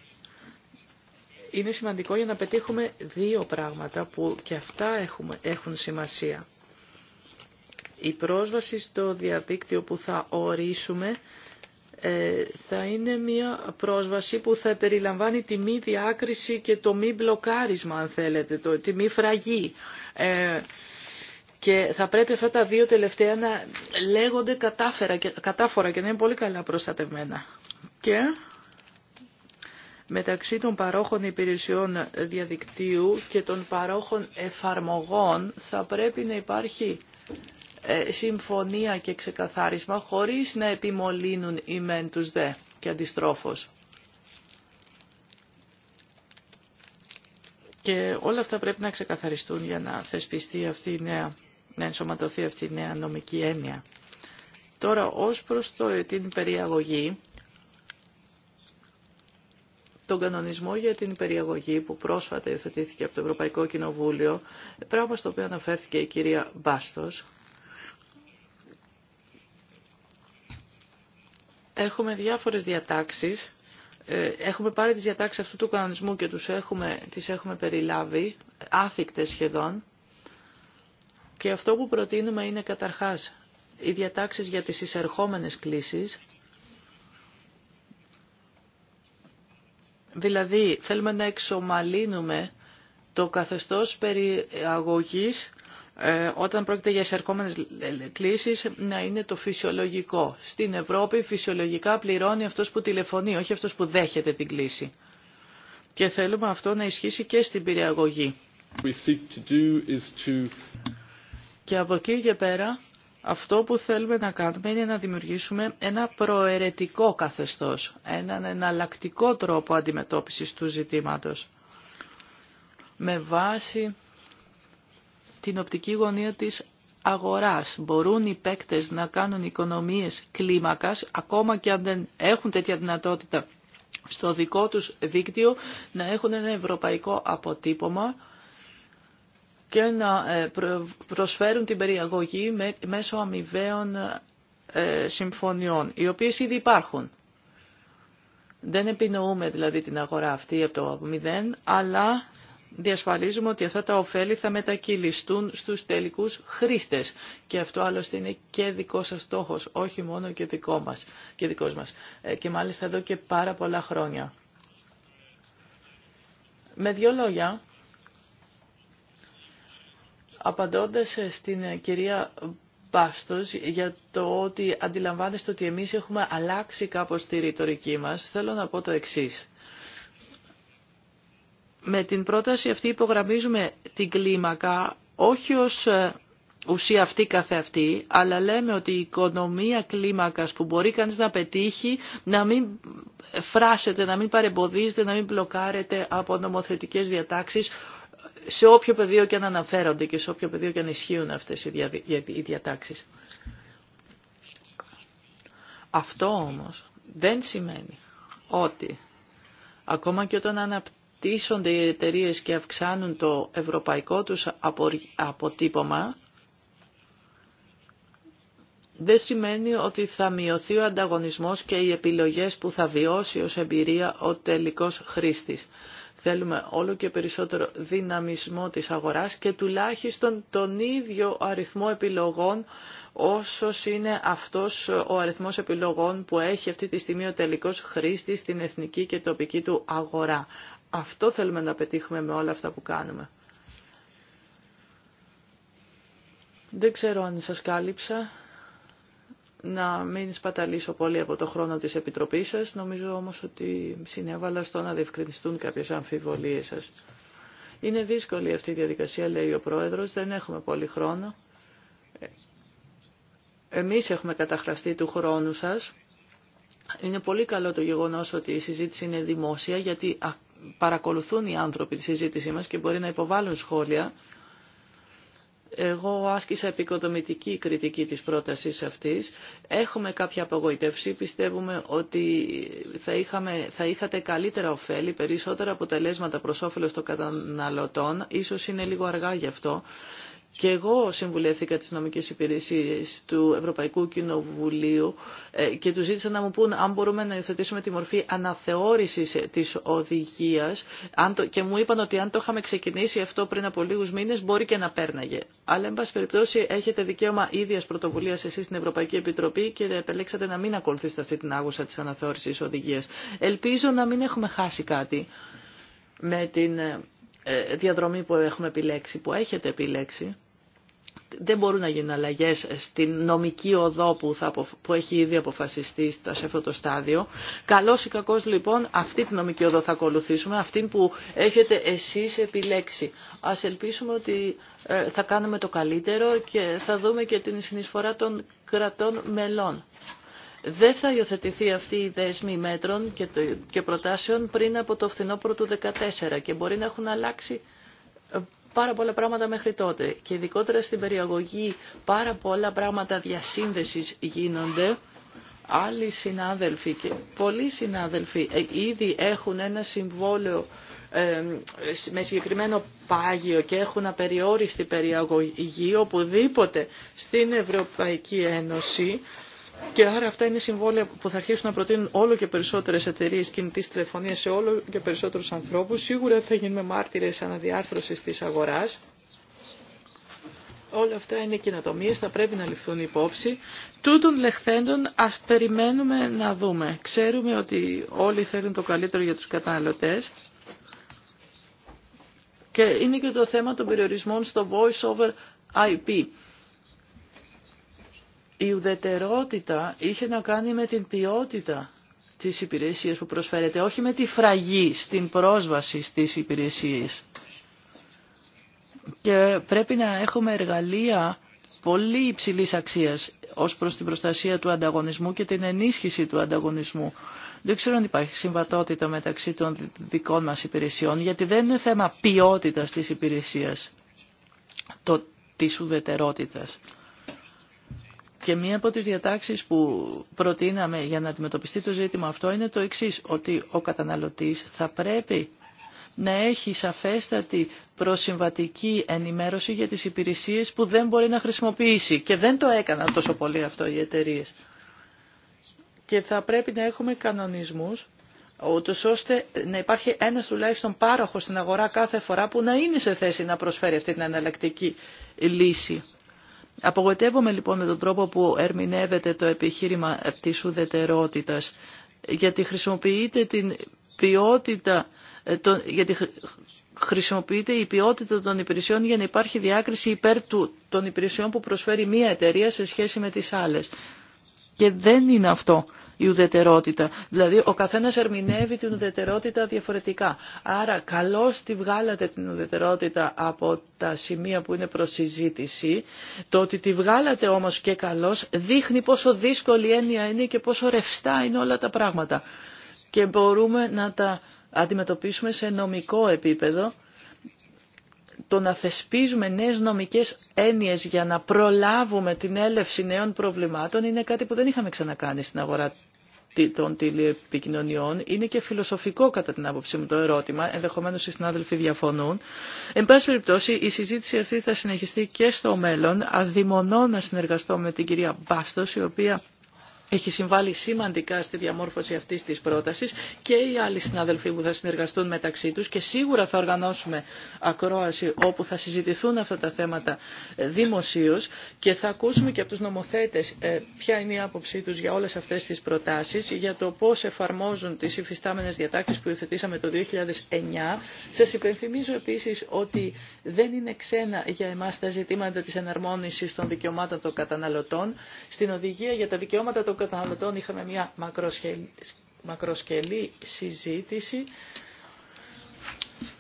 είναι σημαντικό για να πετύχουμε δύο πράγματα που και αυτά έχουμε, έχουν σημασία. Η πρόσβαση στο διαδίκτυο που θα ορίσουμε ε, θα είναι μια πρόσβαση που θα περιλαμβάνει τη μη διάκριση και το μη μπλοκάρισμα αν θέλετε, το, τη μη φραγή. Ε, και θα πρέπει αυτά τα δύο τελευταία να λέγονται κατάφορα και να είναι πολύ καλά προστατευμένα. Και μεταξύ των παρόχων υπηρεσιών διαδικτύου και των παρόχων εφαρμογών θα πρέπει να υπάρχει ε, συμφωνία και ξεκαθάρισμα χωρίς να επιμολύνουν οι μεν τους δε και αντιστρόφως. Και όλα αυτά πρέπει να ξεκαθαριστούν για να θεσπιστεί αυτή η νέα, να ενσωματωθεί αυτή η νέα νομική έννοια. Τώρα, ως προς το, την περιαγωγή, τον κανονισμό για την περιαγωγή που πρόσφατα υιοθετήθηκε από το Ευρωπαϊκό Κοινοβούλιο, πράγμα στο οποίο αναφέρθηκε η κυρία Μπάστος, έχουμε διάφορες διατάξεις. Ε, έχουμε πάρει τις διατάξεις αυτού του κανονισμού και τους έχουμε, τις έχουμε περιλάβει, άθικτες σχεδόν. Και αυτό που προτείνουμε είναι καταρχάς οι διατάξεις για τις εισερχόμενες κλήσεις, Δηλαδή θέλουμε να εξομαλύνουμε το καθεστώς περιαγωγής... Ε, όταν πρόκειται για εισερχόμενες κλήσει να είναι το φυσιολογικό. Στην Ευρώπη φυσιολογικά πληρώνει αυτός που τηλεφωνεί, όχι αυτός που δέχεται την κλήση. Και θέλουμε αυτό να ισχύσει και στην πυριαγωγή. Και από εκεί και πέρα αυτό που θέλουμε να κάνουμε είναι να δημιουργήσουμε ένα προαιρετικό καθεστώς, έναν εναλλακτικό τρόπο αντιμετώπισης του ζητήματος. Με βάση την οπτική γωνία της αγοράς. Μπορούν οι παίκτες να κάνουν οικονομίες κλίμακας, ακόμα και αν δεν έχουν τέτοια δυνατότητα στο δικό τους δίκτυο, να έχουν ένα ευρωπαϊκό αποτύπωμα και να ε, προσφέρουν την περιαγωγή μέσω αμοιβαίων ε, συμφωνιών, οι οποίες ήδη υπάρχουν. Δεν επινοούμε δηλαδή την αγορά αυτή από το μηδέν, αλλά διασφαλίζουμε ότι αυτά τα ωφέλη θα μετακυλιστούν στους τελικούς χρήστες. Και αυτό άλλωστε είναι και δικό σας στόχος, όχι μόνο και δικό μας. Και, δικός μας. Ε, και μάλιστα εδώ και πάρα πολλά χρόνια. Με δύο λόγια, απαντώντας στην κυρία Πάστος για το ότι αντιλαμβάνεστε ότι εμείς έχουμε αλλάξει κάπως τη ρητορική μας, θέλω να πω το εξής. Με την πρόταση αυτή υπογραμμίζουμε την κλίμακα όχι ως ε, ουσία αυτή αυτή αλλά λέμε ότι η οικονομία κλίμακας που μπορεί κανείς να πετύχει, να μην φράσεται, να μην παρεμποδίζεται, να μην μπλοκάρεται από νομοθετικές διατάξεις σε όποιο πεδίο και αν αναφέρονται και σε όποιο πεδίο και αν ισχύουν αυτές οι διατάξεις. Αυτό όμως δεν σημαίνει ότι ακόμα και όταν αναπτύσσουμε αναπτύσσονται οι εταιρείε και αυξάνουν το ευρωπαϊκό τους αποτύπωμα, δεν σημαίνει ότι θα μειωθεί ο ανταγωνισμός και οι επιλογές που θα βιώσει ως εμπειρία ο τελικός χρήστης. Θέλουμε όλο και περισσότερο δυναμισμό της αγοράς και τουλάχιστον τον ίδιο αριθμό επιλογών όσος είναι αυτός ο αριθμός επιλογών που έχει αυτή τη στιγμή ο τελικός χρήστης στην εθνική και τοπική του αγορά. Αυτό θέλουμε να πετύχουμε με όλα αυτά που κάνουμε. Δεν ξέρω αν σας κάλυψα να μην σπαταλίσω πολύ από το χρόνο της Επιτροπής σας. Νομίζω όμως ότι συνέβαλα στο να διευκρινιστούν κάποιες αμφιβολίες σας. Είναι δύσκολη αυτή η διαδικασία, λέει ο Πρόεδρος. Δεν έχουμε πολύ χρόνο. Εμείς έχουμε καταχραστεί του χρόνου σας. Είναι πολύ καλό το γεγονός ότι η συζήτηση είναι δημόσια, γιατί παρακολουθούν οι άνθρωποι τη συζήτησή μας και μπορεί να υποβάλουν σχόλια. Εγώ άσκησα επικοδομητική κριτική της πρότασης αυτής. Έχουμε κάποια απογοητεύση. Πιστεύουμε ότι θα, είχαμε, θα είχατε καλύτερα ωφέλη, περισσότερα αποτελέσματα προς όφελος των καταναλωτών. Ίσως είναι λίγο αργά γι' αυτό. Και εγώ συμβουλεύτηκα τις νομικές υπηρεσίες του Ευρωπαϊκού Κοινοβουλίου ε, και τους ζήτησα να μου πούν αν μπορούμε να υιοθετήσουμε τη μορφή αναθεώρησης της οδηγίας και μου είπαν ότι αν το είχαμε ξεκινήσει αυτό πριν από λίγους μήνες μπορεί και να πέρναγε. Αλλά, εν πάση περιπτώσει, έχετε δικαίωμα ίδια πρωτοβουλία εσείς στην Ευρωπαϊκή Επιτροπή και επελέξατε να μην ακολουθήσετε αυτή την άγουσα της αναθεώρησης οδηγίας. Ελπίζω να μην έχουμε χάσει κάτι με την ε, διαδρομή που έχουμε επιλέξει, που έχετε επιλέξει δεν μπορούν να γίνουν αλλαγέ στην νομική οδό που, θα, που έχει ήδη αποφασιστεί σε αυτό το στάδιο. Καλό ή κακό λοιπόν αυτή τη νομική οδό θα ακολουθήσουμε, αυτή που έχετε εσεί επιλέξει. Α ελπίσουμε ότι ε, θα κάνουμε το καλύτερο και θα δούμε και την συνεισφορά των κρατών μελών. Δεν θα υιοθετηθεί αυτή η δέσμη μέτρων και προτάσεων πριν από το φθινόπωρο του 2014 και μπορεί να έχουν αλλάξει πάρα πολλά πράγματα μέχρι τότε και ειδικότερα στην περιαγωγή πάρα πολλά πράγματα διασύνδεσης γίνονται. Άλλοι συνάδελφοι και πολλοί συνάδελφοι ε, ήδη έχουν ένα συμβόλαιο με συγκεκριμένο πάγιο και έχουν απεριόριστη περιαγωγή οπουδήποτε στην Ευρωπαϊκή Ένωση και άρα αυτά είναι συμβόλαια που θα αρχίσουν να προτείνουν όλο και περισσότερε εταιρείε κινητή τηλεφωνία σε όλο και περισσότερου ανθρώπου. Σίγουρα θα γίνουμε μάρτυρε αναδιάρθρωση τη αγορά. Όλα αυτά είναι κοινοτομίε, θα πρέπει να ληφθούν υπόψη. Τούτων λεχθέντων α περιμένουμε να δούμε. Ξέρουμε ότι όλοι θέλουν το καλύτερο για του καταναλωτέ Και είναι και το θέμα των περιορισμών στο voice over IP. Η ουδετερότητα είχε να κάνει με την ποιότητα της υπηρεσίας που προσφέρεται, όχι με τη φραγή στην πρόσβαση στις υπηρεσίες. Και πρέπει να έχουμε εργαλεία πολύ υψηλής αξίας ως προς την προστασία του ανταγωνισμού και την ενίσχυση του ανταγωνισμού. Δεν ξέρω αν υπάρχει συμβατότητα μεταξύ των δικών μας υπηρεσιών, γιατί δεν είναι θέμα ποιότητας της υπηρεσίας, το, της ουδετερότητας. Και μία από τις διατάξεις που προτείναμε για να αντιμετωπιστεί το ζήτημα αυτό είναι το εξής, ότι ο καταναλωτής θα πρέπει να έχει σαφέστατη προσυμβατική ενημέρωση για τις υπηρεσίες που δεν μπορεί να χρησιμοποιήσει. Και δεν το έκαναν τόσο πολύ αυτό οι εταιρείε. Και θα πρέπει να έχουμε κανονισμούς ούτως ώστε να υπάρχει ένας τουλάχιστον πάροχος στην αγορά κάθε φορά που να είναι σε θέση να προσφέρει αυτή την εναλλακτική λύση. Απογοητεύομαι λοιπόν με τον τρόπο που ερμηνεύεται το επιχείρημα της ουδετερότητας, γιατί χρησιμοποιείται την ποιότητα, ε, το, γιατί χρησιμοποιείται η ποιότητα των υπηρεσιών για να υπάρχει διάκριση υπέρ του, των υπηρεσιών που προσφέρει μία εταιρεία σε σχέση με τις άλλες. Και δεν είναι αυτό η ουδετερότητα. Δηλαδή ο καθένας ερμηνεύει την ουδετερότητα διαφορετικά. Άρα καλώς τη βγάλατε την ουδετερότητα από τα σημεία που είναι προς συζήτηση. Το ότι τη βγάλατε όμως και καλώς δείχνει πόσο δύσκολη έννοια είναι και πόσο ρευστά είναι όλα τα πράγματα. Και μπορούμε να τα αντιμετωπίσουμε σε νομικό επίπεδο το να θεσπίζουμε νέες νομικές έννοιες για να προλάβουμε την έλευση νέων προβλημάτων είναι κάτι που δεν είχαμε ξανακάνει στην αγορά των τηλεπικοινωνιών είναι και φιλοσοφικό κατά την άποψή μου το ερώτημα, ενδεχομένω οι συνάδελφοι διαφωνούν. Εν πάση περιπτώσει η συζήτηση αυτή θα συνεχιστεί και στο μέλλον, αδειμονώ να συνεργαστώ με την κυρία Μπάστο, η οποία έχει συμβάλει σημαντικά στη διαμόρφωση αυτή τη πρόταση και οι άλλοι συνάδελφοί που θα συνεργαστούν μεταξύ του και σίγουρα θα οργανώσουμε ακρόαση όπου θα συζητηθούν αυτά τα θέματα ε, δημοσίω και θα ακούσουμε και από του νομοθέτε ε, ποια είναι η άποψή του για όλε αυτέ τι προτάσει, για το πώ εφαρμόζουν τι υφιστάμενε διατάξει που υιοθετήσαμε το 2009. Σα υπενθυμίζω επίση ότι δεν είναι ξένα για εμά τα ζητήματα τη εναρμόνιση των δικαιωμάτων των καταναλωτών. Στην οδηγία για τα δικαιώματα των καταναλωτών είχαμε μια μακροσκελή συζήτηση.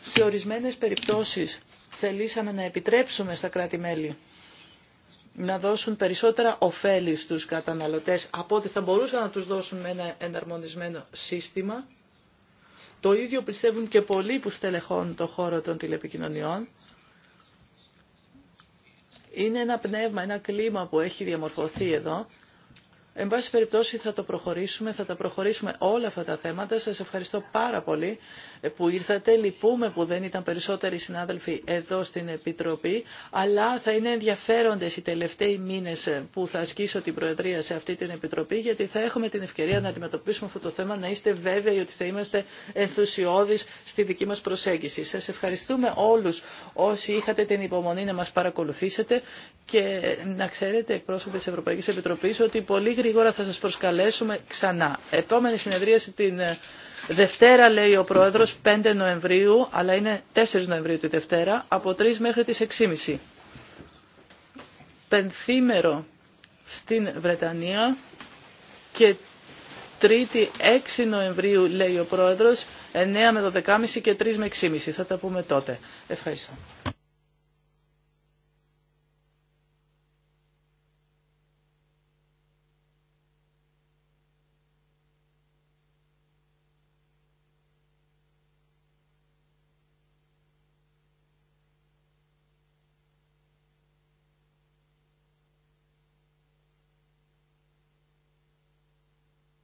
Σε ορισμένες περιπτώσεις θελήσαμε να επιτρέψουμε στα κράτη-μέλη να δώσουν περισσότερα ωφέλη στους καταναλωτές από ό,τι θα μπορούσαν να τους δώσουν με ένα εναρμονισμένο σύστημα. Το ίδιο πιστεύουν και πολλοί που στελεχώνουν το χώρο των τηλεπικοινωνιών. Είναι ένα πνεύμα, ένα κλίμα που έχει διαμορφωθεί εδώ Εν πάση περιπτώσει θα το προχωρήσουμε, θα τα προχωρήσουμε όλα αυτά τα θέματα. Σας ευχαριστώ πάρα πολύ ε, που ήρθατε. Λυπούμε που δεν ήταν περισσότεροι συνάδελφοι εδώ στην Επιτροπή, αλλά θα είναι ενδιαφέροντες οι τελευταίοι μήνες ε, που θα ασκήσω την Προεδρία σε αυτή την Επιτροπή, γιατί θα έχουμε την ευκαιρία να αντιμετωπίσουμε αυτό το θέμα, να είστε βέβαιοι ότι θα είμαστε ενθουσιώδεις στη δική μας προσέγγιση. Σας ευχαριστούμε όλους όσοι είχατε την υπομονή να μας παρακολουθήσετε και να ξέρετε εκπρόσωποι της Ευρωπαϊκής Επιτροπής ότι πολύ γρήγορα θα σας προσκαλέσουμε ξανά. Επόμενη συνεδρίαση την ε, Δευτέρα, λέει ο Πρόεδρος, 5 Νοεμβρίου, αλλά είναι 4 Νοεμβρίου τη Δευτέρα, από 3 μέχρι τις 6.30. Πενθήμερο στην Βρετανία και Τρίτη 6 Νοεμβρίου, λέει ο Πρόεδρος, 9 με 12.30 και 3 με 6.30. Θα τα πούμε τότε. Ευχαριστώ.